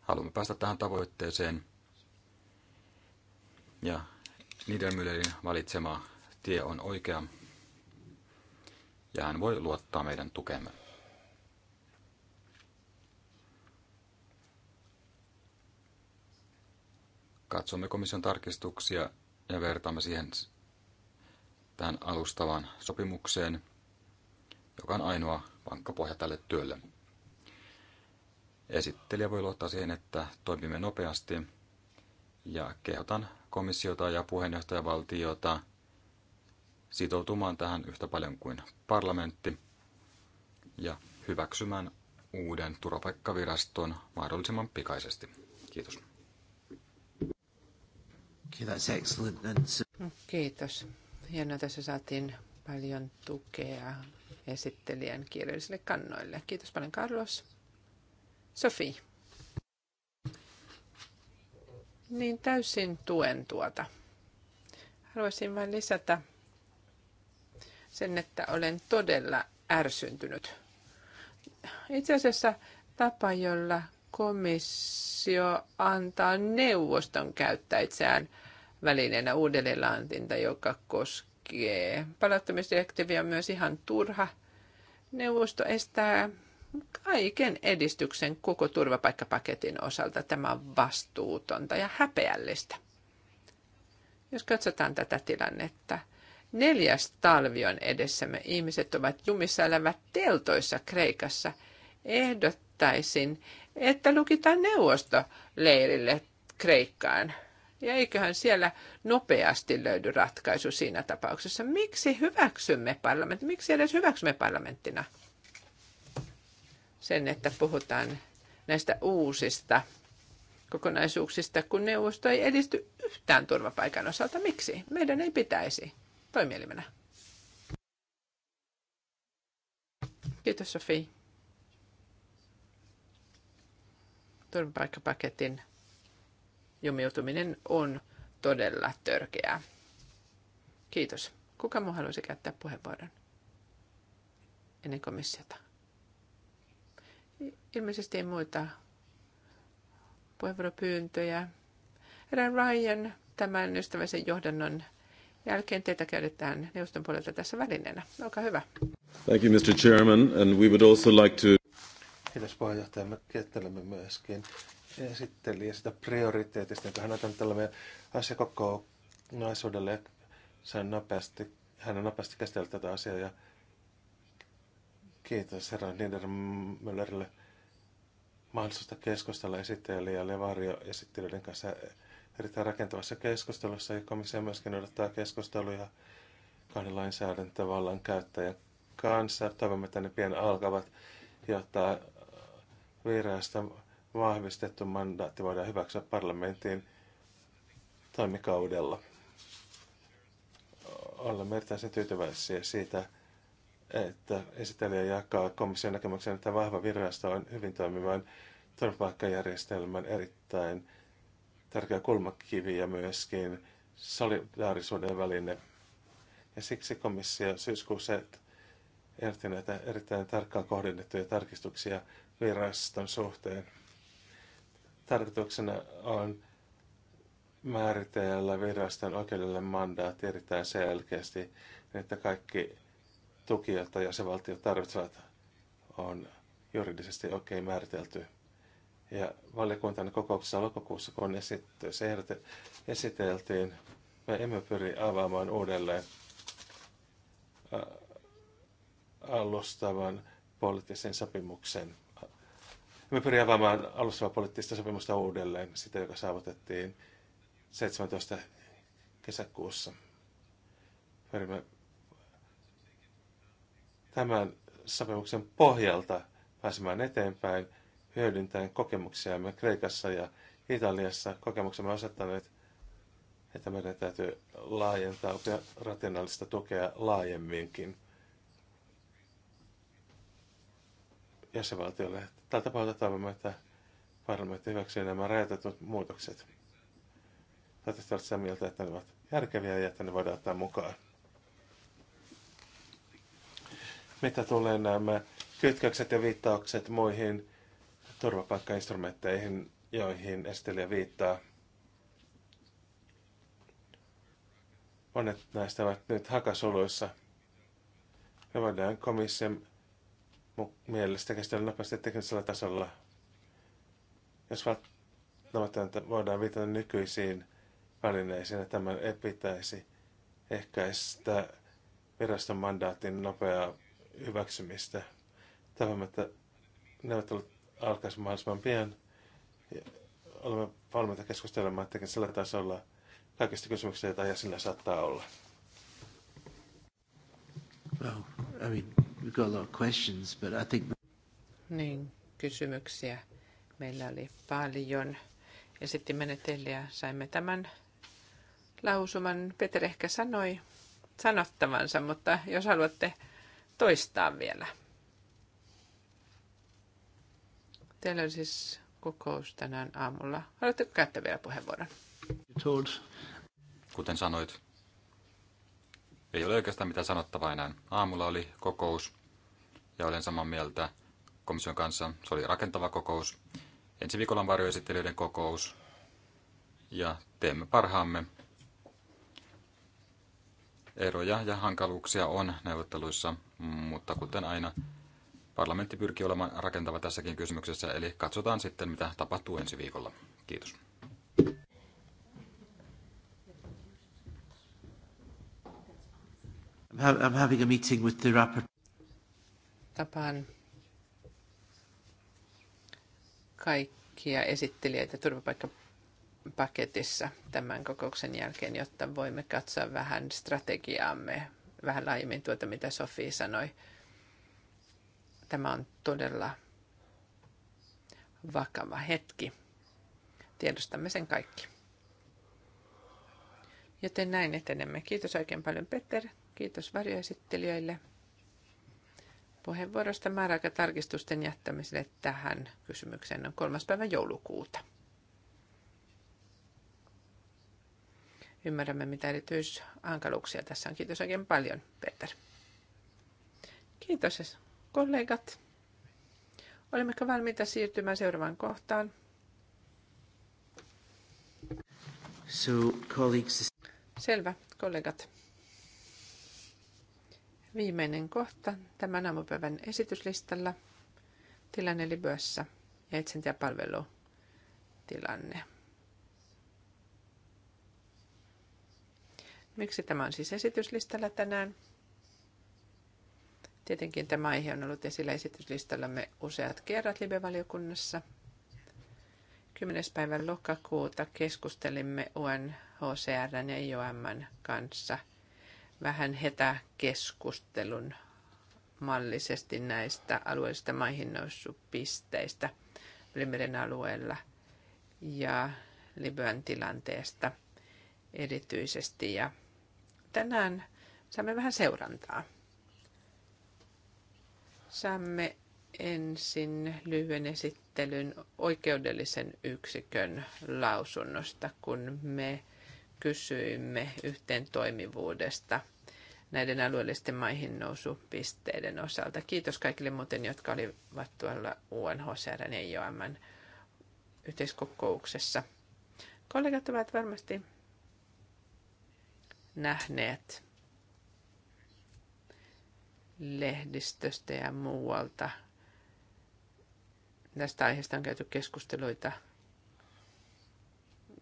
Haluamme päästä tähän tavoitteeseen, ja Niedermüllerin valitsema tie on oikea, ja hän voi luottaa meidän tukemme. katsomme komission tarkistuksia ja vertaamme siihen tämän alustavaan sopimukseen, joka on ainoa vankkapohja tälle työlle. Esittelijä voi luottaa siihen, että toimimme nopeasti ja kehotan komissiota ja puheenjohtajavaltiota sitoutumaan tähän yhtä paljon kuin parlamentti ja hyväksymään uuden turvapaikkaviraston mahdollisimman pikaisesti. Kiitos. Mm, kiitos. Hienoa, tässä saatiin paljon tukea esittelijän kirjallisille kannoille. Kiitos paljon, Carlos. Sofi. Niin täysin tuen tuota. Haluaisin vain lisätä sen, että olen todella ärsyntynyt. Itse asiassa tapa, jolla komissio antaa neuvoston käyttää itseään välineenä uudelleenlaantinta, joka koskee palauttamisdirektiiviä myös ihan turha. Neuvosto estää kaiken edistyksen koko turvapaikkapaketin osalta. Tämä on vastuutonta ja häpeällistä. Jos katsotaan tätä tilannetta, neljäs talvi on edessämme. Ihmiset ovat jumissa elävät teltoissa Kreikassa – ehdottaisin, että lukitaan neuvostoleirille Kreikkaan. Ja eiköhän siellä nopeasti löydy ratkaisu siinä tapauksessa. Miksi hyväksymme parlamentti? Miksi edes hyväksymme parlamenttina sen, että puhutaan näistä uusista kokonaisuuksista, kun neuvosto ei edisty yhtään turvapaikan osalta? Miksi? Meidän ei pitäisi toimielimenä. Kiitos Sofi. turvapaikkapaketin jumiutuminen on todella törkeää. Kiitos. Kuka muu haluaisi käyttää puheenvuoron ennen komissiota? Ilmeisesti ei muita puheenvuoropyyntöjä. Herra Ryan, tämän ystäväisen johdannon jälkeen teitä käytetään neuvoston puolelta tässä välineenä. Olkaa hyvä. Thank you, Mr. Chairman, and we would also like to... Kiitos puheenjohtaja. Me kiittelemme myöskin esittelijä sitä prioriteetista, jonka hän on tällä asiakokonaisuudelle ja sain nopeasti, hän on nopeasti käsitellyt tätä asiaa ja kiitos herra Niedermüllerille mahdollisuutta keskustella esittelijälle ja varjoesittelijöiden kanssa erittäin rakentavassa keskustelussa ja komissio myöskin odottaa keskusteluja kahden lainsäädäntövallan käyttäjän kanssa. Toivomme, että ne pian alkavat, jotta virasta vahvistettu mandaatti voidaan hyväksyä parlamentin toimikaudella. Olemme erittäin tyytyväisiä siitä, että esittelijä jakaa komission näkemyksen, että vahva virasto on hyvin toimivan turvapaikkajärjestelmän erittäin tärkeä kulmakivi ja myöskin solidaarisuuden väline. Ja siksi komissio syyskuussa ehti näitä erittäin tarkkaan kohdennettuja tarkistuksia viraston suhteen. Tarkoituksena on määritellä viraston oikeudellinen mandaatti erittäin selkeästi, niin että kaikki tuki, ja jäsenvaltiot tarvitsevat, on juridisesti oikein määritelty. Ja valiokuntana kokouksessa lokakuussa, kun se esiteltiin, me emme pyri avaamaan uudelleen alustavan poliittisen sopimuksen me pyrimme avaamaan alustavaa poliittista sopimusta uudelleen, sitä joka saavutettiin 17. kesäkuussa. Pyrimme tämän sopimuksen pohjalta pääsemään eteenpäin hyödyntäen kokemuksiamme Kreikassa ja Italiassa. Kokemuksemme osoittaneet, että meidän täytyy laajentaa rationaalista tukea laajemminkin – jäsenvaltiolle. Tällä tapauksessa toivomme, että parlamentti hyväksyy nämä rajoitetut muutokset. Toivottavasti olet sitä mieltä, että ne ovat järkeviä ja että ne voidaan ottaa mukaan. Mitä tulee nämä kytkökset ja viittaukset muihin turvapaikkainstrumentteihin, joihin Esteliä viittaa, monet näistä ovat nyt hakasoluissa. Me voidaan komission mielestä käsitellä nopeasti teknisellä tasolla. Jos välttämättä voidaan viitata nykyisiin välineisiin, että tämän ei pitäisi ehkäistä viraston mandaatin nopeaa hyväksymistä. Tämä, että neuvottelut alkaisivat mahdollisimman pian. Ja olemme valmiita keskustelemaan teknisellä tasolla kaikista kysymyksistä, joita sillä saattaa olla. Well, I mean, We've got a lot of questions, but I think... Niin, kysymyksiä meillä oli paljon. Ja sitten menetelli ja saimme tämän lausuman. Peter ehkä sanoi sanottavansa, mutta jos haluatte toistaa vielä. Teillä on siis kokous tänään aamulla. Haluatteko käyttää vielä puheenvuoron? Kuten sanoit, ei ole oikeastaan mitään sanottavaa enää. Aamulla oli kokous ja olen samaa mieltä komission kanssa. Se oli rakentava kokous. Ensi viikolla on varjoesittelijöiden kokous ja teemme parhaamme. Eroja ja hankaluuksia on neuvotteluissa, mutta kuten aina, parlamentti pyrkii olemaan rakentava tässäkin kysymyksessä, eli katsotaan sitten, mitä tapahtuu ensi viikolla. Kiitos. I'm having a meeting with the rapper. Tapaan kaikkia esittelijöitä turvapaikkapaketissa tämän kokouksen jälkeen, jotta voimme katsoa vähän strategiaamme, vähän laajemmin tuota, mitä Sofi sanoi. Tämä on todella vakava hetki. Tiedostamme sen kaikki. Joten näin etenemme. Kiitos oikein paljon Peter Kiitos varjoesittelijöille puheenvuorosta määräaikatarkistusten jättämiselle tähän kysymykseen on kolmas päivä joulukuuta. Ymmärrämme, mitä erityisankaluuksia tässä on. Kiitos oikein paljon, Peter. Kiitos, kollegat. Olemmeko valmiita siirtymään seuraavaan kohtaan? So, colleagues... Selvä, kollegat. Viimeinen kohta tämän aamupäivän esityslistalla. Tilanne Libyassa ja tilanne. Miksi tämä on siis esityslistalla tänään? Tietenkin tämä aihe on ollut esillä esityslistallamme useat kerrat live 10. päivän lokakuuta keskustelimme UNHCRn ja IOMn kanssa – vähän hetäkeskustelun mallisesti näistä alueellisista maihin pisteistä Välimeren alueella ja Libyan tilanteesta erityisesti. Ja tänään saamme vähän seurantaa. Saamme ensin lyhyen esittelyn oikeudellisen yksikön lausunnosta, kun me kysyimme yhteen toimivuudesta näiden alueellisten maihin nousupisteiden osalta. Kiitos kaikille muuten, jotka olivat tuolla UNHCR ja IOM yhteiskokouksessa. Kollegat ovat varmasti nähneet lehdistöstä ja muualta. Tästä aiheesta on käyty keskusteluita.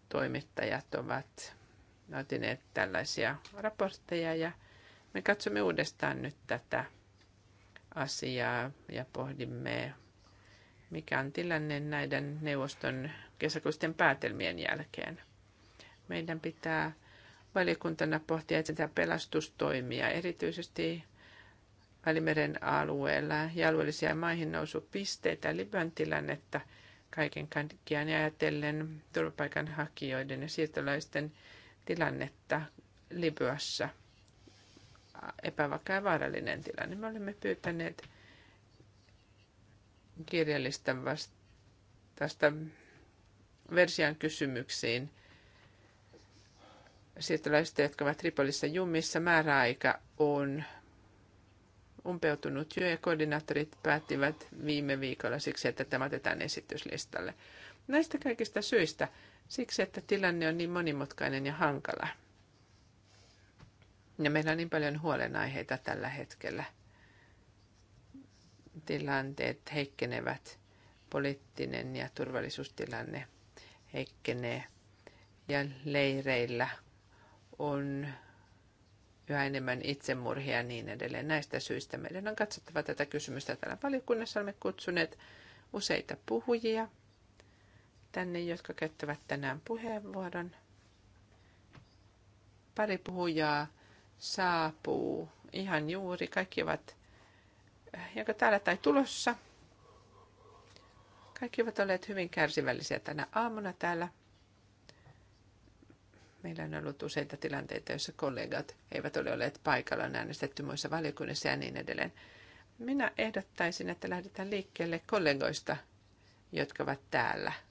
Toimittajat ovat laatineet tällaisia raportteja ja me katsomme uudestaan nyt tätä asiaa ja pohdimme, mikä on tilanne näiden neuvoston kesäkuisten päätelmien jälkeen. Meidän pitää valiokuntana pohtia tätä pelastustoimia, erityisesti Välimeren alueella ja alueellisia maihin nousupisteitä, Libyan tilannetta kaiken kaikkiaan ajatellen turvapaikanhakijoiden ja siirtolaisten tilannetta Libyassa, epävakaa ja vaarallinen tilanne. Me olemme pyytäneet kirjallista vastausta version kysymyksiin siirtolaisista, jotka ovat Tripolissa jumissa. Määräaika on umpeutunut jo ja koordinaattorit päättivät viime viikolla siksi, että tämä otetaan esityslistalle. Näistä kaikista syistä Siksi, että tilanne on niin monimutkainen ja hankala. Ja meillä on niin paljon huolenaiheita tällä hetkellä. Tilanteet heikkenevät, poliittinen ja turvallisuustilanne heikkenee ja leireillä on yhä enemmän itsemurhia ja niin edelleen. Näistä syistä meidän on katsottava tätä kysymystä. Täällä valiokunnassa olemme kutsuneet useita puhujia tänne, jotka käyttävät tänään puheenvuoron. Pari puhujaa saapuu ihan juuri. Kaikki ovat eh, joko täällä tai tulossa. Kaikki ovat olleet hyvin kärsivällisiä tänä aamuna täällä. Meillä on ollut useita tilanteita, joissa kollegat eivät ole olleet paikalla, on äänestetty muissa valiokunnissa ja niin edelleen. Minä ehdottaisin, että lähdetään liikkeelle kollegoista, jotka ovat täällä –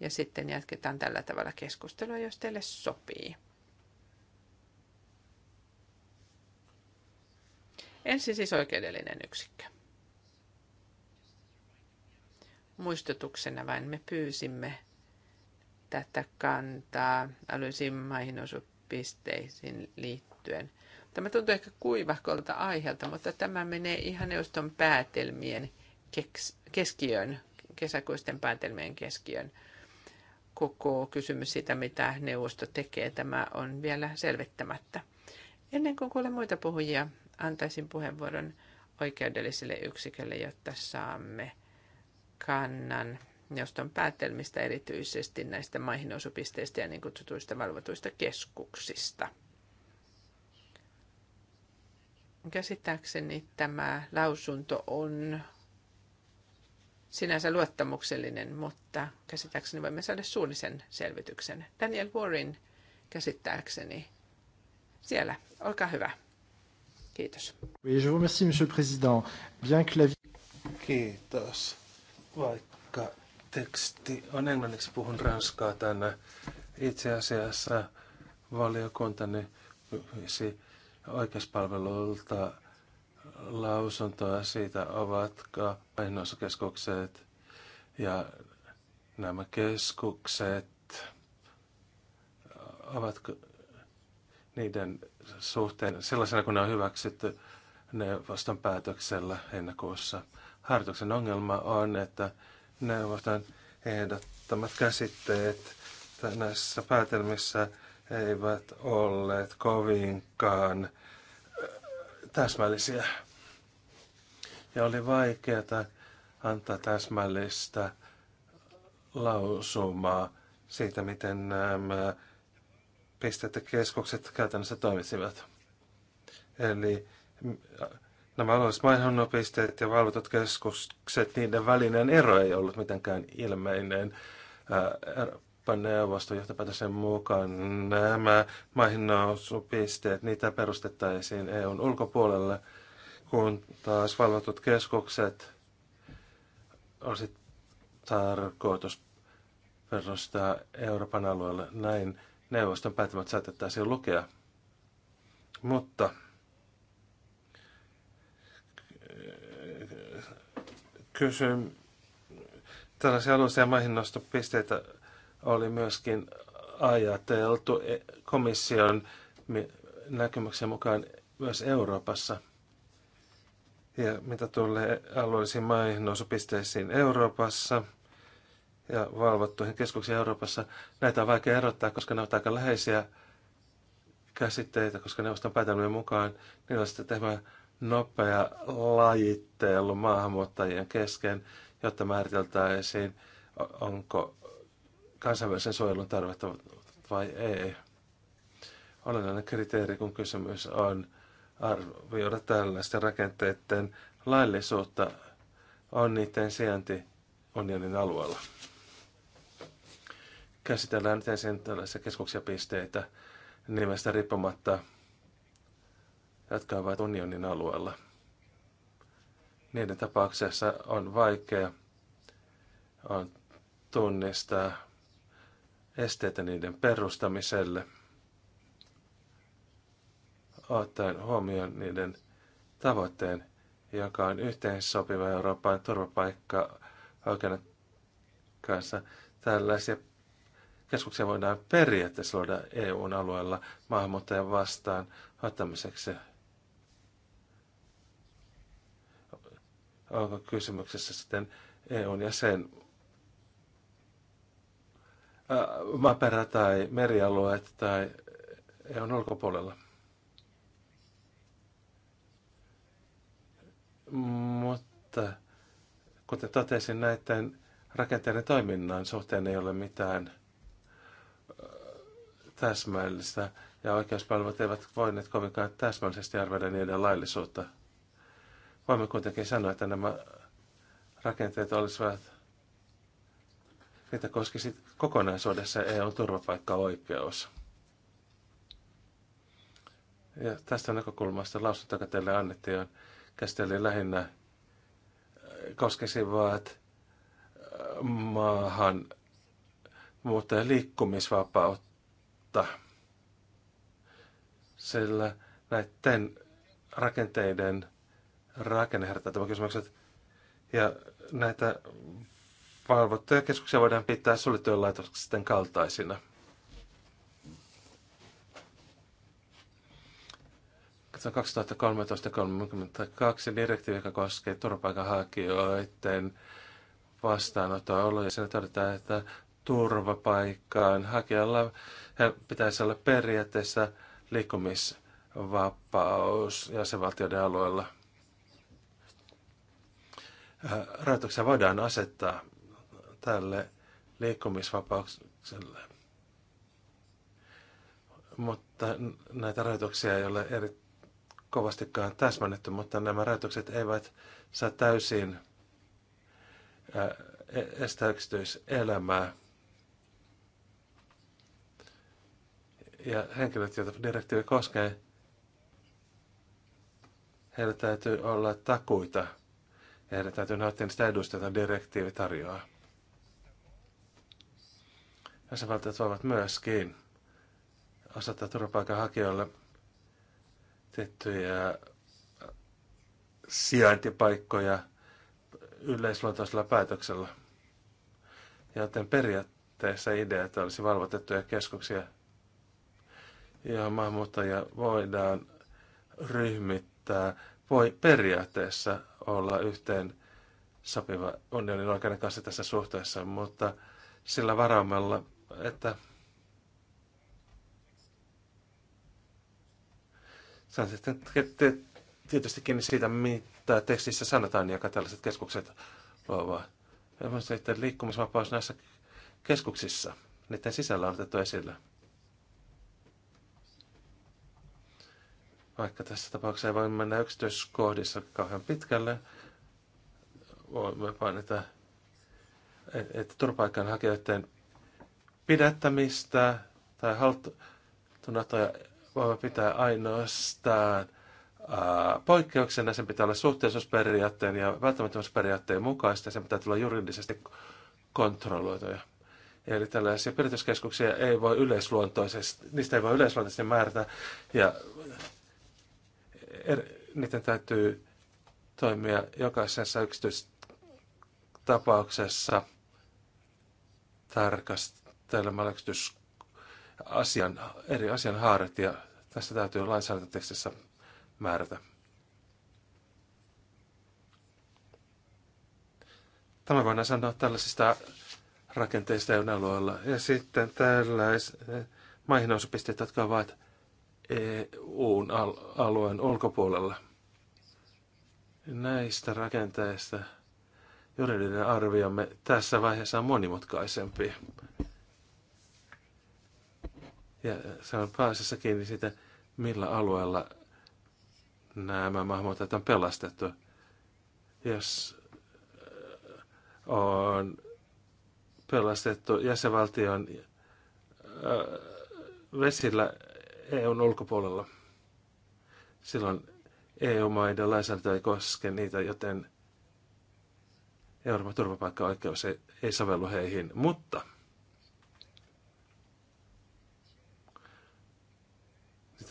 ja sitten jatketaan tällä tavalla keskustelua, jos teille sopii. Ensin siis oikeudellinen yksikkö. Muistutuksena vain me pyysimme tätä kantaa älyisiin maihin osupisteisiin liittyen. Tämä tuntuu ehkä kuivakolta aiheelta, mutta tämä menee ihan neuvoston päätelmien keskiöön, kesäkuisten päätelmien keskiöön koko kysymys siitä, mitä neuvosto tekee. Tämä on vielä selvittämättä. Ennen kuin kuulen muita puhujia, antaisin puheenvuoron oikeudelliselle yksikölle, jotta saamme kannan neuvoston päätelmistä erityisesti näistä maihin osupisteistä ja niin kutsutuista valvotuista keskuksista. Käsittääkseni tämä lausunto on sinänsä luottamuksellinen, mutta käsittääkseni voimme saada suullisen selvityksen. Daniel Warren käsittääkseni siellä. Olkaa hyvä. Kiitos. Oui, je vous remercie, monsieur le président. Bien que la... Kiitos. Vaikka teksti on englanniksi, puhun ranskaa tänne. Itse asiassa valiokuntani pyysi oikeuspalvelulta lausuntoa siitä, ovatko painoskeskukset ja nämä keskukset, ovatko niiden suhteen sellaisena kuin ne on hyväksytty neuvoston päätöksellä heinäkuussa. Harjoituksen ongelma on, että neuvoston ehdottamat käsitteet näissä päätelmissä eivät olleet kovinkaan täsmällisiä. Ja oli vaikeaa antaa täsmällistä lausumaa siitä, miten nämä keskukset käytännössä toimisivat. Eli nämä alueelliset mainonnopisteet ja valvotut keskukset, niiden välinen ero ei ollut mitenkään ilmeinen neuvosto, neuvoston johtopäätöksen mukaan nämä maihin nousupisteet, niitä perustettaisiin EUn ulkopuolelle, kun taas valvotut keskukset olisi tarkoitus perustaa Euroopan alueelle. Näin neuvoston päätelmät saatettaisiin lukea. Mutta kysyn tällaisia alueellisia maihin nostopisteitä oli myöskin ajateltu e- komission näkemyksen mukaan myös Euroopassa. Ja mitä tulee alueellisiin maihin nousupisteisiin Euroopassa ja valvottuihin keskuksiin Euroopassa, näitä on vaikea erottaa, koska ne ovat aika läheisiä käsitteitä, koska neuvoston päätelmien mukaan niillä on sitten tämä nopea lajittelu maahanmuuttajien kesken, jotta määriteltäisiin, onko kansainvälisen suojelun tarvetta vai ei. Olennainen kriteeri, kun kysymys on arvioida tällaisten rakenteiden laillisuutta, on niiden sijainti unionin alueella. Käsitellään nyt ensin tällaisia keskuksia pisteitä nimestä riippumatta, jotka ovat unionin alueella. Niiden tapauksessa on vaikea on tunnistaa esteitä niiden perustamiselle, ottaen huomioon niiden tavoitteen, joka on yhteensopiva Euroopan turvapaikka oikeuden kanssa. Tällaisia keskuksia voidaan periaatteessa luoda EUn alueella maahanmuuttajan vastaan ottamiseksi. Onko kysymyksessä sitten EUn jäsen Äh, maaperä- tai merialueet tai on ulkopuolella. Mutta kuten totesin, näiden rakenteiden toiminnan suhteen ei ole mitään äh, täsmällistä, ja oikeuspalvelut eivät voineet kovinkaan täsmällisesti arvioida niiden laillisuutta. Voimme kuitenkin sanoa, että nämä rakenteet olisivat sitä koskisi kokonaisuudessa EUn turvapaikkaoikeus. Ja tästä näkökulmasta lausunto, joka teille annettiin, on käsitellyt lähinnä äh, koskisivat äh, maahan muuten liikkumisvapautta, sillä näiden rakenteiden rakennehertattavat kysymykset ja näitä valvottuja keskuksia voidaan pitää suljettujen laitosten kaltaisina. Katsotaan 2013-32 direktiivi, joka koskee turvapaikanhakijoiden vastaanottoa oloja. siinä todetaan, että turvapaikkaan hakijalla pitäisi olla periaatteessa liikkumisvapaus jäsenvaltioiden alueella. Rajoituksia voidaan asettaa tälle liikkumisvapaukselle. Mutta näitä rajoituksia ei ole eri kovastikaan täsmännetty, mutta nämä rajoitukset eivät saa täysin e- estää yksityiselämää. Ja henkilöt, joita direktiivi koskee, heillä täytyy olla takuita ja heidän täytyy nauttia niistä edusta, joita direktiivi tarjoaa jäsenvaltiot voivat myöskin asettaa turvapaikanhakijoille tiettyjä äh, sijaintipaikkoja yleisluontoisella päätöksellä. Joten periaatteessa idea, että olisi valvotettuja keskuksia, johon maahanmuuttajia voidaan ryhmittää, voi periaatteessa olla yhteen sopiva unionin oikeuden kanssa tässä suhteessa, mutta sillä varaumalla että se on sitten tietysti kiinni siitä, mitä tekstissä sanotaan, joka tällaiset keskukset luovat. Ja sitten liikkumisvapaus näissä keskuksissa, niiden sisällä on otettu esille. Vaikka tässä tapauksessa ei voi mennä yksityiskohdissa kauhean pitkälle, voimme painita, että turvapaikanhakijoiden pidättämistä tai tai voi pitää ainoastaan ää, poikkeuksena. Sen pitää olla suhteellisuusperiaatteen ja välttämättömyysperiaatteen mukaista. Sen pitää tulla juridisesti kontrolloituja. Eli tällaisia pyrityskeskuksia ei voi yleisluontoisesti, niistä ei voi yleisluontoisesti määrätä. Ja er, niiden täytyy toimia jokaisessa yksityistapauksessa tapauksessa tarkasti mä asian, eri haaret ja tässä täytyy lainsäädäntötekstissä määrätä. Tämä voidaan sanoa tällaisista rakenteista ja alueella. Ja sitten tällaiset maihin osapisteet, jotka ovat eu alueen ulkopuolella. Näistä rakenteista juridinen arviomme tässä vaiheessa on monimutkaisempi ja se on pääasiassa kiinni siitä, millä alueella nämä mahmoitajat on pelastettu. Jos äh, on pelastettu jäsenvaltion äh, vesillä EUn ulkopuolella, silloin EU-maiden lainsäädäntö ei koske niitä, joten Euroopan turvapaikkaoikeus ei, ei sovellu heihin. Mutta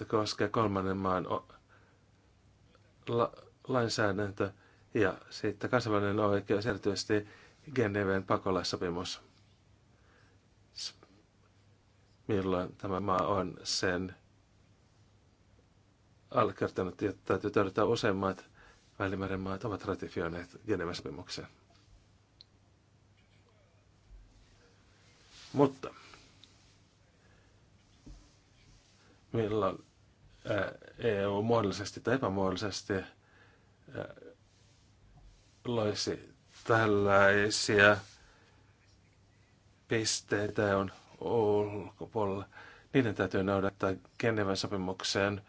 että koskee kolmannen maan la- lainsäädäntö ja sitten kansainvälinen oikeus, erityisesti Geneven pakolaissopimus, milloin tämä maa on sen allekirjoittanut, ja täytyy todeta useimmat Välimeren maat ovat ratifioineet Geneven sopimuksen. Mutta milloin EU muodollisesti tai epämuodollisesti loisi tällaisia pisteitä on ulkopuolella. Niiden täytyy noudattaa Geneven sopimukseen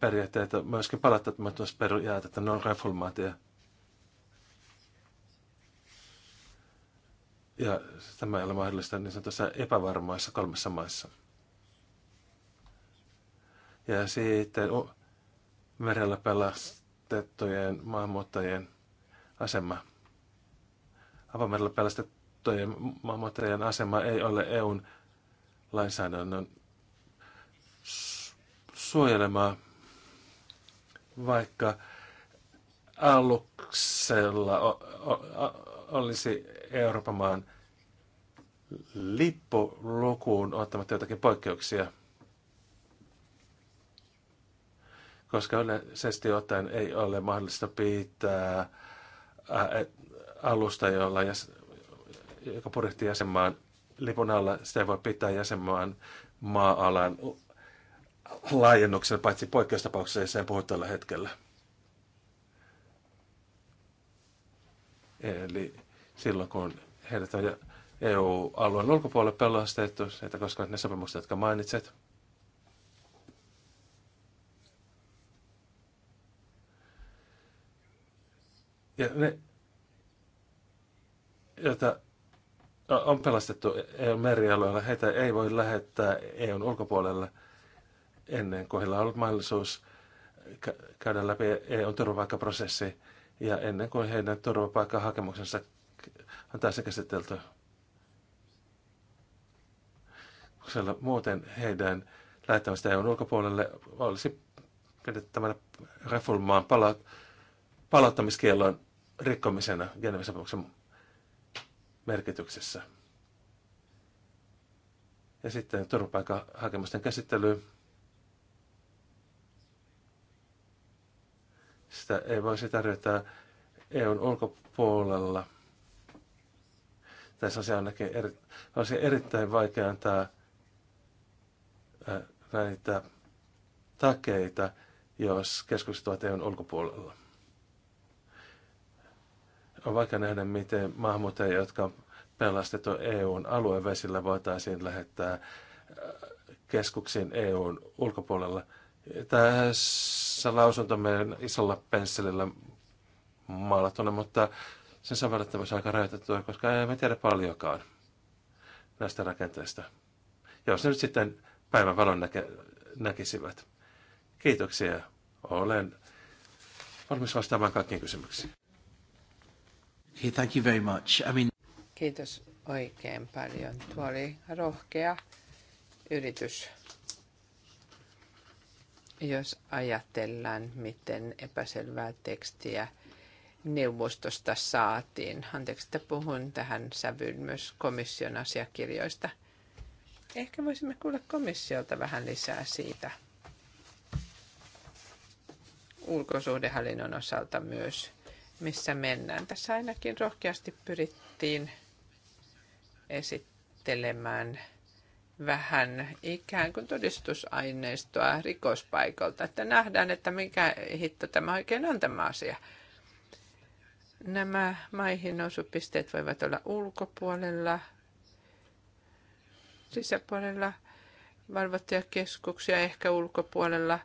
periaatteita, myöskin että ne on reformaatio. Ja tämä ei ole mahdollista niin sanotussa epävarmoissa kolmessa maissa ja sitten merellä pelastettujen maahanmuuttajien asema. Avamerellä pelastettujen maahanmuuttajien asema ei ole EUn lainsäädännön suojelemaa, vaikka aluksella olisi Euroopan maan lippulukuun ottamatta jotakin poikkeuksia – koska yleisesti ottaen ei ole mahdollista pitää äh, alusta, jolla jäs, joka purjehtii jäsenmaan lipun alla, sitä ei voi pitää jäsenmaan maa-alan laajennuksen paitsi poikkeustapauksessa, jossa en puhu tällä hetkellä. Eli silloin, kun heidät on EU-alueen ulkopuolelle pelastettu, että koska ne sopimukset, jotka mainitset, ja ne, joita on pelastettu EUn merialueella, heitä ei voi lähettää EUn ulkopuolelle ennen kuin heillä on ollut mahdollisuus käydä läpi EUn turvapaikkaprosessi ja ennen kuin heidän turvapaikkahakemuksensa on tässä käsitelty. Koska muuten heidän lähettämistä EUn ulkopuolelle olisi pidettävänä reformaan pala- palauttamiskielon rikkomisena Geneven sopimuksen merkityksessä. Ja sitten turvapaikkahakemusten käsittely. Sitä ei voisi tarjota EUn ulkopuolella. Tässä asia ainakin eri, olisi erittäin vaikea antaa näitä takeita, jos keskustelut ovat EUn ulkopuolella. On vaikka nähdä, miten maahanmuuttajia, jotka on pelastettu EUn aluevesillä, voitaisiin lähettää äh, keskuksiin EUn ulkopuolella. Tässä lausunto meidän isolla pensselillä maalattuna, mutta sen sovellettavuus on aika rajoitettua, koska me tiedä paljonkaan näistä rakenteista. Ja jos ne nyt sitten päivän valon näke, näkisivät. Kiitoksia. Olen valmis vastaamaan kaikkiin kysymyksiin. Okay, thank you very much. I mean... Kiitos oikein paljon. Tuo oli rohkea yritys. Jos ajatellaan, miten epäselvää tekstiä neuvostosta saatiin. Anteeksi, että puhun tähän sävyyn myös komission asiakirjoista. Ehkä voisimme kuulla komissiolta vähän lisää siitä ulkosuhdehallinnon osalta myös missä mennään. Tässä ainakin rohkeasti pyrittiin esittelemään vähän ikään kuin todistusaineistoa rikospaikalta, että nähdään, että mikä hitto tämä oikein on tämä asia. Nämä maihin nousupisteet voivat olla ulkopuolella, sisäpuolella, valvottuja keskuksia ehkä ulkopuolella,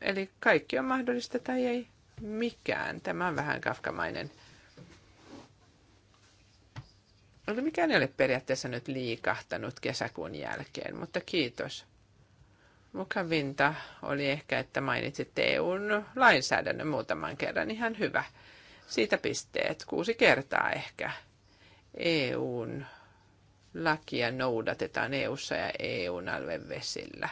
Eli kaikki on mahdollista tai ei mikään. Tämä on vähän kafkamainen. Oli mikään ei ole periaatteessa nyt liikahtanut kesäkuun jälkeen, mutta kiitos. Mukavinta oli ehkä, että mainitsit EUn lainsäädännön muutaman kerran. Ihan hyvä. Siitä pisteet kuusi kertaa ehkä. EUn lakia noudatetaan EUssa ja EUn alvevesillä. vesillä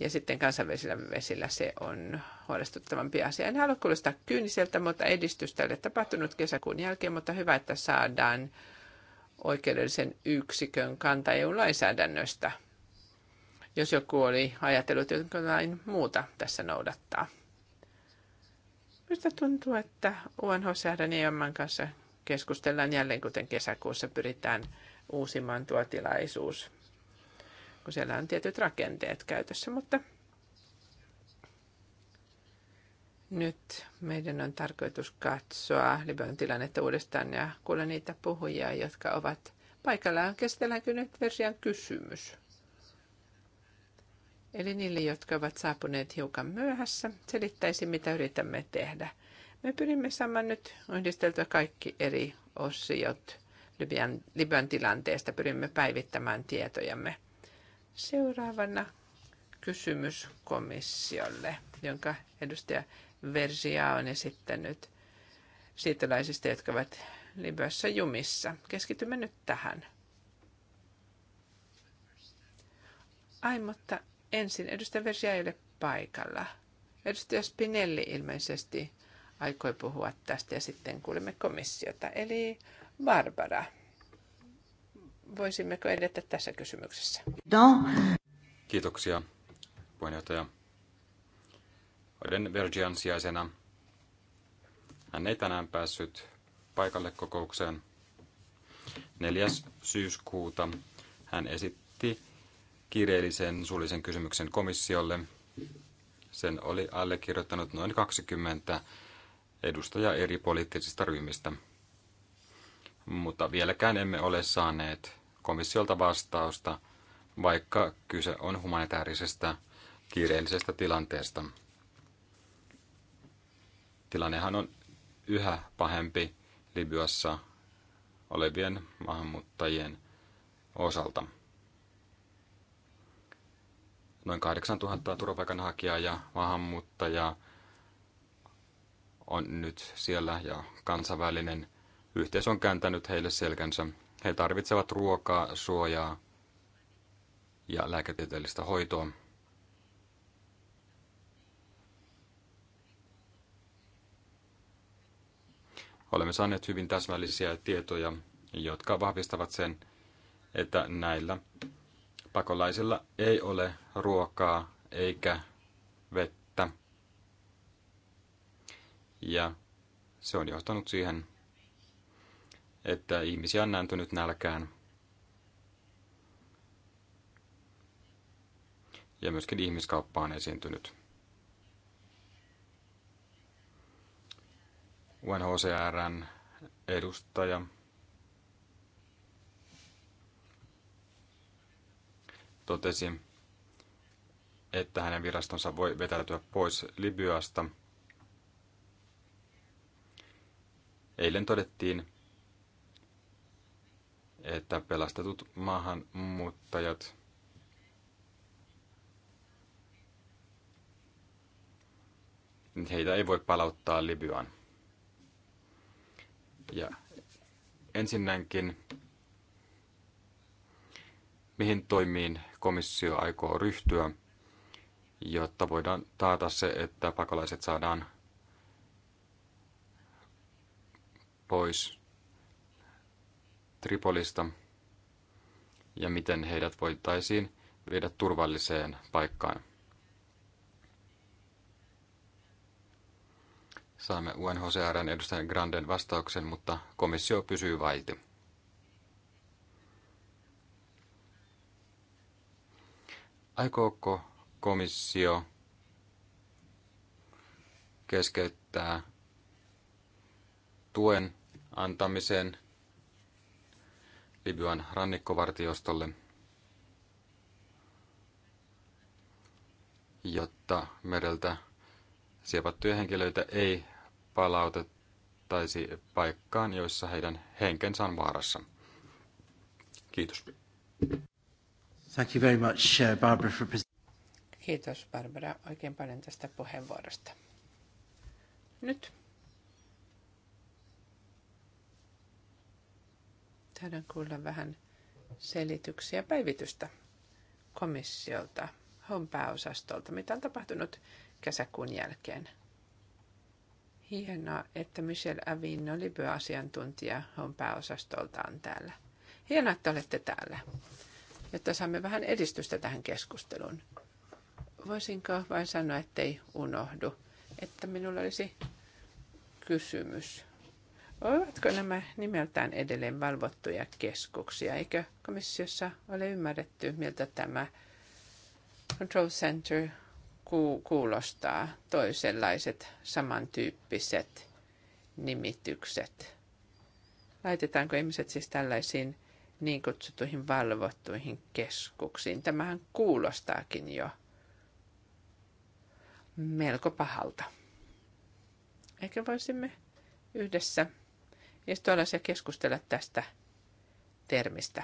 ja sitten kansainvälisillä vesillä se on huolestuttavampi asia. En halua kuulostaa kyyniseltä, mutta edistystä ei ole tapahtunut kesäkuun jälkeen, mutta hyvä, että saadaan oikeudellisen yksikön kanta EU-lainsäädännöstä, jos joku oli ajatellut jotain muuta tässä noudattaa. Minusta tuntuu, että UNHCR ja EMN kanssa keskustellaan jälleen, kuten kesäkuussa pyritään uusimaan tuo tilaisuus kun siellä on tietyt rakenteet käytössä, mutta nyt meidän on tarkoitus katsoa Libyan tilannetta uudestaan ja kuulla niitä puhujia, jotka ovat paikallaan. Kestelläänkö nyt versian kysymys? Eli niille, jotka ovat saapuneet hiukan myöhässä, selittäisi, mitä yritämme tehdä. Me pyrimme saamaan nyt yhdisteltyä kaikki eri osiot Libyan, Libyan tilanteesta. Pyrimme päivittämään tietojamme. Seuraavana kysymys komissiolle, jonka edustaja Versia on esittänyt siitolaisista, jotka ovat Libyassa jumissa. Keskitymme nyt tähän. Ai, mutta ensin edustaja Versia ei ole paikalla. Edustaja Spinelli ilmeisesti aikoi puhua tästä ja sitten kuulimme komissiota. Eli Barbara. Voisimmeko edetä tässä kysymyksessä? No. Kiitoksia, puheenjohtaja. Olen Vergian sijaisena. Hän ei tänään päässyt paikalle kokoukseen. 4. syyskuuta hän esitti kiireellisen suullisen kysymyksen komissiolle. Sen oli allekirjoittanut noin 20 edustajaa eri poliittisista ryhmistä. Mutta vieläkään emme ole saaneet komissiolta vastausta, vaikka kyse on humanitaarisesta kiireellisestä tilanteesta. Tilannehan on yhä pahempi Libyassa olevien maahanmuuttajien osalta. Noin 8000 turvapaikanhakijaa ja maahanmuuttajaa on nyt siellä ja kansainvälinen yhteisö on kääntänyt heille selkänsä he tarvitsevat ruokaa, suojaa ja lääketieteellistä hoitoa. Olemme saaneet hyvin täsmällisiä tietoja, jotka vahvistavat sen, että näillä pakolaisilla ei ole ruokaa eikä vettä. Ja se on johtanut siihen, että ihmisiä on nääntynyt nälkään. Ja myöskin ihmiskauppa on esiintynyt. UNHCRn edustaja totesi, että hänen virastonsa voi vetäytyä pois Libyasta. Eilen todettiin, että pelastetut maahanmuuttajat heitä ei voi palauttaa Libyaan. Ja ensinnäkin, mihin toimiin komissio aikoo ryhtyä, jotta voidaan taata se, että pakolaiset saadaan pois Tripolista ja miten heidät voitaisiin viedä turvalliseen paikkaan. Saamme UNHCRn edustajan Granden vastauksen, mutta komissio pysyy vaiti. Aikooko komissio keskeyttää tuen antamisen Libyan rannikkovartiostolle, jotta mereltä siepattuja henkilöitä ei palautettaisi paikkaan, joissa heidän henkensä on vaarassa. Kiitos. Thank you very much, uh, Barbara, for Kiitos Barbara oikein paljon tästä puheenvuorosta. Nyt Saadaan kuulla vähän selityksiä päivitystä komissiolta, HOM pääosastolta, mitä on tapahtunut kesäkuun jälkeen. Hienoa, että Michel Avin oli asiantuntija HOM pääosastolta, on täällä. Hienoa, että olette täällä, jotta saamme vähän edistystä tähän keskusteluun. Voisinko vain sanoa, ettei unohdu, että minulla olisi kysymys Ovatko nämä nimeltään edelleen valvottuja keskuksia? Eikö komissiossa ole ymmärretty, miltä tämä Control Center kuulostaa toisenlaiset samantyyppiset nimitykset? Laitetaanko ihmiset siis tällaisiin niin kutsutuihin valvottuihin keskuksiin? Tämähän kuulostaakin jo melko pahalta. Ehkä voisimme yhdessä istua alas ja keskustella tästä termistä.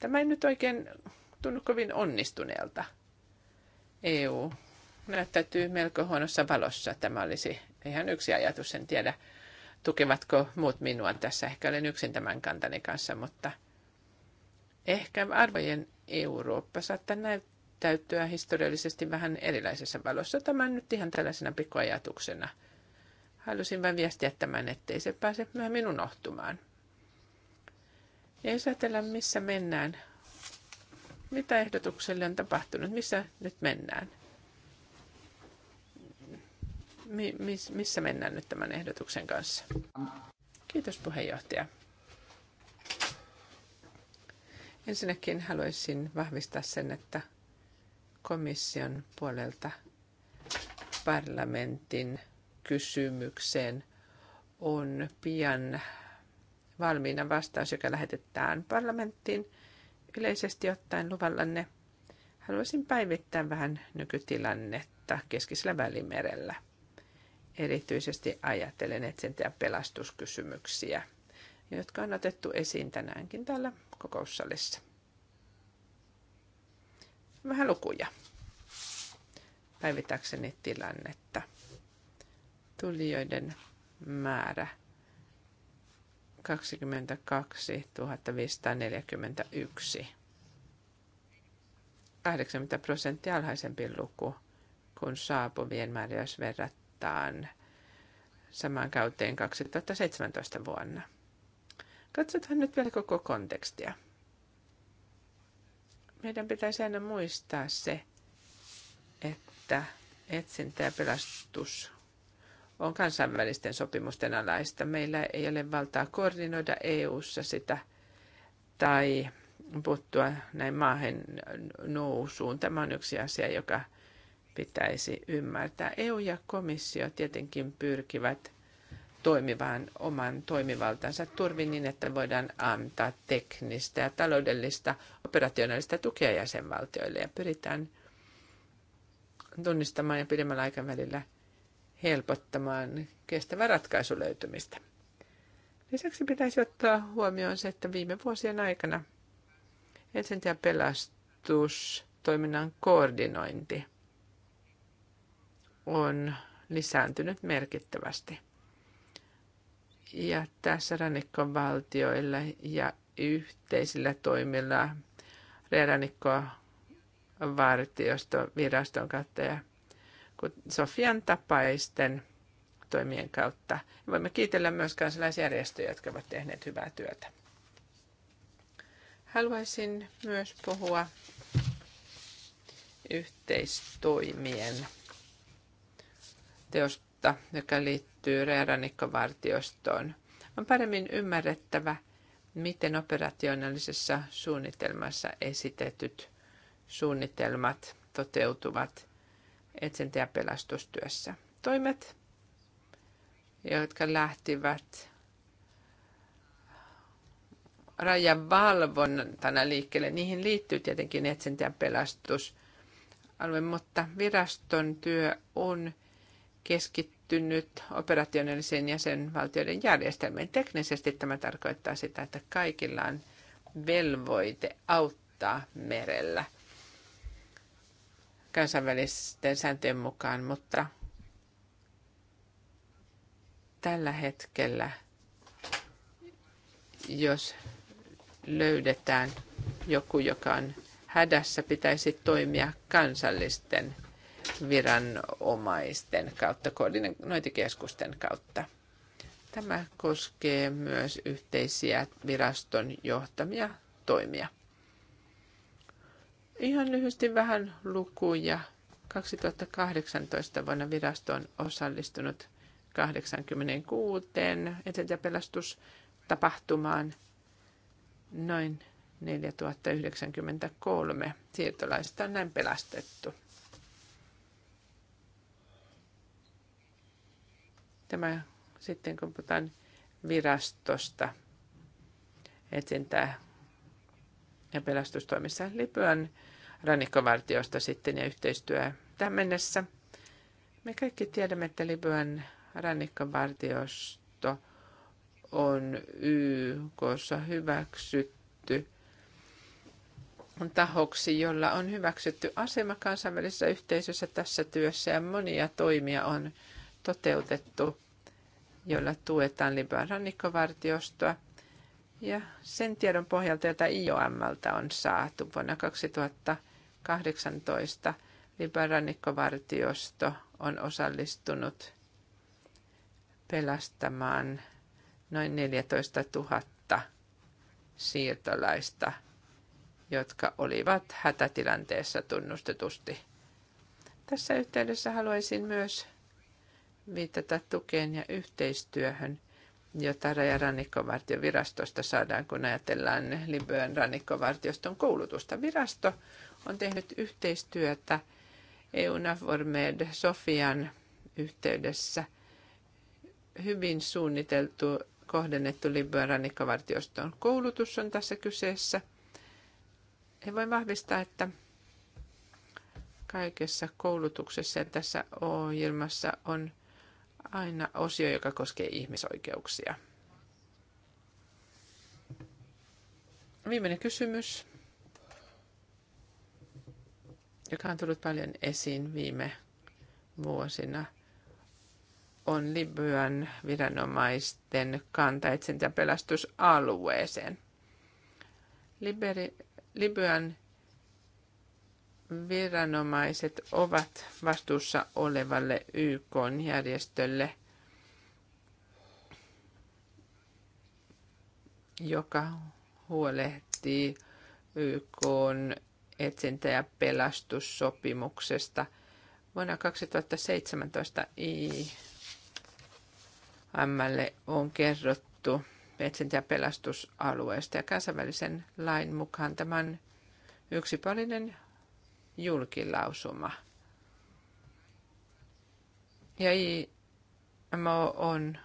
Tämä ei nyt oikein tunnu kovin onnistuneelta. EU näyttäytyy melko huonossa valossa. Tämä olisi ihan yksi ajatus, en tiedä tukevatko muut minua tässä. Ehkä olen yksin tämän kantani kanssa, mutta ehkä arvojen Eurooppa saattaa näyttäytyä historiallisesti vähän erilaisessa valossa. Tämä nyt ihan tällaisena pikkuajatuksena – Halusin vain viestiä tämän, ettei se pääse myöhemmin unohtumaan. Ja jos ajatellaan, missä mennään, mitä ehdotukselle on tapahtunut, missä nyt mennään, mi- mis- missä mennään nyt tämän ehdotuksen kanssa. Kiitos puheenjohtaja. Ensinnäkin haluaisin vahvistaa sen, että komission puolelta parlamentin kysymykseen on pian valmiina vastaus, joka lähetetään parlamenttiin. Yleisesti ottaen luvallanne haluaisin päivittää vähän nykytilannetta keskisellä välimerellä. Erityisesti ajatellen etsintä- ja pelastuskysymyksiä, jotka on otettu esiin tänäänkin täällä kokoussalissa. Vähän lukuja päivittääkseni tilannetta tulijoiden määrä 22 541. 80 prosenttia alhaisempi luku kuin saapuvien määrä, jos verrataan samaan kauteen 2017 vuonna. Katsotaan nyt vielä koko kontekstia. Meidän pitäisi aina muistaa se, että etsintä- ja pelastus on kansainvälisten sopimusten alaista. Meillä ei ole valtaa koordinoida EU-ssa sitä tai puuttua näin maahan nousuun. Tämä on yksi asia, joka pitäisi ymmärtää. EU ja komissio tietenkin pyrkivät toimivaan oman toimivaltansa turvin niin, että voidaan antaa teknistä ja taloudellista operationaalista tukea jäsenvaltioille ja pyritään tunnistamaan ja pidemmällä aikavälillä – helpottamaan kestävän ratkaisun löytymistä. Lisäksi pitäisi ottaa huomioon se, että viime vuosien aikana etsintä- ja pelastustoiminnan koordinointi on lisääntynyt merkittävästi. Ja tässä rannikon valtioilla ja yhteisillä toimilla rannikkoa vartiosto viraston kautta ja Sofian tapaisten toimien kautta. Voimme kiitellä myös kansalaisjärjestöjä, jotka ovat tehneet hyvää työtä. Haluaisin myös puhua yhteistoimien teosta, joka liittyy rajarannikkovartiostoon. On paremmin ymmärrettävä, miten operationaalisessa suunnitelmassa esitetyt suunnitelmat toteutuvat – etsintä- ja pelastustyössä. Toimet, jotka lähtivät rajavalvontana liikkeelle, niihin liittyy tietenkin etsintä- ja pelastusalue, mutta viraston työ on keskittynyt operationaaliseen jäsenvaltioiden järjestelmiin. Teknisesti tämä tarkoittaa sitä, että kaikilla on velvoite auttaa merellä – kansainvälisten sääntöjen mukaan, mutta tällä hetkellä, jos löydetään joku, joka on hädässä, pitäisi toimia kansallisten viranomaisten kautta, koordinointikeskusten kautta. Tämä koskee myös yhteisiä viraston johtamia toimia. Ihan lyhyesti vähän lukuja. 2018 vuonna virasto on osallistunut 86 etsintä- ja pelastustapahtumaan noin 4093 siirtolaista on näin pelastettu. Tämä sitten kun puhutaan virastosta etsintää ja pelastustoimissa. Libyan rannikkovartiosta sitten ja yhteistyö tähän mennessä. Me kaikki tiedämme, että Libyan rannikkovaltiosto on YKssa hyväksytty tahoksi, jolla on hyväksytty asema kansainvälisessä yhteisössä tässä työssä ja monia toimia on toteutettu, jolla tuetaan Libyan rannikkovartiostoa. Ja sen tiedon pohjalta, jota IOMltä on saatu vuonna 2000 18 Liban on osallistunut pelastamaan noin 14 000 siirtolaista, jotka olivat hätätilanteessa tunnustetusti. Tässä yhteydessä haluaisin myös viitata tukeen ja yhteistyöhön, jota Raja rannikkovartiovirastosta saadaan, kun ajatellaan Libyan rannikkovartioston koulutusta. Virasto on tehnyt yhteistyötä EUNAFOR Med Sofian yhteydessä hyvin suunniteltu kohdennettu Libyan rannikkovartioston koulutus on tässä kyseessä. He voi vahvistaa, että kaikessa koulutuksessa ja tässä ohjelmassa on aina osio, joka koskee ihmisoikeuksia. Viimeinen kysymys joka on tullut paljon esiin viime vuosina, on Libyan viranomaisten kanta etsintä pelastusalueeseen. Liberi, Libyan viranomaiset ovat vastuussa olevalle YK-järjestölle, joka huolehtii YKn etsintä- ja pelastussopimuksesta. Vuonna 2017 IMlle on kerrottu etsintä- ja pelastusalueesta ja kansainvälisen lain mukaan tämän yksipuolinen julkilausuma. Ja IMO on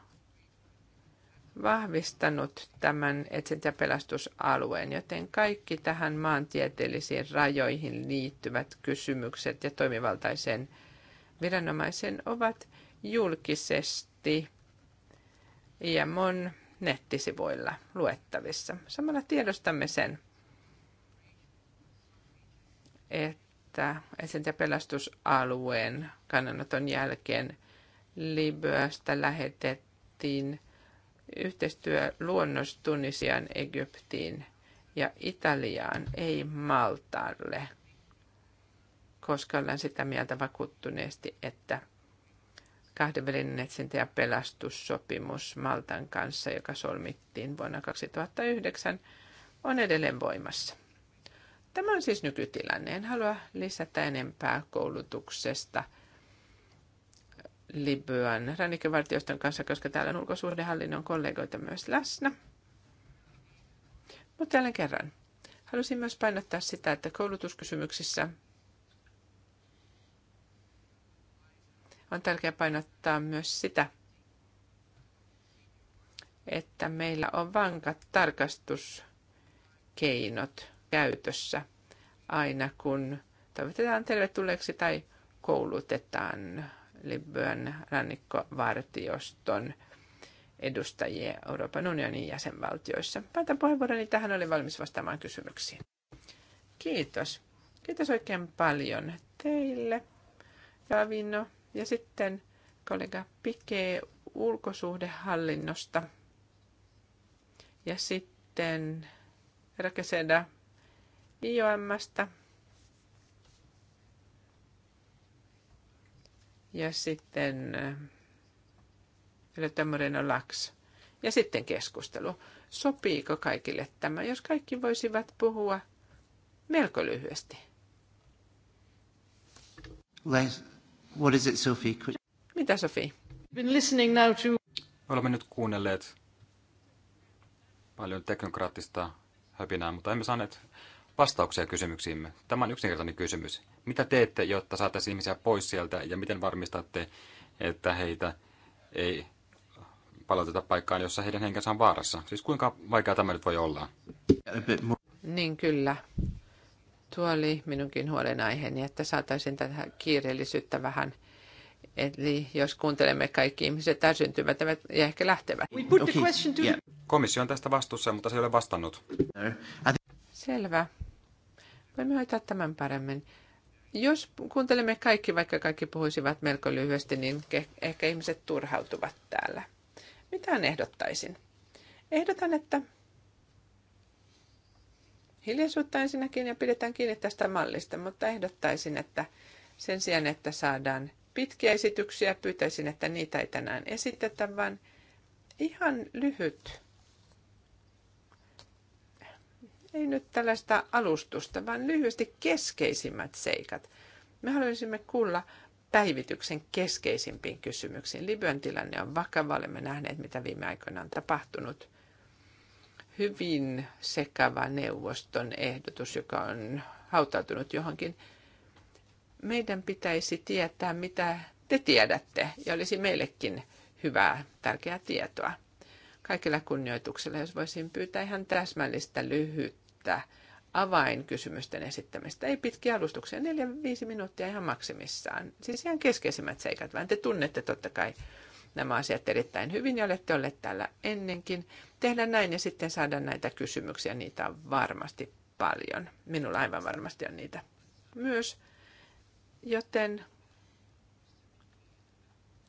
vahvistanut tämän etsintä- ja pelastusalueen, joten kaikki tähän maantieteellisiin rajoihin liittyvät kysymykset ja toimivaltaisen viranomaisen ovat julkisesti IMON nettisivuilla luettavissa. Samalla tiedostamme sen, että etsintä- ja pelastusalueen kannanoton jälkeen Libyasta lähetettiin yhteistyöluonnos Tunisian, Egyptiin ja Italiaan, ei Maltalle, koska olen sitä mieltä vakuuttuneesti, että kahdenvälinen etsintä- ja pelastussopimus Maltan kanssa, joka solmittiin vuonna 2009, on edelleen voimassa. Tämä on siis nykytilanne. En halua lisätä enempää koulutuksesta – Libyan rannikkovartioston kanssa, koska täällä on ulkosuhdehallinnon kollegoita myös läsnä. Mutta jälleen kerran, halusin myös painottaa sitä, että koulutuskysymyksissä on tärkeää painottaa myös sitä, että meillä on vankat tarkastuskeinot käytössä aina kun toivotetaan tervetulleeksi tai koulutetaan Libyan rannikkovartioston edustajia Euroopan unionin jäsenvaltioissa. Päätän puheenvuoroni tähän, oli valmis vastaamaan kysymyksiin. Kiitos. Kiitos oikein paljon teille, Ravino, Ja sitten kollega Pike ulkosuhdehallinnosta. Ja sitten Rakeseda IOMstä ja sitten Ylötä eh, Moreno Laks. Ja sitten keskustelu. Sopiiko kaikille tämä, jos kaikki voisivat puhua melko lyhyesti? Les, what is it, Sophie? Could... Mitä, Sophie? Been listening now to... Olemme nyt kuunnelleet paljon teknokraattista höpinää, mutta emme saaneet vastauksia kysymyksiimme. Tämä on yksinkertainen kysymys. Mitä teette, jotta saataisiin ihmisiä pois sieltä ja miten varmistatte, että heitä ei palauteta paikkaan, jossa heidän henkensä on vaarassa? Siis kuinka vaikeaa tämä nyt voi olla? Niin kyllä. Tuo oli minunkin huolenaiheeni, että saataisiin tätä kiireellisyyttä vähän Eli jos kuuntelemme kaikki ihmiset ärsyntyvät ja ehkä lähtevät. Okay. Yeah. Komissio on tästä vastuussa, mutta se ei ole vastannut. No, Selvä. Voimme hoitaa tämän paremmin. Jos kuuntelemme kaikki, vaikka kaikki puhuisivat melko lyhyesti, niin ehkä ihmiset turhautuvat täällä. Mitä ehdottaisin? Ehdotan, että hiljaisuutta ensinnäkin ja pidetään kiinni tästä mallista, mutta ehdottaisin, että sen sijaan, että saadaan pitkiä esityksiä, pyytäisin, että niitä ei tänään esitetä, vaan ihan lyhyt ei nyt tällaista alustusta, vaan lyhyesti keskeisimmät seikat. Me haluaisimme kuulla päivityksen keskeisimpiin kysymyksiin. Libyan tilanne on vakava, olemme nähneet, mitä viime aikoina on tapahtunut. Hyvin sekava neuvoston ehdotus, joka on hautautunut johonkin. Meidän pitäisi tietää, mitä te tiedätte, ja olisi meillekin hyvää, tärkeää tietoa. Kaikilla kunnioituksella, jos voisin pyytää ihan täsmällistä lyhyt käyttää avainkysymysten esittämistä. Ei pitkiä alustuksia, neljä, viisi minuuttia ihan maksimissaan. Siis ihan keskeisimmät seikat, vaan te tunnette totta kai nämä asiat erittäin hyvin ja olette olleet täällä ennenkin. Tehdä näin ja sitten saada näitä kysymyksiä, niitä on varmasti paljon. Minulla aivan varmasti on niitä myös. Joten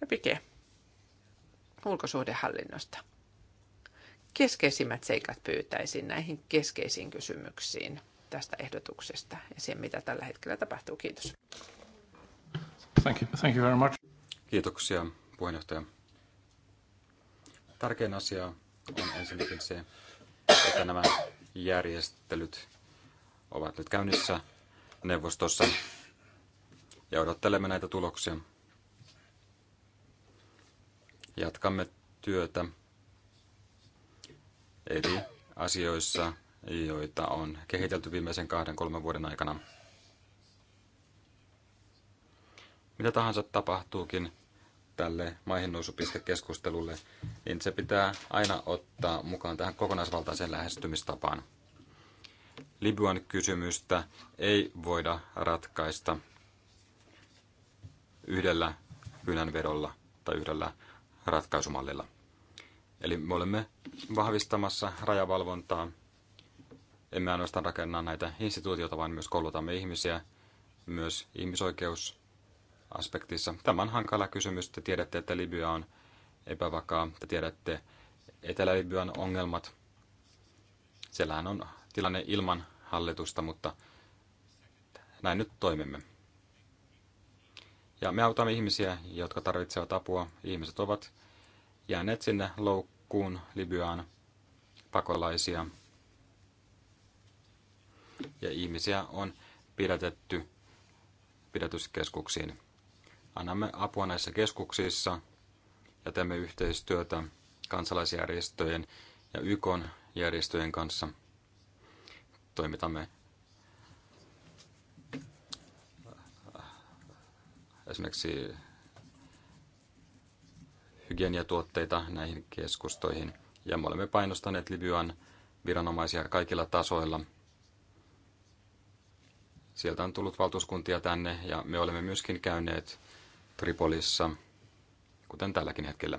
ja pike ulkosuhdehallinnosta keskeisimmät seikat pyytäisin näihin keskeisiin kysymyksiin tästä ehdotuksesta ja siihen, mitä tällä hetkellä tapahtuu. Kiitos. Thank you. Thank you very much. Kiitoksia, puheenjohtaja. Tärkein asia on ensinnäkin se, että nämä järjestelyt ovat nyt käynnissä neuvostossa ja odottelemme näitä tuloksia. Jatkamme työtä Eri asioissa, joita on kehitelty viimeisen kahden, kolmen vuoden aikana. Mitä tahansa tapahtuukin tälle maihinnousupistekeskustelulle, niin se pitää aina ottaa mukaan tähän kokonaisvaltaiseen lähestymistapaan. Libyan kysymystä ei voida ratkaista yhdellä kynänvedolla tai yhdellä ratkaisumallilla. Eli me olemme vahvistamassa rajavalvontaa. Emme ainoastaan rakenna näitä instituutioita, vaan myös koulutamme ihmisiä, myös ihmisoikeusaspektissa. Tämä on hankala kysymys. Te tiedätte, että Libya on epävakaa. Te tiedätte Etelä-Libyan ongelmat. Siellähän on tilanne ilman hallitusta, mutta näin nyt toimimme. Ja me autamme ihmisiä, jotka tarvitsevat apua. Ihmiset ovat jääneet sinne loukkuun Kuun Libyaan pakolaisia. Ja ihmisiä on pidätetty pidätyskeskuksiin. Annamme apua näissä keskuksissa ja teemme yhteistyötä kansalaisjärjestöjen ja YKn järjestöjen kanssa. Toimitamme esimerkiksi hygieniatuotteita näihin keskustoihin. Ja me olemme painostaneet Libyan viranomaisia kaikilla tasoilla. Sieltä on tullut valtuuskuntia tänne ja me olemme myöskin käyneet Tripolissa, kuten tälläkin hetkellä.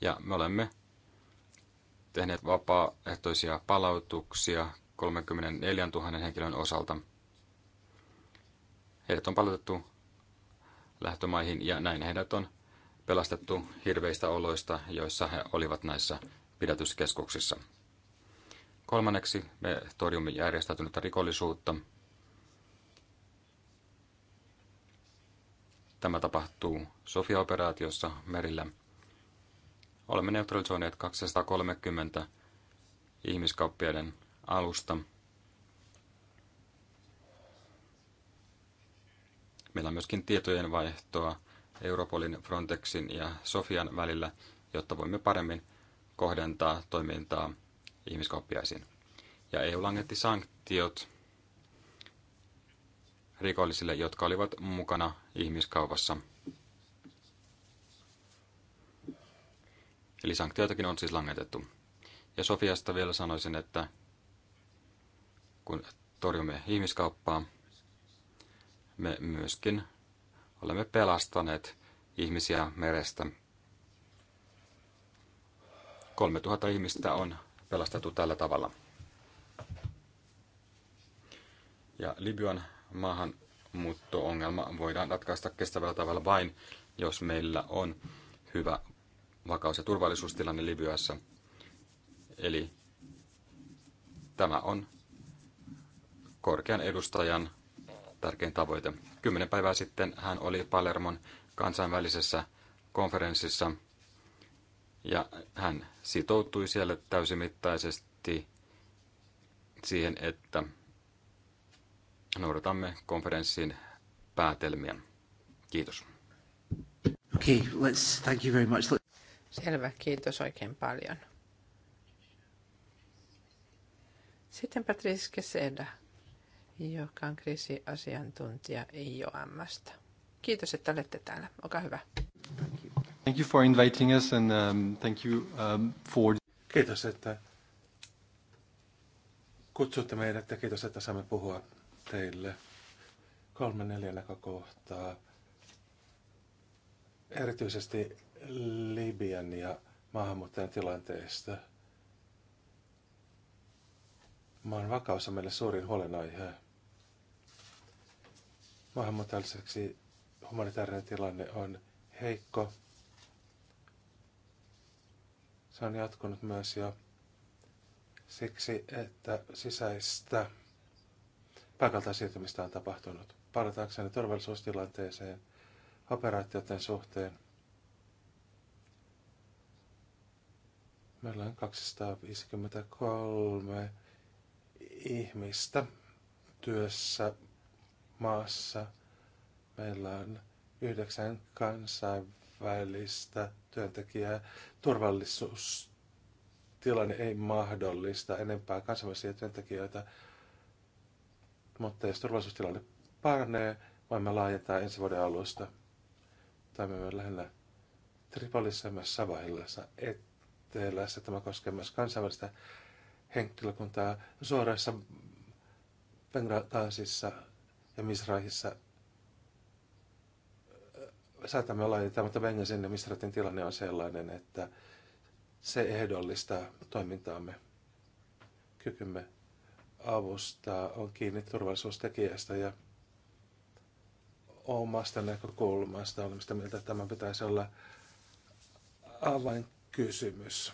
Ja me olemme tehneet vapaaehtoisia palautuksia 34 000 henkilön osalta. Heidät on palautettu lähtömaihin ja näin heidät on pelastettu hirveistä oloista, joissa he olivat näissä pidätyskeskuksissa. Kolmanneksi me torjumme järjestäytynyttä rikollisuutta. Tämä tapahtuu Sofia-operaatiossa merillä. Olemme neutralisoineet 230 ihmiskauppiaiden alusta – Meillä on myöskin tietojen vaihtoa Europolin, Frontexin ja Sofian välillä, jotta voimme paremmin kohdentaa toimintaa ihmiskauppiaisiin. Ja EU langetti sanktiot rikollisille, jotka olivat mukana ihmiskaupassa. Eli sanktioitakin on siis langetettu. Ja Sofiasta vielä sanoisin, että kun torjumme ihmiskauppaa, me myöskin olemme pelastaneet ihmisiä merestä. 3000 ihmistä on pelastettu tällä tavalla. Ja Libyan maahan ongelma voidaan ratkaista kestävällä tavalla vain, jos meillä on hyvä vakaus- ja turvallisuustilanne Libyassa. Eli tämä on korkean edustajan tärkein tavoite. Kymmenen päivää sitten hän oli Palermon kansainvälisessä konferenssissa ja hän sitoutui siellä täysimittaisesti siihen, että noudatamme konferenssin päätelmiä. Kiitos. Okay, let's, thank you very much. Selvä, kiitos oikein paljon. Sitten Patrice Keseda joka on kriisiasiantuntija IOMstä. Kiitos, että olette täällä. Olkaa hyvä. Thank you for inviting us and um, thank you um, for... Kiitos, että kutsutte meidät ja kiitos, että saamme puhua teille. Kolme neljä näkökohtaa. Erityisesti Libian ja maahanmuuttajan tilanteesta. Maan vakaus on meille suurin huolenaihe. Maahanmuuton humanitaarinen tilanne on heikko. Se on jatkunut myös jo siksi, että sisäistä paikalta siirtymistä on tapahtunut. Palataakseni turvallisuustilanteeseen operaatioiden suhteen. Meillä on 253 ihmistä työssä maassa meillä on yhdeksän kansainvälistä työntekijää. Turvallisuustilanne ei mahdollista enempää kansainvälisiä työntekijöitä, mutta jos turvallisuustilanne paranee, voimme laajentaa ensi vuoden alusta. Toimimme lähinnä Tripolissa ja myös Savahillassa etelässä. Tämä koskee myös kansainvälistä henkilökuntaa. suoraissa Benghazissa ja Misrahissa äh, saatamme laajentaa, mutta Bengasin ja Misratin tilanne on sellainen, että se ehdollistaa toimintaamme. Kykymme avustaa on kiinni turvallisuustekijästä ja omasta näkökulmasta olemme sitä mieltä, että tämä pitäisi olla avainkysymys.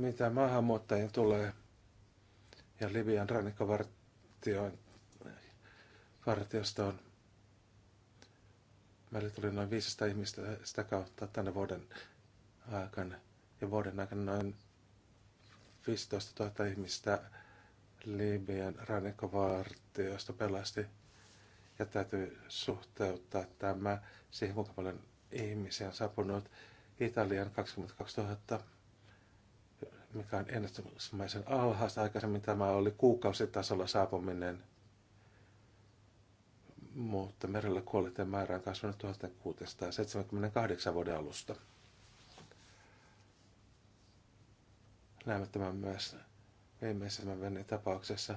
Mitä maahanmuuttajien tulee, ja Libian rannikkovartiosta on Meille tuli noin 500 ihmistä sitä kautta tänä vuoden aikana. Ja vuoden aikana noin 15 000 ihmistä Libyan rannikkovartiosta pelasti. Ja täytyy suhteuttaa tämä siihen, kuinka paljon ihmisiä on saapunut Italian 22 000 mikä on ennustusmaisen alhaista. Aikaisemmin tämä oli kuukausitasolla saapuminen, mutta merellä kuolleiden määrä on kasvanut 1678 vuoden alusta. Näemme tämän myös viimeisemmän veneen tapauksessa,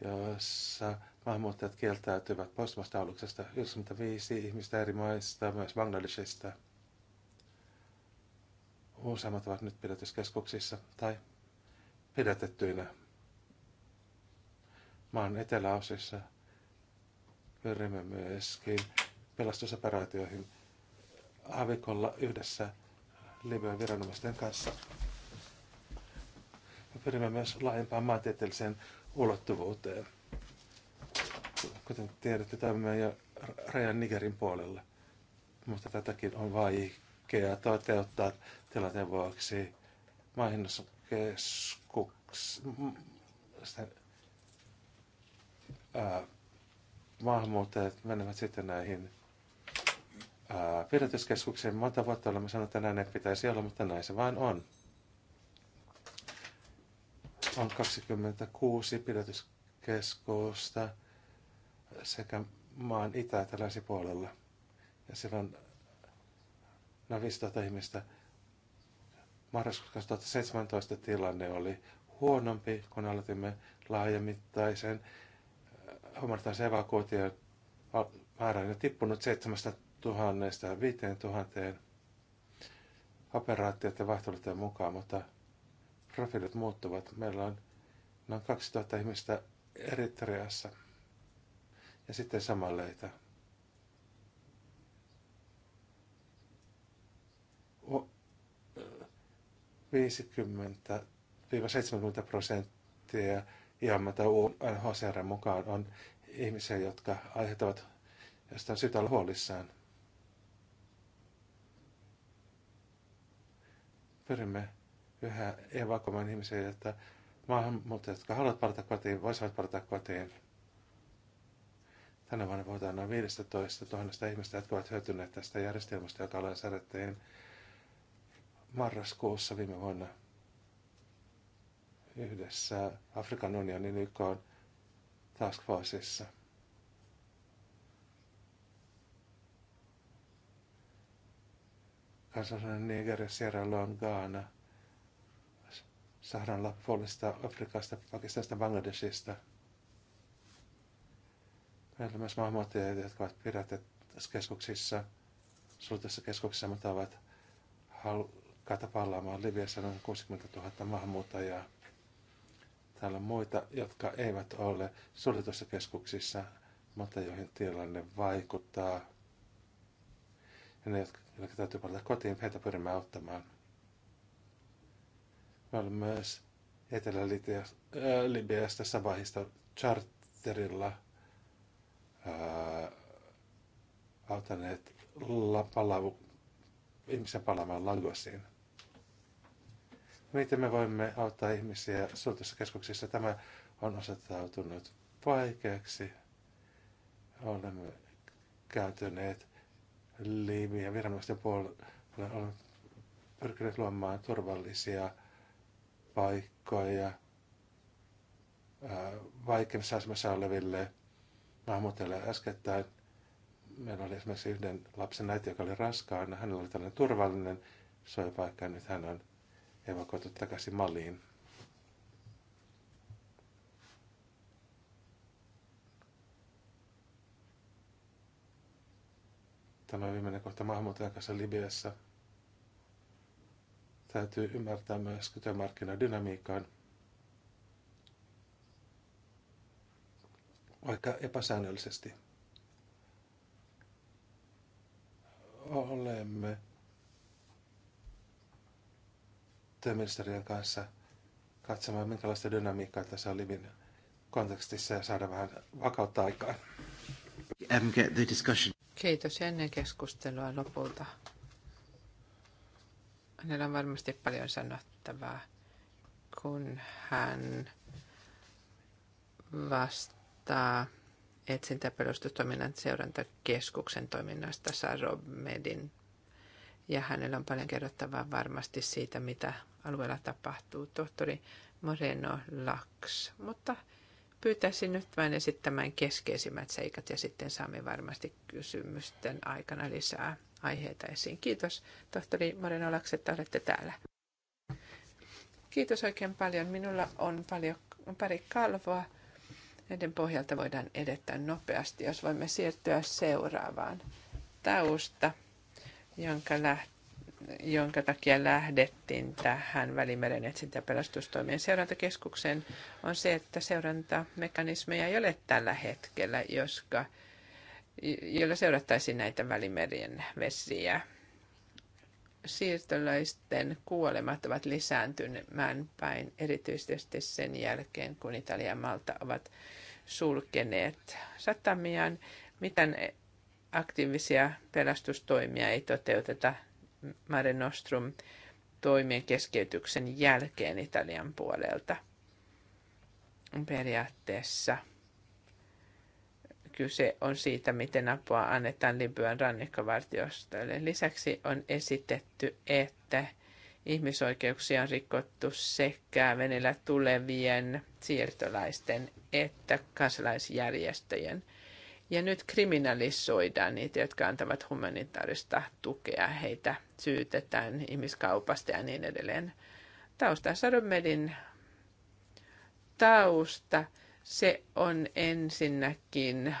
jossa maahanmuuttajat kieltäytyvät postmasta aluksesta 95 ihmistä eri maista, myös Bangladesista – Useimmat ovat nyt pidätyskeskuksissa tai pidätettyinä maan eteläosissa. Pyrimme myöskin pelastusoperaatioihin aavikolla yhdessä Libyan viranomaisten kanssa. Me pyrimme myös laajempaan maantieteelliseen ulottuvuuteen. Kuten tiedätte, tämä jo rajan Nigerin puolella, mutta tätäkin on vaikea vaikea toteuttaa tilanteen vuoksi mainoskeskuksen maahanmuuttajat menevät sitten näihin pidätyskeskuksiin. Monta vuotta olemme sanoneet, että näin ei pitäisi olla, mutta näin se vain on. On 26 pidätyskeskusta sekä maan itä- että länsipuolella. Ja on noin 500 ihmistä. Marraskuussa 2017 tilanne oli huonompi, kun aloitimme laajamittaisen äh, humanitaarisen ja määrä on tippunut 7000 000:een operaatioiden vaihtoehtojen mukaan, mutta profiilit muuttuvat. Meillä on noin 2000 ihmistä Eritreassa ja sitten samanleita. 50-70 prosenttia IAM tai UNHCR mukaan on ihmisiä, jotka aiheuttavat, josta on syytä olla huolissaan. Pyrimme yhä evakuoimaan ihmisiä, jotta maahanmuuttajat, jotka haluavat palata kotiin, voisivat palata kotiin. Tänä vuonna puhutaan noin 15 000 ihmistä, jotka ovat hyötyneet tästä järjestelmästä, joka lainsäädättiin marraskuussa viime vuonna yhdessä Afrikan unionin YK Task Forceissa. Kansallinen Niger, Sierra Leone, Ghana, Saharan Lappuolista, Afrikasta, Pakistanista, Bangladesista. Meillä on myös maahanmuuttajia, jotka ovat pidätetty keskuksissa, suljetussa keskuksissa, mutta ovat halu- katapallaamaan Libiassa noin 60 000 maahanmuuttajaa. Täällä on muita, jotka eivät ole suljetussa keskuksissa, mutta joihin tilanne vaikuttaa. Ja ne, jotka, jotka täytyy palata kotiin, heitä pyrimme auttamaan. Me olemme myös Etelä-Libiasta äh, Sabahista charterilla ää, äh, auttaneet la, palau, ihmisen palaamaan Lagosiin. Miten me voimme auttaa ihmisiä suurissa keskuksissa? Tämä on osoittautunut vaikeaksi. Olemme kääntyneet liimiä, ja viranomaisten puolelle. Olemme pyrkineet luomaan turvallisia paikkoja vaikeimmissa asemassa oleville maahanmuuttajille äskettäin. Meillä oli esimerkiksi yhden lapsen äiti, joka oli raskaana. Hänellä oli tällainen turvallinen suojapaikka ja nyt hän on evakuoitu takaisin Maliin. Tämä viimeinen kohta maahanmuuttajan kanssa Libiassa täytyy ymmärtää myös työmarkkinadynamiikan. Vaikka epäsäännöllisesti. Olemme työministeriön kanssa katsomaan, minkälaista dynamiikkaa tässä on Livin kontekstissa ja saada vähän vakautta aikaan. Um, Kiitos ennen keskustelua lopulta. Hänellä on varmasti paljon sanottavaa, kun hän vastaa etsintä- ja pelastustoiminnan seurantakeskuksen toiminnasta Saromedin. Ja hänellä on paljon kerrottavaa varmasti siitä, mitä alueella tapahtuu, tohtori Moreno Laks. Mutta pyytäisin nyt vain esittämään keskeisimmät seikat ja sitten saamme varmasti kysymysten aikana lisää aiheita esiin. Kiitos tohtori Moreno Laks, että olette täällä. Kiitos oikein paljon. Minulla on paljon, pari kalvoa. Näiden pohjalta voidaan edetä nopeasti, jos voimme siirtyä seuraavaan. Tausta, jonka lähtee jonka takia lähdettiin tähän Välimeren etsintä- ja pelastustoimien seurantakeskukseen, on se, että seurantamekanismeja ei ole tällä hetkellä, joska, joilla seurattaisiin näitä Välimerien vesiä. Siirtolaisten kuolemat ovat lisääntymään päin, erityisesti sen jälkeen, kun Italia ja Malta ovat sulkeneet satamiaan. Mitään aktiivisia pelastustoimia ei toteuteta Mare Nostrum toimien keskeytyksen jälkeen Italian puolelta. Periaatteessa kyse on siitä, miten apua annetaan Libyan rannikkovartiostoille. Lisäksi on esitetty, että ihmisoikeuksia on rikottu sekä venellä tulevien siirtolaisten että kansalaisjärjestöjen ja nyt kriminalisoidaan niitä, jotka antavat humanitaarista tukea. Heitä syytetään ihmiskaupasta ja niin edelleen. Tausta Sadomedin tausta, se on ensinnäkin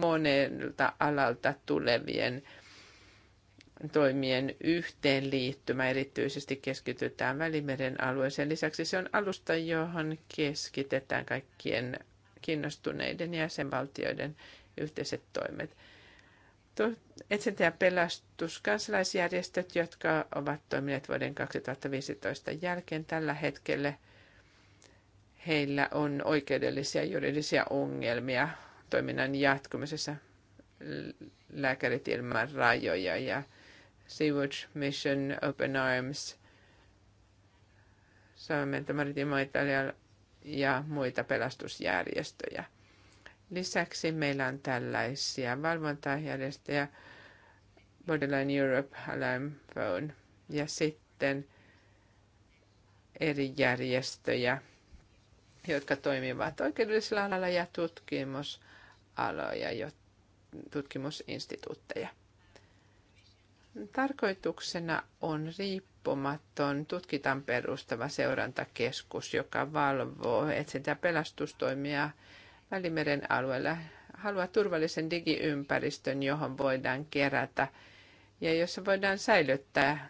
monelta alalta tulevien toimien yhteenliittymä. Erityisesti keskitytään Välimeren alueeseen. Lisäksi se on alusta, johon keskitetään kaikkien kiinnostuneiden jäsenvaltioiden yhteiset toimet. Etsintä- ja pelastuskansalaisjärjestöt, jotka ovat toimineet vuoden 2015 jälkeen tällä hetkellä, heillä on oikeudellisia ja juridisia ongelmia toiminnan jatkumisessa lääkärit ilman rajoja ja Sea-Watch Mission, Open Arms, Suomen Maritimo Italia ja muita pelastusjärjestöjä – Lisäksi meillä on tällaisia valvontajärjestöjä, Borderline Europe, Alarm Phone ja sitten eri järjestöjä, jotka toimivat oikeudellisella alalla ja tutkimusaloja, tutkimusinstituutteja. Tarkoituksena on riippumaton tutkitan perustava seurantakeskus, joka valvoo etsintä pelastustoimia Välimeren alueella haluaa turvallisen digiympäristön, johon voidaan kerätä ja jossa voidaan säilyttää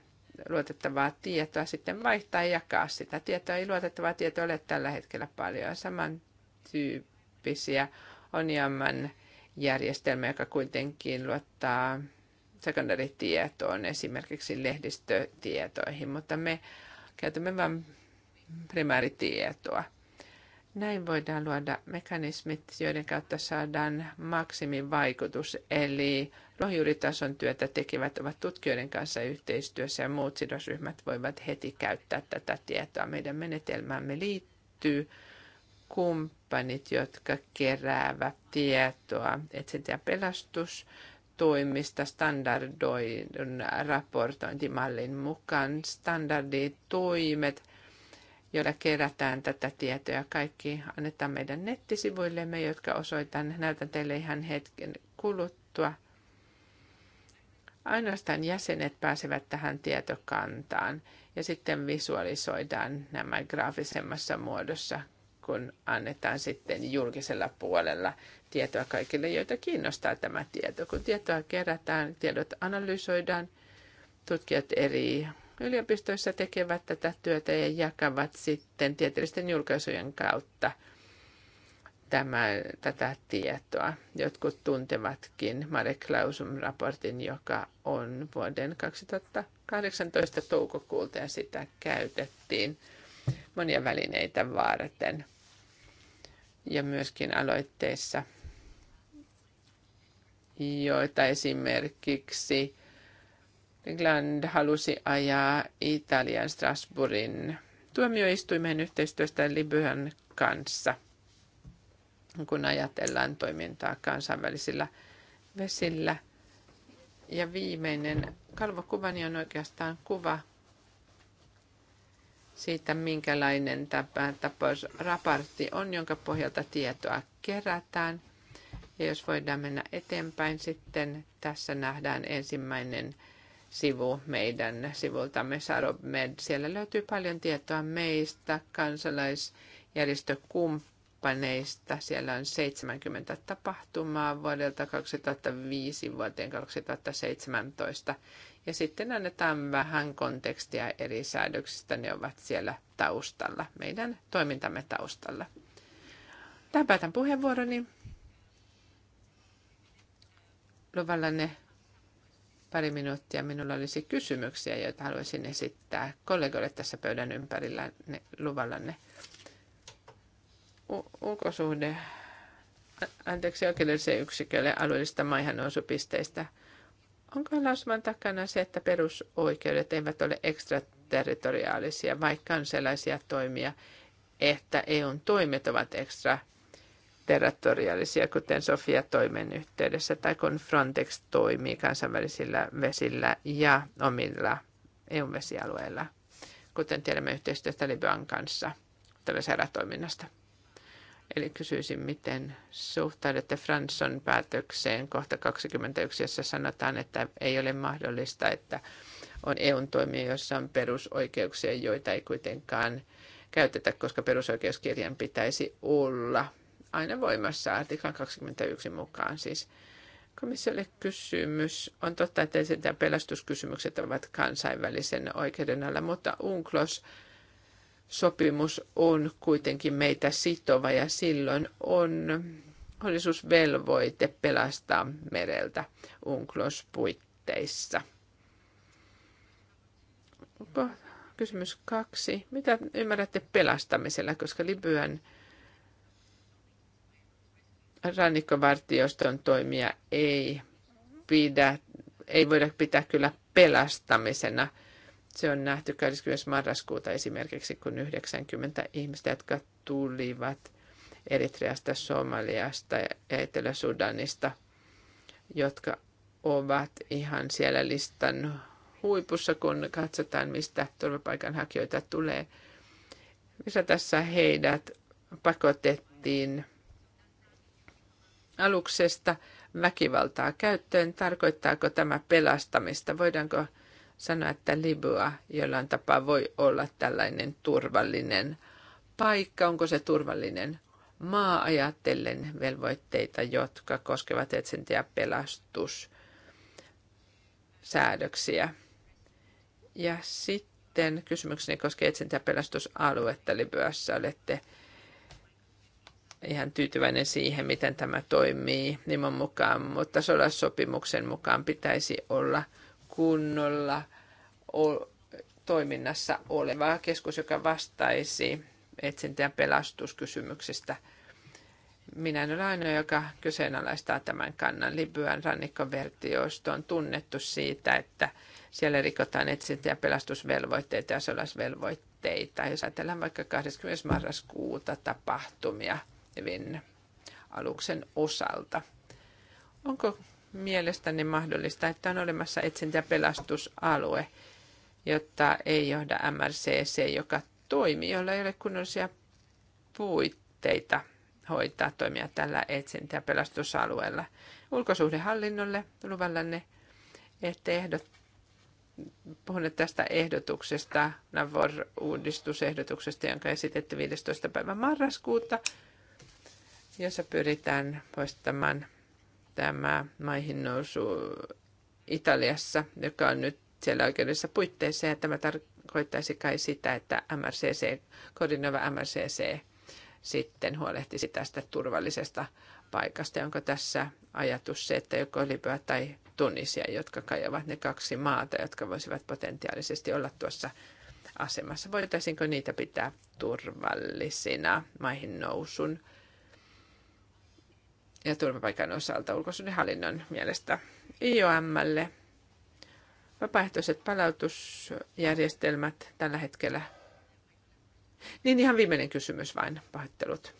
luotettavaa tietoa, sitten vaihtaa ja jakaa sitä tietoa. Ei luotettavaa tietoa ole tällä hetkellä paljon. Samantyyppisiä on jamman järjestelmä, joka kuitenkin luottaa sekundaritietoon, esimerkiksi lehdistötietoihin, mutta me käytämme vain primääritietoa. Näin voidaan luoda mekanismit, joiden kautta saadaan maksimivaikutus, eli rohjuuritason työtä tekevät ovat tutkijoiden kanssa yhteistyössä ja muut sidosryhmät voivat heti käyttää tätä tietoa. Meidän menetelmämme liittyy kumppanit, jotka keräävät tietoa etsintä- ja pelastustoimista standardoidun raportointimallin mukaan. Standarditoimet toimet joilla kerätään tätä tietoa. Kaikki annetaan meidän nettisivuillemme, jotka osoitan. Näytän teille ihan hetken kuluttua. Ainoastaan jäsenet pääsevät tähän tietokantaan ja sitten visualisoidaan nämä graafisemmassa muodossa, kun annetaan sitten julkisella puolella tietoa kaikille, joita kiinnostaa tämä tieto. Kun tietoa kerätään, tiedot analysoidaan, tutkijat eri yliopistoissa tekevät tätä työtä ja jakavat sitten tieteellisten julkaisujen kautta tämä, tätä tietoa. Jotkut tuntevatkin Mare Klausum-raportin, joka on vuoden 2018 toukokuulta ja sitä käytettiin monia välineitä varten ja myöskin aloitteissa, joita esimerkiksi – England halusi ajaa Italian Strasbourgin tuomioistuimen yhteistyöstä Libyan kanssa, kun ajatellaan toimintaa kansainvälisillä vesillä. Ja viimeinen kalvokuvani on oikeastaan kuva siitä, minkälainen tämä tapausraportti on, jonka pohjalta tietoa kerätään. Ja jos voidaan mennä eteenpäin, sitten tässä nähdään ensimmäinen sivu meidän sivultamme Saromed. Siellä löytyy paljon tietoa meistä, kansalaisjärjestökumppaneista. Siellä on 70 tapahtumaa vuodelta 2005 vuoteen 2017. Ja sitten annetaan vähän kontekstia eri säädöksistä. Ne ovat siellä taustalla, meidän toimintamme taustalla. tämä päätän puheenvuoroni. Luvallanne pari minuuttia minulla olisi kysymyksiä, joita haluaisin esittää kollegoille tässä pöydän ympärillä ne, luvallanne. U- ulkosuhde, anteeksi, oikeudelliselle yksikölle alueellista maihanousupisteistä. Onko lausuman takana se, että perusoikeudet eivät ole ekstraterritoriaalisia, vaikka on sellaisia toimia, että EUn toimet ovat ekstra territoriaalisia, kuten Sofia toimen yhteydessä, tai kun Frontex toimii kansainvälisillä vesillä ja omilla eu vesialueilla, kuten tiedämme yhteistyöstä Libyan kanssa tällaisesta erätoiminnasta. Eli kysyisin, miten suhtaudutte Fransson päätökseen kohta 21, jossa sanotaan, että ei ole mahdollista, että on EUn toimia, jossa on perusoikeuksia, joita ei kuitenkaan käytetä, koska perusoikeuskirjan pitäisi olla aina voimassa artiklan 21 mukaan. Siis komissiolle kysymys. On totta, että esitetään pelastuskysymykset ovat kansainvälisen oikeuden alla, mutta UNCLOS sopimus on kuitenkin meitä sitova ja silloin on velvoite pelastaa mereltä UNCLOS puitteissa. Kysymys kaksi. Mitä ymmärrätte pelastamisella, koska Libyan rannikkovartioston toimia ei pidä, ei voida pitää kyllä pelastamisena. Se on nähty 20. marraskuuta esimerkiksi, kun 90 ihmistä, jotka tulivat Eritreasta, Somaliasta ja Etelä-Sudanista, jotka ovat ihan siellä listan huipussa, kun katsotaan, mistä turvapaikanhakijoita tulee. Missä tässä heidät pakotettiin aluksesta väkivaltaa käyttöön. Tarkoittaako tämä pelastamista? Voidaanko sanoa, että Libya jollain tapaa voi olla tällainen turvallinen paikka? Onko se turvallinen maa ajatellen velvoitteita, jotka koskevat etsintä- ja pelastussäädöksiä? Ja sitten kysymykseni koskee etsintä- ja pelastusaluetta Libyassa. Olette ihan tyytyväinen siihen, miten tämä toimii Nimon mukaan, mutta sopimuksen mukaan pitäisi olla kunnolla toiminnassa oleva keskus, joka vastaisi etsintä- ja pelastuskysymyksistä. Minä en ole ainoa, joka kyseenalaistaa tämän kannan. Libyan rannikkovertiosto on tunnettu siitä, että siellä rikotaan etsintä- ja pelastusvelvoitteita ja solasvelvoitteita. Jos ajatellaan vaikka 20. marraskuuta tapahtumia – lähtevin aluksen osalta. Onko mielestäni mahdollista, että on olemassa etsintä- pelastusalue, jotta ei johda MRCC, joka toimii, jolla ei ole kunnollisia puitteita hoitaa toimia tällä etsintä- ja pelastusalueella. Ulkosuhdehallinnolle luvallanne, että ehdot, puhunut tästä ehdotuksesta, Navor-uudistusehdotuksesta, jonka esitetty 15. päivä marraskuuta – jossa pyritään poistamaan tämä maihin nousu Italiassa, joka on nyt siellä oikeudessa puitteissa, ja tämä tarkoittaisi kai sitä, että MRCC, koordinoiva MRCC sitten huolehtisi tästä turvallisesta paikasta. Onko tässä ajatus se, että joko Libya tai Tunisia, jotka kai ovat ne kaksi maata, jotka voisivat potentiaalisesti olla tuossa asemassa. Voitaisinko niitä pitää turvallisina maihin nousun ja turvapaikan osalta ulkosuudenhallinnon mielestä IOMlle. Vapaaehtoiset palautusjärjestelmät tällä hetkellä. Niin ihan viimeinen kysymys vain, pahoittelut.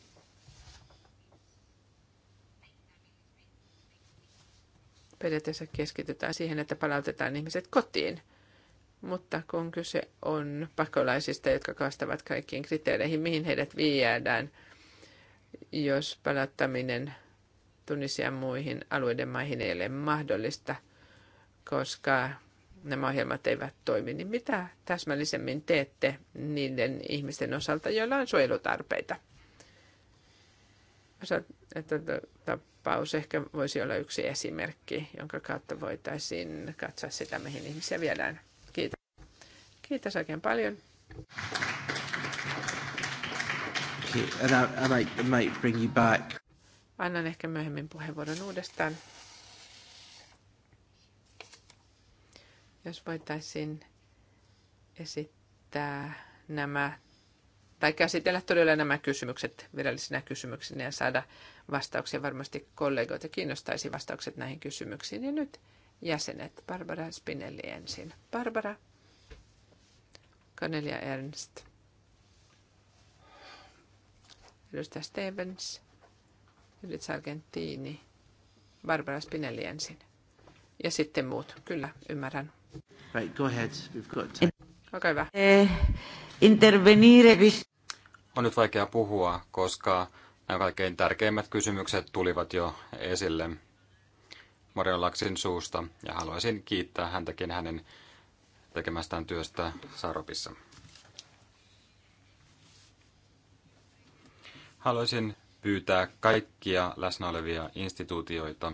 Periaatteessa keskitytään siihen, että palautetaan ihmiset kotiin. Mutta kun kyse on pakolaisista, jotka kaastavat kaikkiin kriteereihin, mihin heidät viedään, jos palauttaminen – Tunisian muihin alueiden maihin ei ole mahdollista, koska nämä ohjelmat eivät toimi, niin mitä täsmällisemmin teette niiden ihmisten osalta, joilla on suojelutarpeita? Että tapaus ehkä voisi olla yksi esimerkki, jonka kautta voitaisiin katsoa sitä, mihin ihmisiä viedään. Kiitos. Kiitos oikein paljon. Okay, and I, I might, I might bring you back. Annan ehkä myöhemmin puheenvuoron uudestaan. Jos voitaisiin esittää nämä tai käsitellä todella nämä kysymykset virallisina kysymyksinä ja saada vastauksia. Varmasti kollegoita kiinnostaisi vastaukset näihin kysymyksiin. Ja nyt jäsenet. Barbara Spinelli ensin. Barbara, Cornelia Ernst, edustaja Stevens, Judith Sargentini, Barbara Spinelli ensin. Ja sitten muut. Kyllä, ymmärrän. Right, go ahead. We've got time. Okay, hyvä. Eh, intervenire. On nyt vaikea puhua, koska nämä kaikkein tärkeimmät kysymykset tulivat jo esille Marion Laksin suusta ja haluaisin kiittää häntäkin hänen tekemästään työstä Saropissa. Haluaisin pyytää kaikkia läsnä olevia instituutioita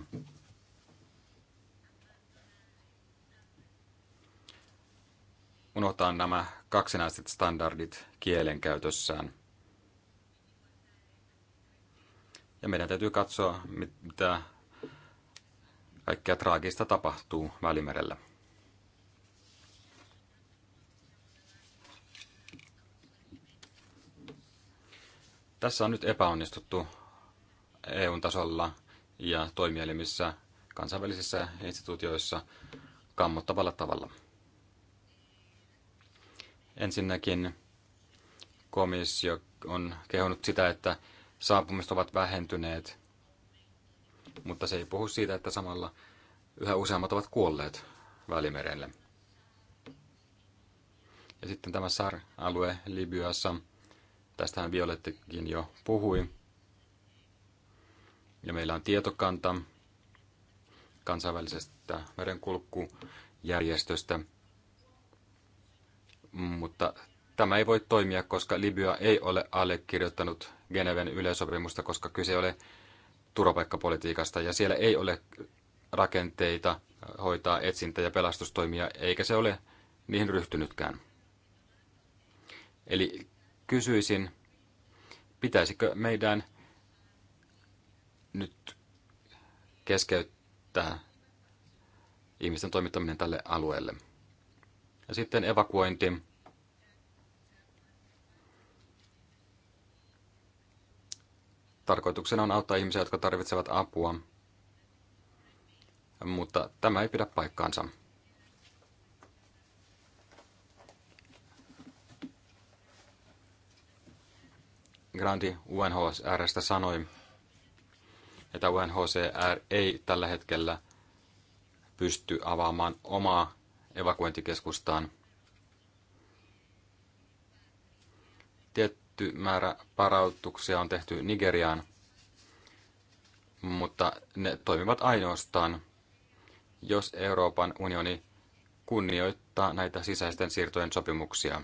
unohtaa nämä kaksinaiset standardit kielenkäytössään. Ja meidän täytyy katsoa, mitä kaikkea traagista tapahtuu Välimerellä. Tässä on nyt epäonnistuttu eu tasolla ja toimielimissä kansainvälisissä instituutioissa kammottavalla tavalla. Ensinnäkin komissio on kehonut sitä, että saapumiset ovat vähentyneet, mutta se ei puhu siitä, että samalla yhä useammat ovat kuolleet Välimerelle. Ja sitten tämä SAR-alue Libyassa – Tästähän Violettikin jo puhui. Ja meillä on tietokanta kansainvälisestä merenkulkujärjestöstä. Mutta tämä ei voi toimia, koska Libya ei ole allekirjoittanut Geneven yleisopimusta, koska kyse ei ole turvapaikkapolitiikasta ja siellä ei ole rakenteita hoitaa etsintä- ja pelastustoimia, eikä se ole niihin ryhtynytkään. Eli kysyisin, pitäisikö meidän nyt keskeyttää ihmisten toimittaminen tälle alueelle. Ja sitten evakuointi. Tarkoituksena on auttaa ihmisiä, jotka tarvitsevat apua, mutta tämä ei pidä paikkaansa. Grandi UNHCRstä sanoi, että UNHCR ei tällä hetkellä pysty avaamaan omaa evakuointikeskustaan. Tietty määrä parautuksia on tehty Nigeriaan, mutta ne toimivat ainoastaan, jos Euroopan unioni kunnioittaa näitä sisäisten siirtojen sopimuksia.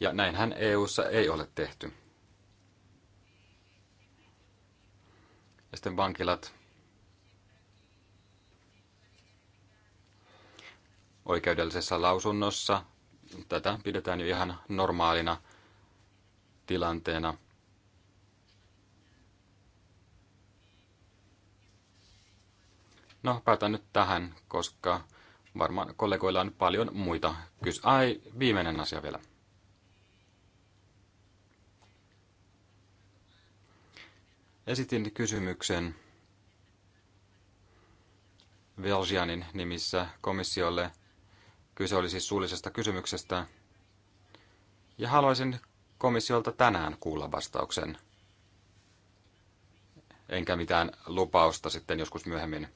Ja näinhän EU:ssa ei ole tehty. Ja sitten vankilat. Oikeudellisessa lausunnossa tätä pidetään jo ihan normaalina tilanteena. No, päätän nyt tähän, koska varmaan kollegoilla on paljon muita kysymyksiä. Ai, viimeinen asia vielä. Esitin kysymyksen Veljanin nimissä komissiolle. Kyse oli siis suullisesta kysymyksestä. Ja haluaisin komissiolta tänään kuulla vastauksen. Enkä mitään lupausta sitten joskus myöhemmin.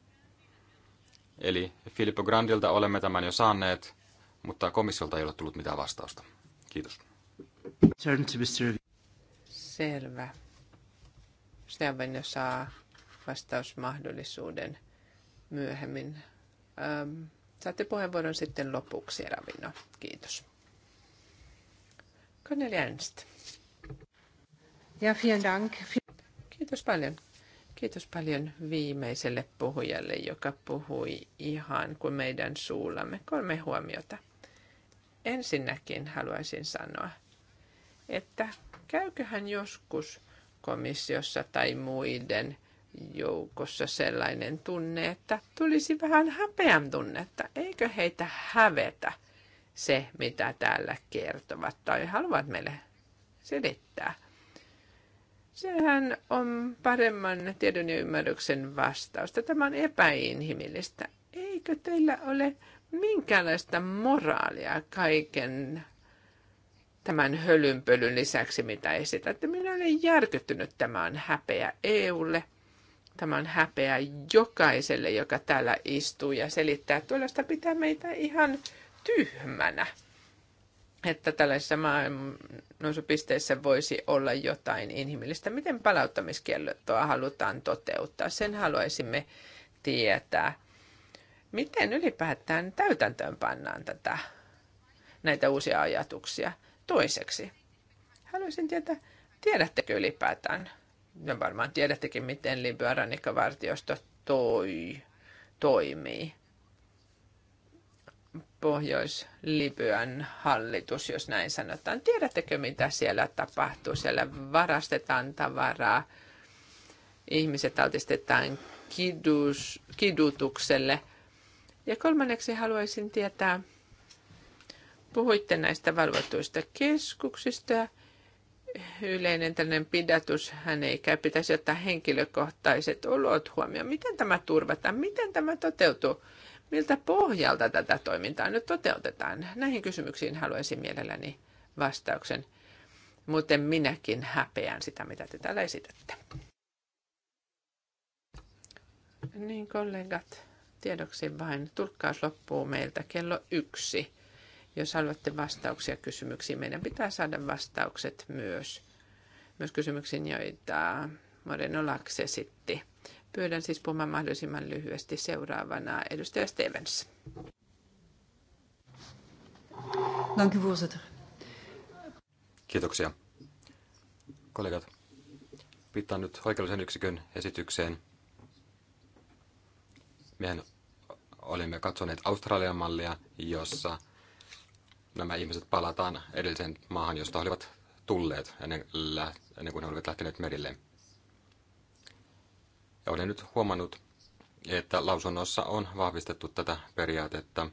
Eli Filippo Grandilta olemme tämän jo saaneet, mutta komissiolta ei ole tullut mitään vastausta. Kiitos. Selvä. Steven saa vastausmahdollisuuden myöhemmin. Ähm, saatte puheenvuoron sitten lopuksi, Ravino. Kiitos. Cornelia Ernst. Ja, vielen dank. Kiitos paljon. Kiitos paljon viimeiselle puhujalle, joka puhui ihan kuin meidän suullamme. Kolme huomiota. Ensinnäkin haluaisin sanoa, että käyköhän joskus – komissiossa tai muiden joukossa sellainen tunne, että tulisi vähän häpeän tunnetta. Eikö heitä hävetä se, mitä täällä kertovat tai haluavat meille selittää? Sehän on paremman tiedon ja ymmärryksen vastausta. Tämä on epäinhimillistä. Eikö teillä ole minkäänlaista moraalia kaiken tämän hölynpölyn lisäksi, mitä esitätte. Minä olen järkyttynyt. Tämä on häpeä EUlle. Tämä on häpeä jokaiselle, joka täällä istuu ja selittää. Tuollaista pitää meitä ihan tyhmänä, että tällaisessa maailmannousupisteissä voisi olla jotain inhimillistä. Miten palauttamiskieltoa halutaan toteuttaa? Sen haluaisimme tietää. Miten ylipäätään täytäntöön pannaan tätä, näitä uusia ajatuksia? Toiseksi, haluaisin tietää, tiedättekö ylipäätään, No varmaan tiedättekin, miten Libyan rannikkovartiosto toi, toimii. Pohjois-Libyan hallitus, jos näin sanotaan. Tiedättekö, mitä siellä tapahtuu? Siellä varastetaan tavaraa, ihmiset altistetaan kidus, kidutukselle. Ja kolmanneksi haluaisin tietää, Puhuitte näistä valvotuista keskuksista. Yleinen tällainen pidätys, hän ei käy, pitäisi ottaa henkilökohtaiset olot huomioon. Miten tämä turvataan? Miten tämä toteutuu? Miltä pohjalta tätä toimintaa nyt toteutetaan? Näihin kysymyksiin haluaisin mielelläni vastauksen. Muuten minäkin häpeän sitä, mitä te täällä esitätte. Niin kollegat, tiedoksi vain. Tulkkaus loppuu meiltä kello yksi. Jos haluatte vastauksia kysymyksiin, meidän pitää saada vastaukset myös, myös kysymyksiin, joita Moreno Laks esitti. Pyydän siis puhumaan mahdollisimman lyhyesti seuraavana edustaja Stevens. Kiitoksia. Kollegat, viittaan nyt oikeudellisen yksikön esitykseen. Mehän olimme katsoneet Australian mallia, jossa nämä ihmiset palataan edelliseen maahan, josta olivat tulleet ennen, ennen kuin he olivat lähteneet merille. Ja olen nyt huomannut, että lausunnossa on vahvistettu tätä periaatetta.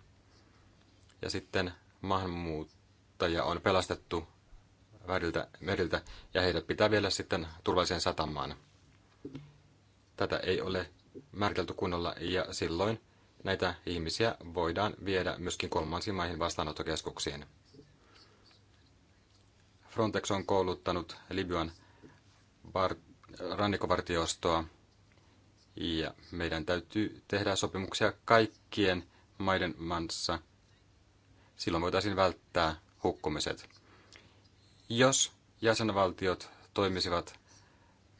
Ja sitten maahanmuuttaja on pelastettu väriltä, meriltä ja heidät pitää vielä sitten turvalliseen satamaan. Tätä ei ole määritelty kunnolla ja silloin näitä ihmisiä voidaan viedä myöskin kolmansiin maihin vastaanottokeskuksiin. Frontex on kouluttanut Libyan var- rannikkovartiostoa ja meidän täytyy tehdä sopimuksia kaikkien maiden kanssa. Silloin voitaisiin välttää hukkumiset. Jos jäsenvaltiot toimisivat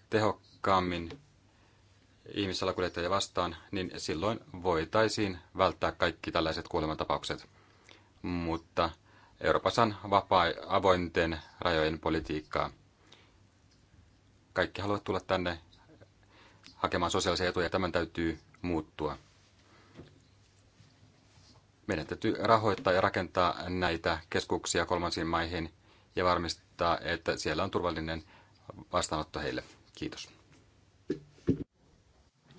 tehokkaammin ihmissalakuljettajia vastaan, niin silloin voitaisiin välttää kaikki tällaiset kuolemantapaukset. Mutta Euroopassa on vapaa avointen rajojen politiikkaa. Kaikki haluavat tulla tänne hakemaan sosiaalisia etuja. Tämän täytyy muuttua. Meidän täytyy rahoittaa ja rakentaa näitä keskuksia kolmansiin maihin ja varmistaa, että siellä on turvallinen vastaanotto heille. Kiitos.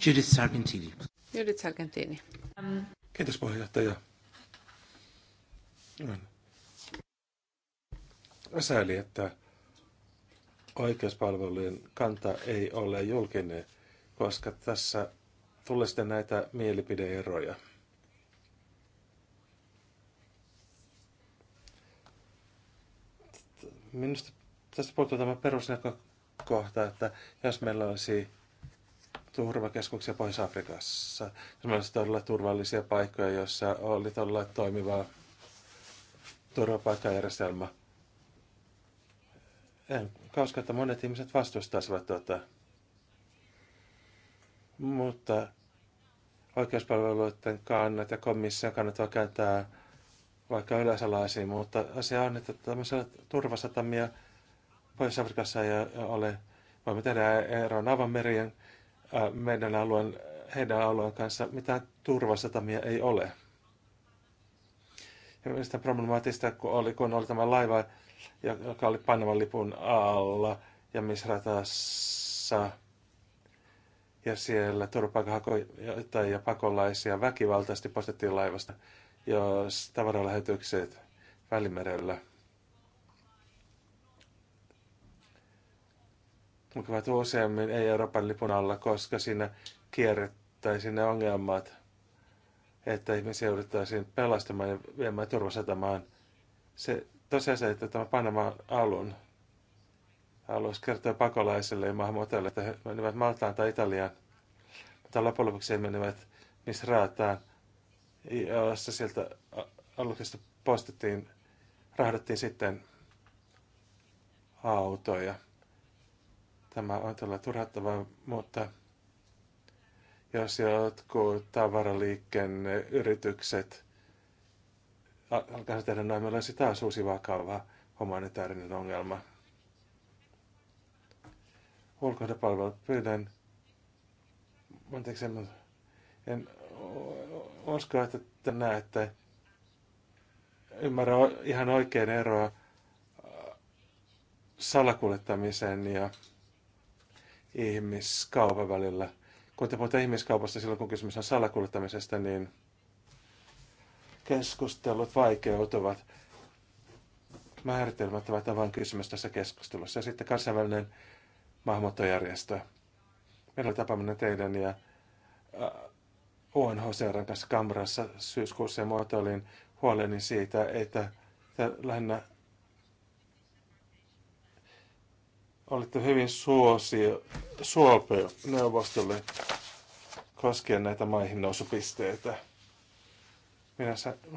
Judith Sargentini. Judith Sargentini. Kiitos puheenjohtaja. Sääli, että oikeuspalvelujen kanta ei ole julkinen, koska tässä tulee sitten näitä mielipideeroja. Minusta tässä puuttuu tämä perusnäkökohta, että jos meillä olisi turvakeskuksia Pohjois-Afrikassa. Sellaisia todella turvallisia paikkoja, joissa oli todella toimiva turvapaikkajärjestelmä. En koska, että monet ihmiset vastustaisivat tuota. Mutta oikeuspalveluiden kannat ja komission kannat voi kääntää vaikka yleisalaisiin, mutta asia on, että tämmöisellä turvasatamia Pohjois-Afrikassa ei ole. Voimme tehdä eroon avamerien meidän alueen, heidän alueen kanssa. Mitään turvasatamia ei ole. Ja sitä problemaattista kun oli, kun oli tämä laiva, joka oli painavan lipun alla ja misratassa. Ja siellä turvapaikanhakoja ja pakolaisia väkivaltaisesti postettiin laivasta, jos tavaralähetykset Välimerellä – lukevat useammin ei-Euroopan lipun alla, koska siinä kierrettäisiin ne ongelmat, että ihmisiä jouduttaisiin pelastamaan ja viemään turvasatamaan. Se tosiasia, että tämä Panama alun alus kertoi pakolaisille ja maahanmuuttajille, että he menivät Maltaan tai Italiaan, mutta loppujen lopuksi he menivät Misraataan, jossa sieltä aluksesta postettiin, rahdattiin sitten autoja. Tämä on todella turhattavaa, mutta jos jotkut tavaraliikenneyritykset alkaa tehdä näin, meillä olisi taas uusi vakava humanitaarinen ongelma. Ulkohdepalvelut pyydän, anteeksi, en, en usko, että te näette, ymmärrä ihan oikein eroa salakuljettamisen ja ihmiskaupan välillä. Kun te puhutte ihmiskaupasta silloin, kun kysymys on salakuljettamisesta, niin keskustelut vaikeutuvat. Määritelmät ovat avain kysymys tässä keskustelussa. Ja sitten kansainvälinen maahanmuuttojärjestö. Meillä oli tapaaminen teidän ja äh, UNHCRn kanssa Kamrassa syyskuussa ja muotoilin huoleni siitä, että lähinnä olitte hyvin suosio, suopeo neuvostolle koskien näitä maihin nousupisteitä. Minä,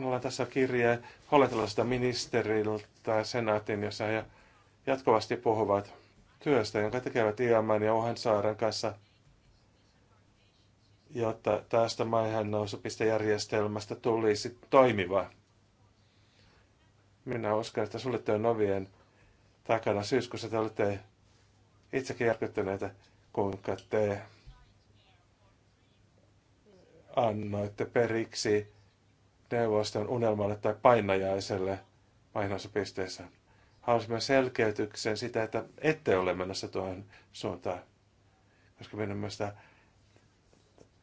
olen tässä kirje hollantilaisesta ministeriltä senaatin, jossa he jatkuvasti puhuvat työstä, jonka tekevät IMN ja Ohensaaren kanssa, jotta tästä maihin nousupistejärjestelmästä tulisi toimiva. Minä uskon, että on ovien takana syyskuussa että olette itsekin järkyttyneitä, kuinka te annoitte periksi neuvoston unelmalle tai painajaiselle painoissa pisteessä. Halusimme selkeytyksen sitä, että ette ole menossa tuohon suuntaan. Koska minun mielestä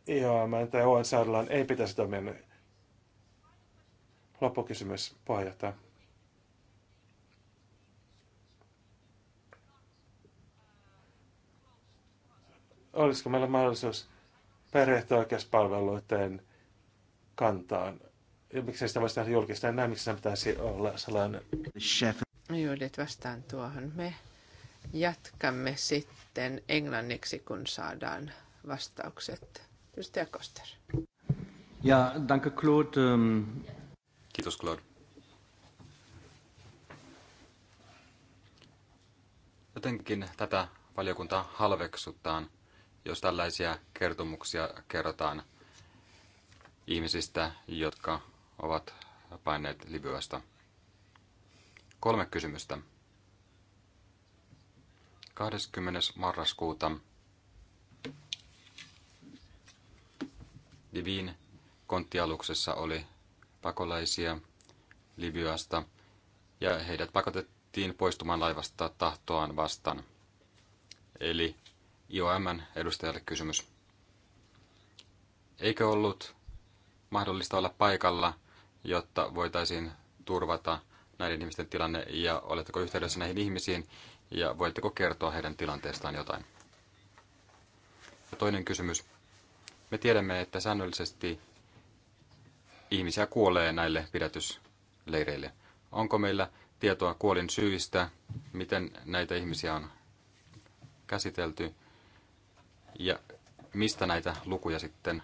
IOM tai ON ei pitäisi toimia. Loppukysymys, puheenjohtaja. olisiko meillä mahdollisuus perehtyä oikeuspalveluiden kantaan? Ja miksei sitä voisi tehdä julkista enää, miksi sen pitäisi olla sellainen? Chef. Juudet vastaan tuohon. Me jatkamme sitten englanniksi, kun saadaan vastaukset. Edustaja Koster. Ja, danke Claude. Ähm, Kiitos Claude. Jotenkin tätä valiokuntaa halveksutaan – jos tällaisia kertomuksia kerrotaan ihmisistä, jotka ovat paineet Libyasta. Kolme kysymystä. 20. marraskuuta Divin konttialuksessa oli pakolaisia Libyasta ja heidät pakotettiin poistumaan laivasta tahtoaan vastaan. Eli IOMn edustajalle kysymys. Eikö ollut mahdollista olla paikalla, jotta voitaisiin turvata näiden ihmisten tilanne ja oletteko yhteydessä näihin ihmisiin ja voitteko kertoa heidän tilanteestaan jotain? Ja toinen kysymys. Me tiedämme, että säännöllisesti ihmisiä kuolee näille pidätysleireille. Onko meillä tietoa kuolin syistä, miten näitä ihmisiä on käsitelty ja mistä näitä lukuja sitten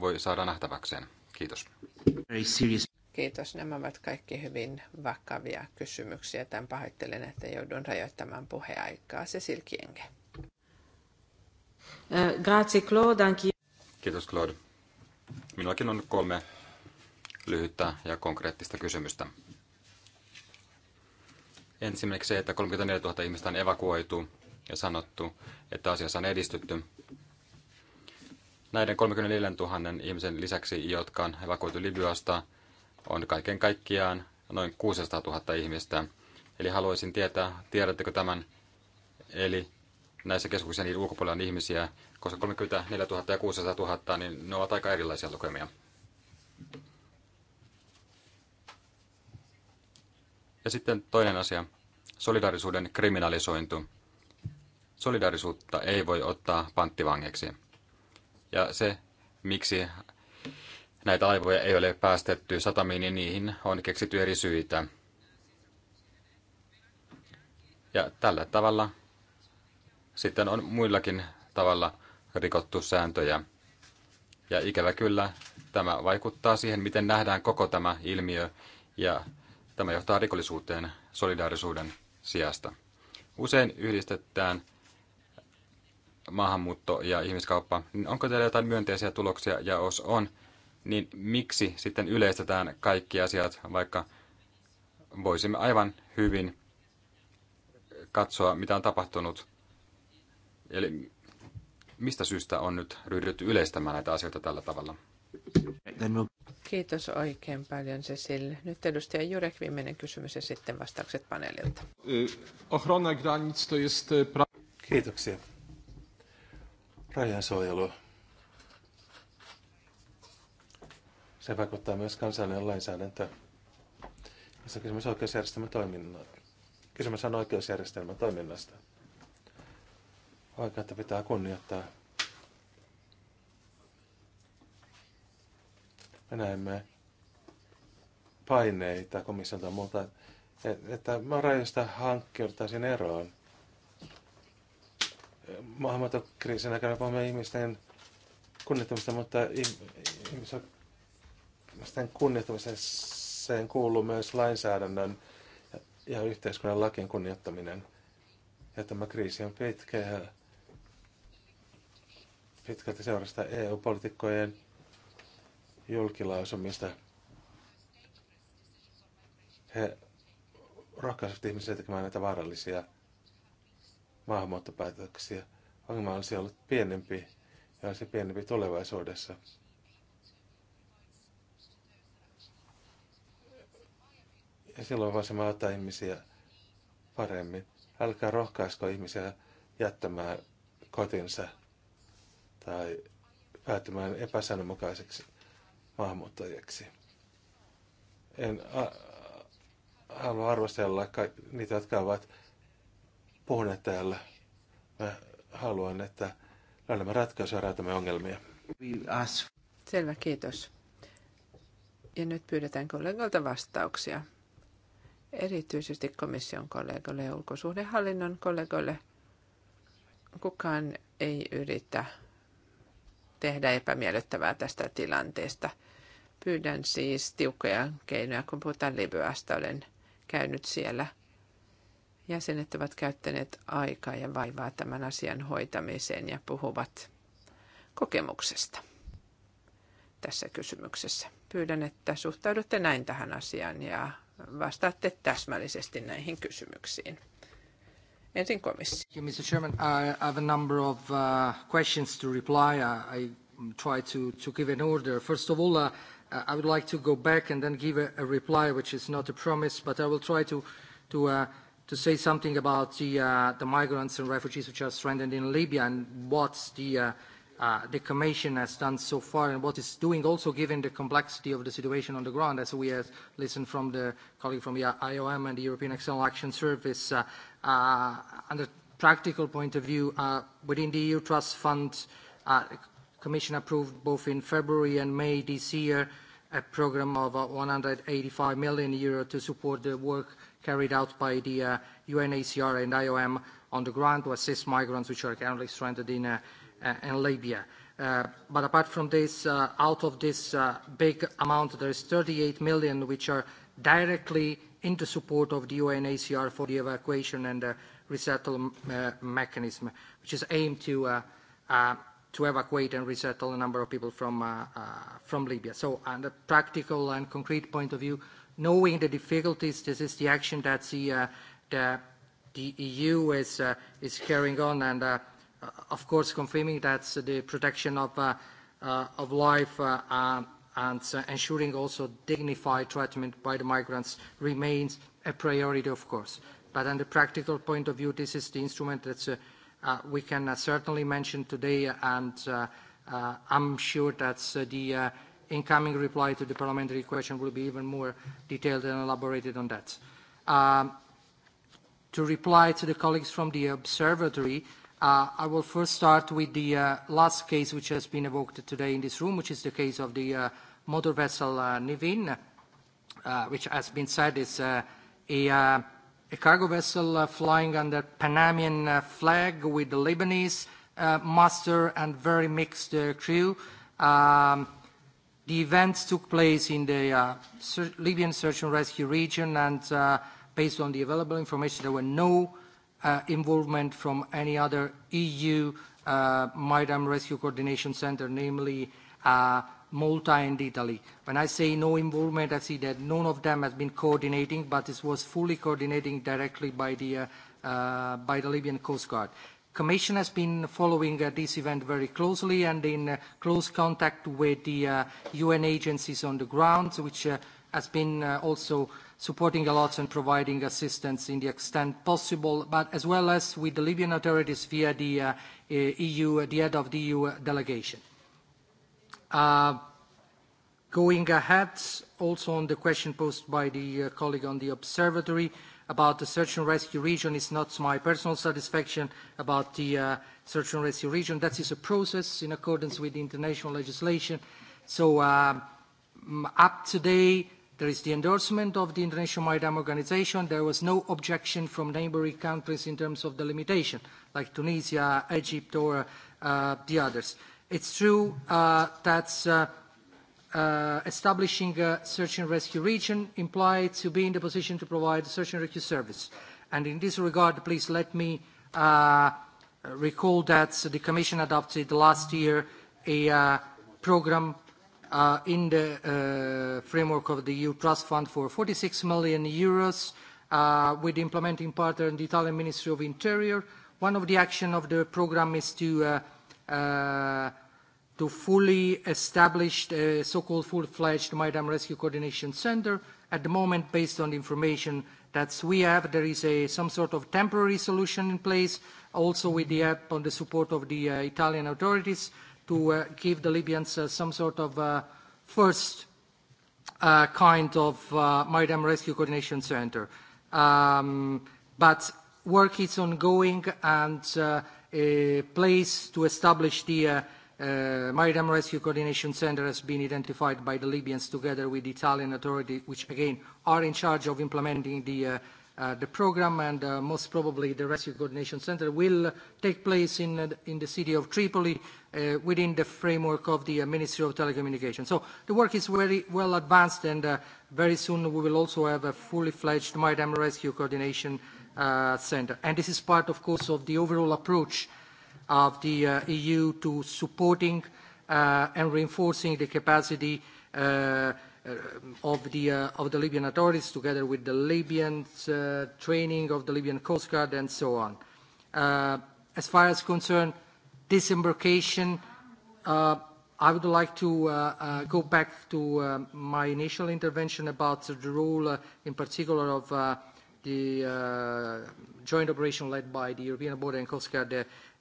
voi saada nähtäväkseen? Kiitos. Kiitos. Nämä ovat kaikki hyvin vakavia kysymyksiä. Tämän pahoittelen, että joudun rajoittamaan puheaikaa. Se Kienge. Eh, grazie Claude. Kiitos Claude. Minullakin on kolme lyhyttä ja konkreettista kysymystä. Ensimmäiseksi se, että 34 000 ihmistä on evakuoitu ja sanottu, että asiassa on edistytty. Näiden 34 000 ihmisen lisäksi, jotka on evakuoitu Libyasta, on kaiken kaikkiaan noin 600 000 ihmistä. Eli haluaisin tietää, tiedättekö tämän, eli näissä keskuksissa niiden ulkopuolella on ihmisiä, koska 34 000 ja 600 000, niin ne ovat aika erilaisia lukemia. Ja sitten toinen asia, solidarisuuden kriminalisointu solidarisuutta ei voi ottaa panttivangeksi. Ja se, miksi näitä laivoja ei ole päästetty satamiin, niin niihin on keksitty eri syitä. Ja tällä tavalla sitten on muillakin tavalla rikottu sääntöjä. Ja ikävä kyllä tämä vaikuttaa siihen, miten nähdään koko tämä ilmiö, ja tämä johtaa rikollisuuteen solidaarisuuden sijasta. Usein yhdistetään – maahanmuutto ja ihmiskauppa, niin onko teillä jotain myönteisiä tuloksia, ja jos on, niin miksi sitten yleistetään kaikki asiat, vaikka voisimme aivan hyvin katsoa, mitä on tapahtunut. Eli mistä syystä on nyt ryhdytty yleistämään näitä asioita tällä tavalla? Kiitos oikein paljon Cecil. Nyt edustaja Jurek, viimeinen kysymys ja sitten vastaukset paneelilta. Ochrona granic to jest... Kiitoksia rajansuojelua. Se vaikuttaa myös kansallinen lainsäädäntö. Tässä on kysymys oikeusjärjestelmän toiminnasta. Kysymys on oikeusjärjestelmän toiminnasta. Oikeutta pitää kunnioittaa. Me näemme paineita komissiolta muuta, että rajoista hankkiudutaan eroon maahanmuuttokriisin aikana puhumme ihmisten kunnioittamista, mutta ihmisten kunnioittamiseen kuuluu myös lainsäädännön ja yhteiskunnan lakien kunnioittaminen. Ja tämä kriisi on pitkä ja pitkälti seurasta eu politiikkojen julkilausumista. He rohkaisivat ihmisiä tekemään näitä vaarallisia maahanmuuttopäätöksiä. Ongelma olisi ollut pienempi ja olisi pienempi tulevaisuudessa. Ja silloin voisimme auttaa ihmisiä paremmin. Älkää rohkaisko ihmisiä jättämään kotinsa tai päättymään epäsäännönmukaiseksi maahanmuuttajiksi. En halua arvostella niitä, jotka ovat puhuneet täällä. Mä haluan, että löydämme ratkaisuja raatamme ongelmia. Selvä, kiitos. Ja nyt pyydetään kollegalta vastauksia. Erityisesti komission kollegoille ja ulkosuhdehallinnon kollegoille. Kukaan ei yritä tehdä epämiellyttävää tästä tilanteesta. Pyydän siis tiukkoja keinoja, kun puhutaan Libyasta. Olen käynyt siellä – jäsenet ovat käyttäneet aikaa ja vaivaa tämän asian hoitamiseen ja puhuvat kokemuksesta tässä kysymyksessä. Pyydän, että suhtaudutte näin tähän asiaan ja vastaatte täsmällisesti näihin kysymyksiin. Ensin komissio. Mr. Chairman, I have a number of uh, questions to reply. I try to, to give an order. First of all, uh, I would like to go back and then give a, a reply, which is not a promise, but I will try to, to uh, to say something about the, uh, the migrants and refugees which are stranded in Libya and what the, uh, uh, the Commission has done so far and what it's doing, also given the complexity of the situation on the ground, as we have listened from the colleague from the IOM and the European External Action Service. Uh, uh, the practical point of view, uh, within the EU Trust Fund, uh, Commission approved both in February and May this year a program of uh, 185 million euro to support the work carried out by the uh, UNHCR and IOM on the ground to assist migrants which are currently stranded in, uh, uh, in Libya. Uh, but apart from this, uh, out of this uh, big amount, there is 38 million which are directly into support of the UNHCR for the evacuation and the resettlement uh, mechanism, which is aimed to, uh, uh, to evacuate and resettle a number of people from, uh, uh, from Libya. So on the practical and concrete point of view, knowing the difficulties, this is the action that the, uh, the, the EU is, uh, is carrying on and, uh, uh, of course, confirming that the protection of, uh, uh, of life uh, um, and uh, ensuring also dignified treatment by the migrants remains a priority, of course. But on the practical point of view, this is the instrument that uh, uh, we can uh, certainly mention today, and uh, uh, I'm sure that uh, the uh, incoming reply to the parliamentary question will be even more detailed and elaborated on that. Um, to reply to the colleagues from the observatory, uh, I will first start with the uh, last case which has been evoked today in this room, which is the case of the uh, motor vessel Nivin, which has been said is a, cargo vessel flying under Panamanian flag with the Lebanese master and very mixed crew. Um, The events took place in the uh, Sur Libyan search and rescue region and uh, based on the available information, there were no uh, involvement from any other EU uh, Maritime Rescue Coordination Center, namely uh, Malta and Italy. When I say no involvement, I see that none of them has been coordinating, but this was fully coordinating directly by the, uh, uh, by the Libyan Coast Guard. Commission has been following uh, this event very closely and in uh, close contact with the UN uh, agencies on the ground, which has been also supporting a lot and providing assistance in the extent possible, but as well as with the Libyan authorities via the EU, e the head of the EU delegation. Going ahead, also on the question posed by the colleague on the observatory, about the search and rescue region. It's not my personal satisfaction about the uh, search and rescue region. That is a process in accordance with international legislation. So uh, up today, there is the endorsement of the International Maritime Organization. There was no objection from neighboring countries in terms of the limitation, like Tunisia, Egypt, or uh, the others. It's true uh, that uh, Uh, establishing a search and rescue region implied to be in the position to provide a search and rescue service. And in this regard, please let me uh, recall that the Commission adopted last year a uh, program in the framework of the EU Trust Fund for 46 million euros with the implementing partner in the Italian Ministry of Interior. One of the action of the program is to to fully establish a uh, so-called full-fledged maritime rescue coordination center. At the moment, based on the information that we have, there is some sort of temporary solution in place, also with the help and the support of the uh, Italian authorities, to uh, give the Libyans some sort of first kind of maritime rescue coordination center. Um, but work is ongoing and a place to establish the Uh, Maritime Rescue Coordination Center has been identified by the Libyans together with the Italian authority, which again are in charge of implementing the, uh, uh, the program, and uh, most probably the Rescue Coordination Center will take place in, uh, in the city of Tripoli uh, within the framework of the uh, Ministry of Telecommunications. So the work is very well advanced, and uh, very soon we will also have a fully fledged Maritime Rescue Coordination uh, Center. And this is part, of course, of the overall approach of the uh, EU to supporting uh, and reinforcing the capacity uh, of, the, of the Libyan authorities together with the Libyan training of the Libyan Coast Guard and so on. as far as concern disembarkation, I would like to go back to my initial intervention about the role in particular of the joint operation led by the European Border and Coast Guard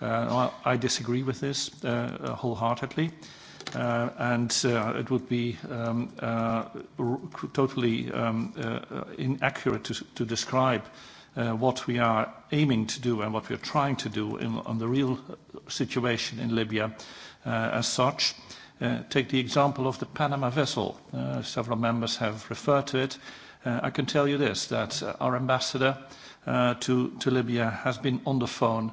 Uh, I disagree with this uh, uh, wholeheartedly. and it would be um, totally um, inaccurate to, describe what we are aiming to do and what we are trying to do on the real situation in Libya as such. take the example of the Panama vessel. several members have referred to it. I can tell you this, that our ambassador to, Libya has been on the phone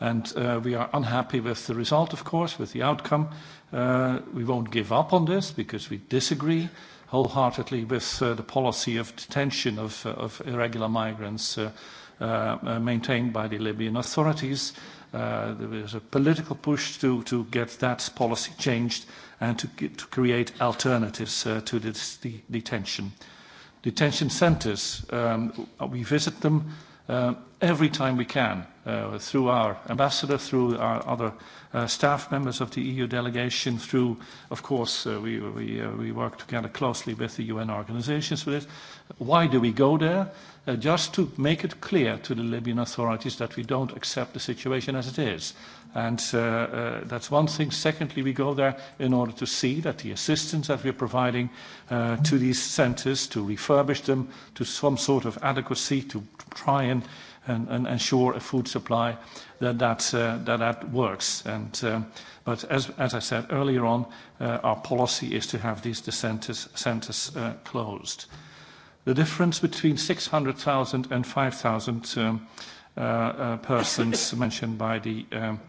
And uh, we are unhappy with the result, of course, with the outcome. Uh, we won't give up on this because we disagree wholeheartedly with uh, the policy of detention of, irregular migrants maintained by the Libyan authorities. there is a political push to, get that policy changed and to, create alternatives to this detention. Detention centres, um, we visit them uh, every time we can uh, through our ambassador, through our other uh, staff members of the EU delegation, through, of course, uh, we, we, uh, we work together closely with the UN organizations for this. Why do we go there? Uh, just to make it clear to the Libyan authorities that we don't accept the situation as it is And uh, uh, that's one thing. Secondly, we go there in order to see that the assistance that we're providing uh, to these centres, to refurbish them to some sort of adequacy, to try and, and, and ensure a food supply, that that, uh, that, that works. And, um, but as, as I said earlier on, uh, our policy is to have these the centres, centres uh, closed. The difference between 600,000 and 5,000 um, uh, uh, persons mentioned by the um,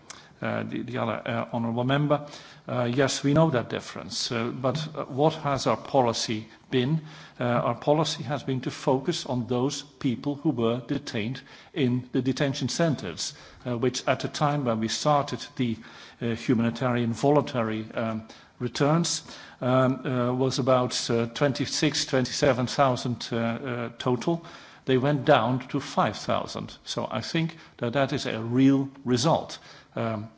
Uh, the, other uh, honourable member. Uh, yes, we know that difference, but what has our policy been? our policy has been to focus on those people who were detained in the detention centres, which at the time when we started the humanitarian voluntary um, returns um, was about 26, 27,000 total. They went down to 5,000. So I think that that is a real result. Um,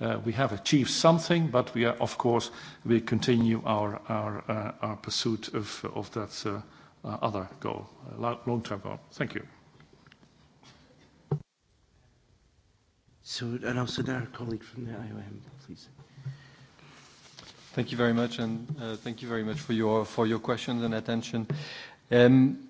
Uh, we have achieved something, but we are, of course, we continue our uh, pursuit of that uh, other goal, long-term goal. Thank you. Also now our colleague from the IOM, please. Thank you very much, and thank you very much for your questions and attention. Um,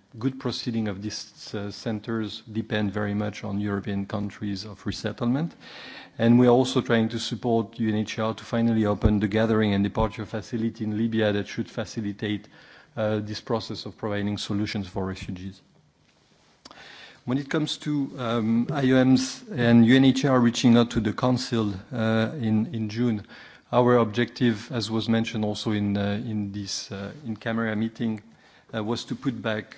good proceeding of these uh, centers depend very much on European countries of resettlement. And we're also trying to support UNHCR to finally open the gathering and departure facility in Libya that should facilitate uh, this process of providing solutions for refugees. When it comes to um, IOMs and UNHCR reaching out to the Council uh, in, June, our objective, as was mentioned also in, this in-camera meeting, was to put back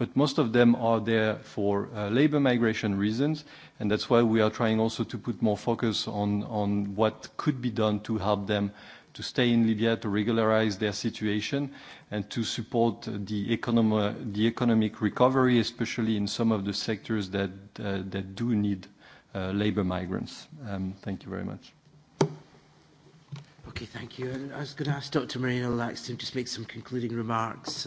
but most of them are there for uh, labor migration reasons, and that's why we are trying also to put more focus on, what could be done to help them to stay in Libya, to regularize their situation, and to support the, economic recovery, especially in some of the sectors that, uh, do need uh, labor migrants. Um, thank you very much. Okay, thank you. I was gonna ask Dr. Marina Laxton to just make some concluding remarks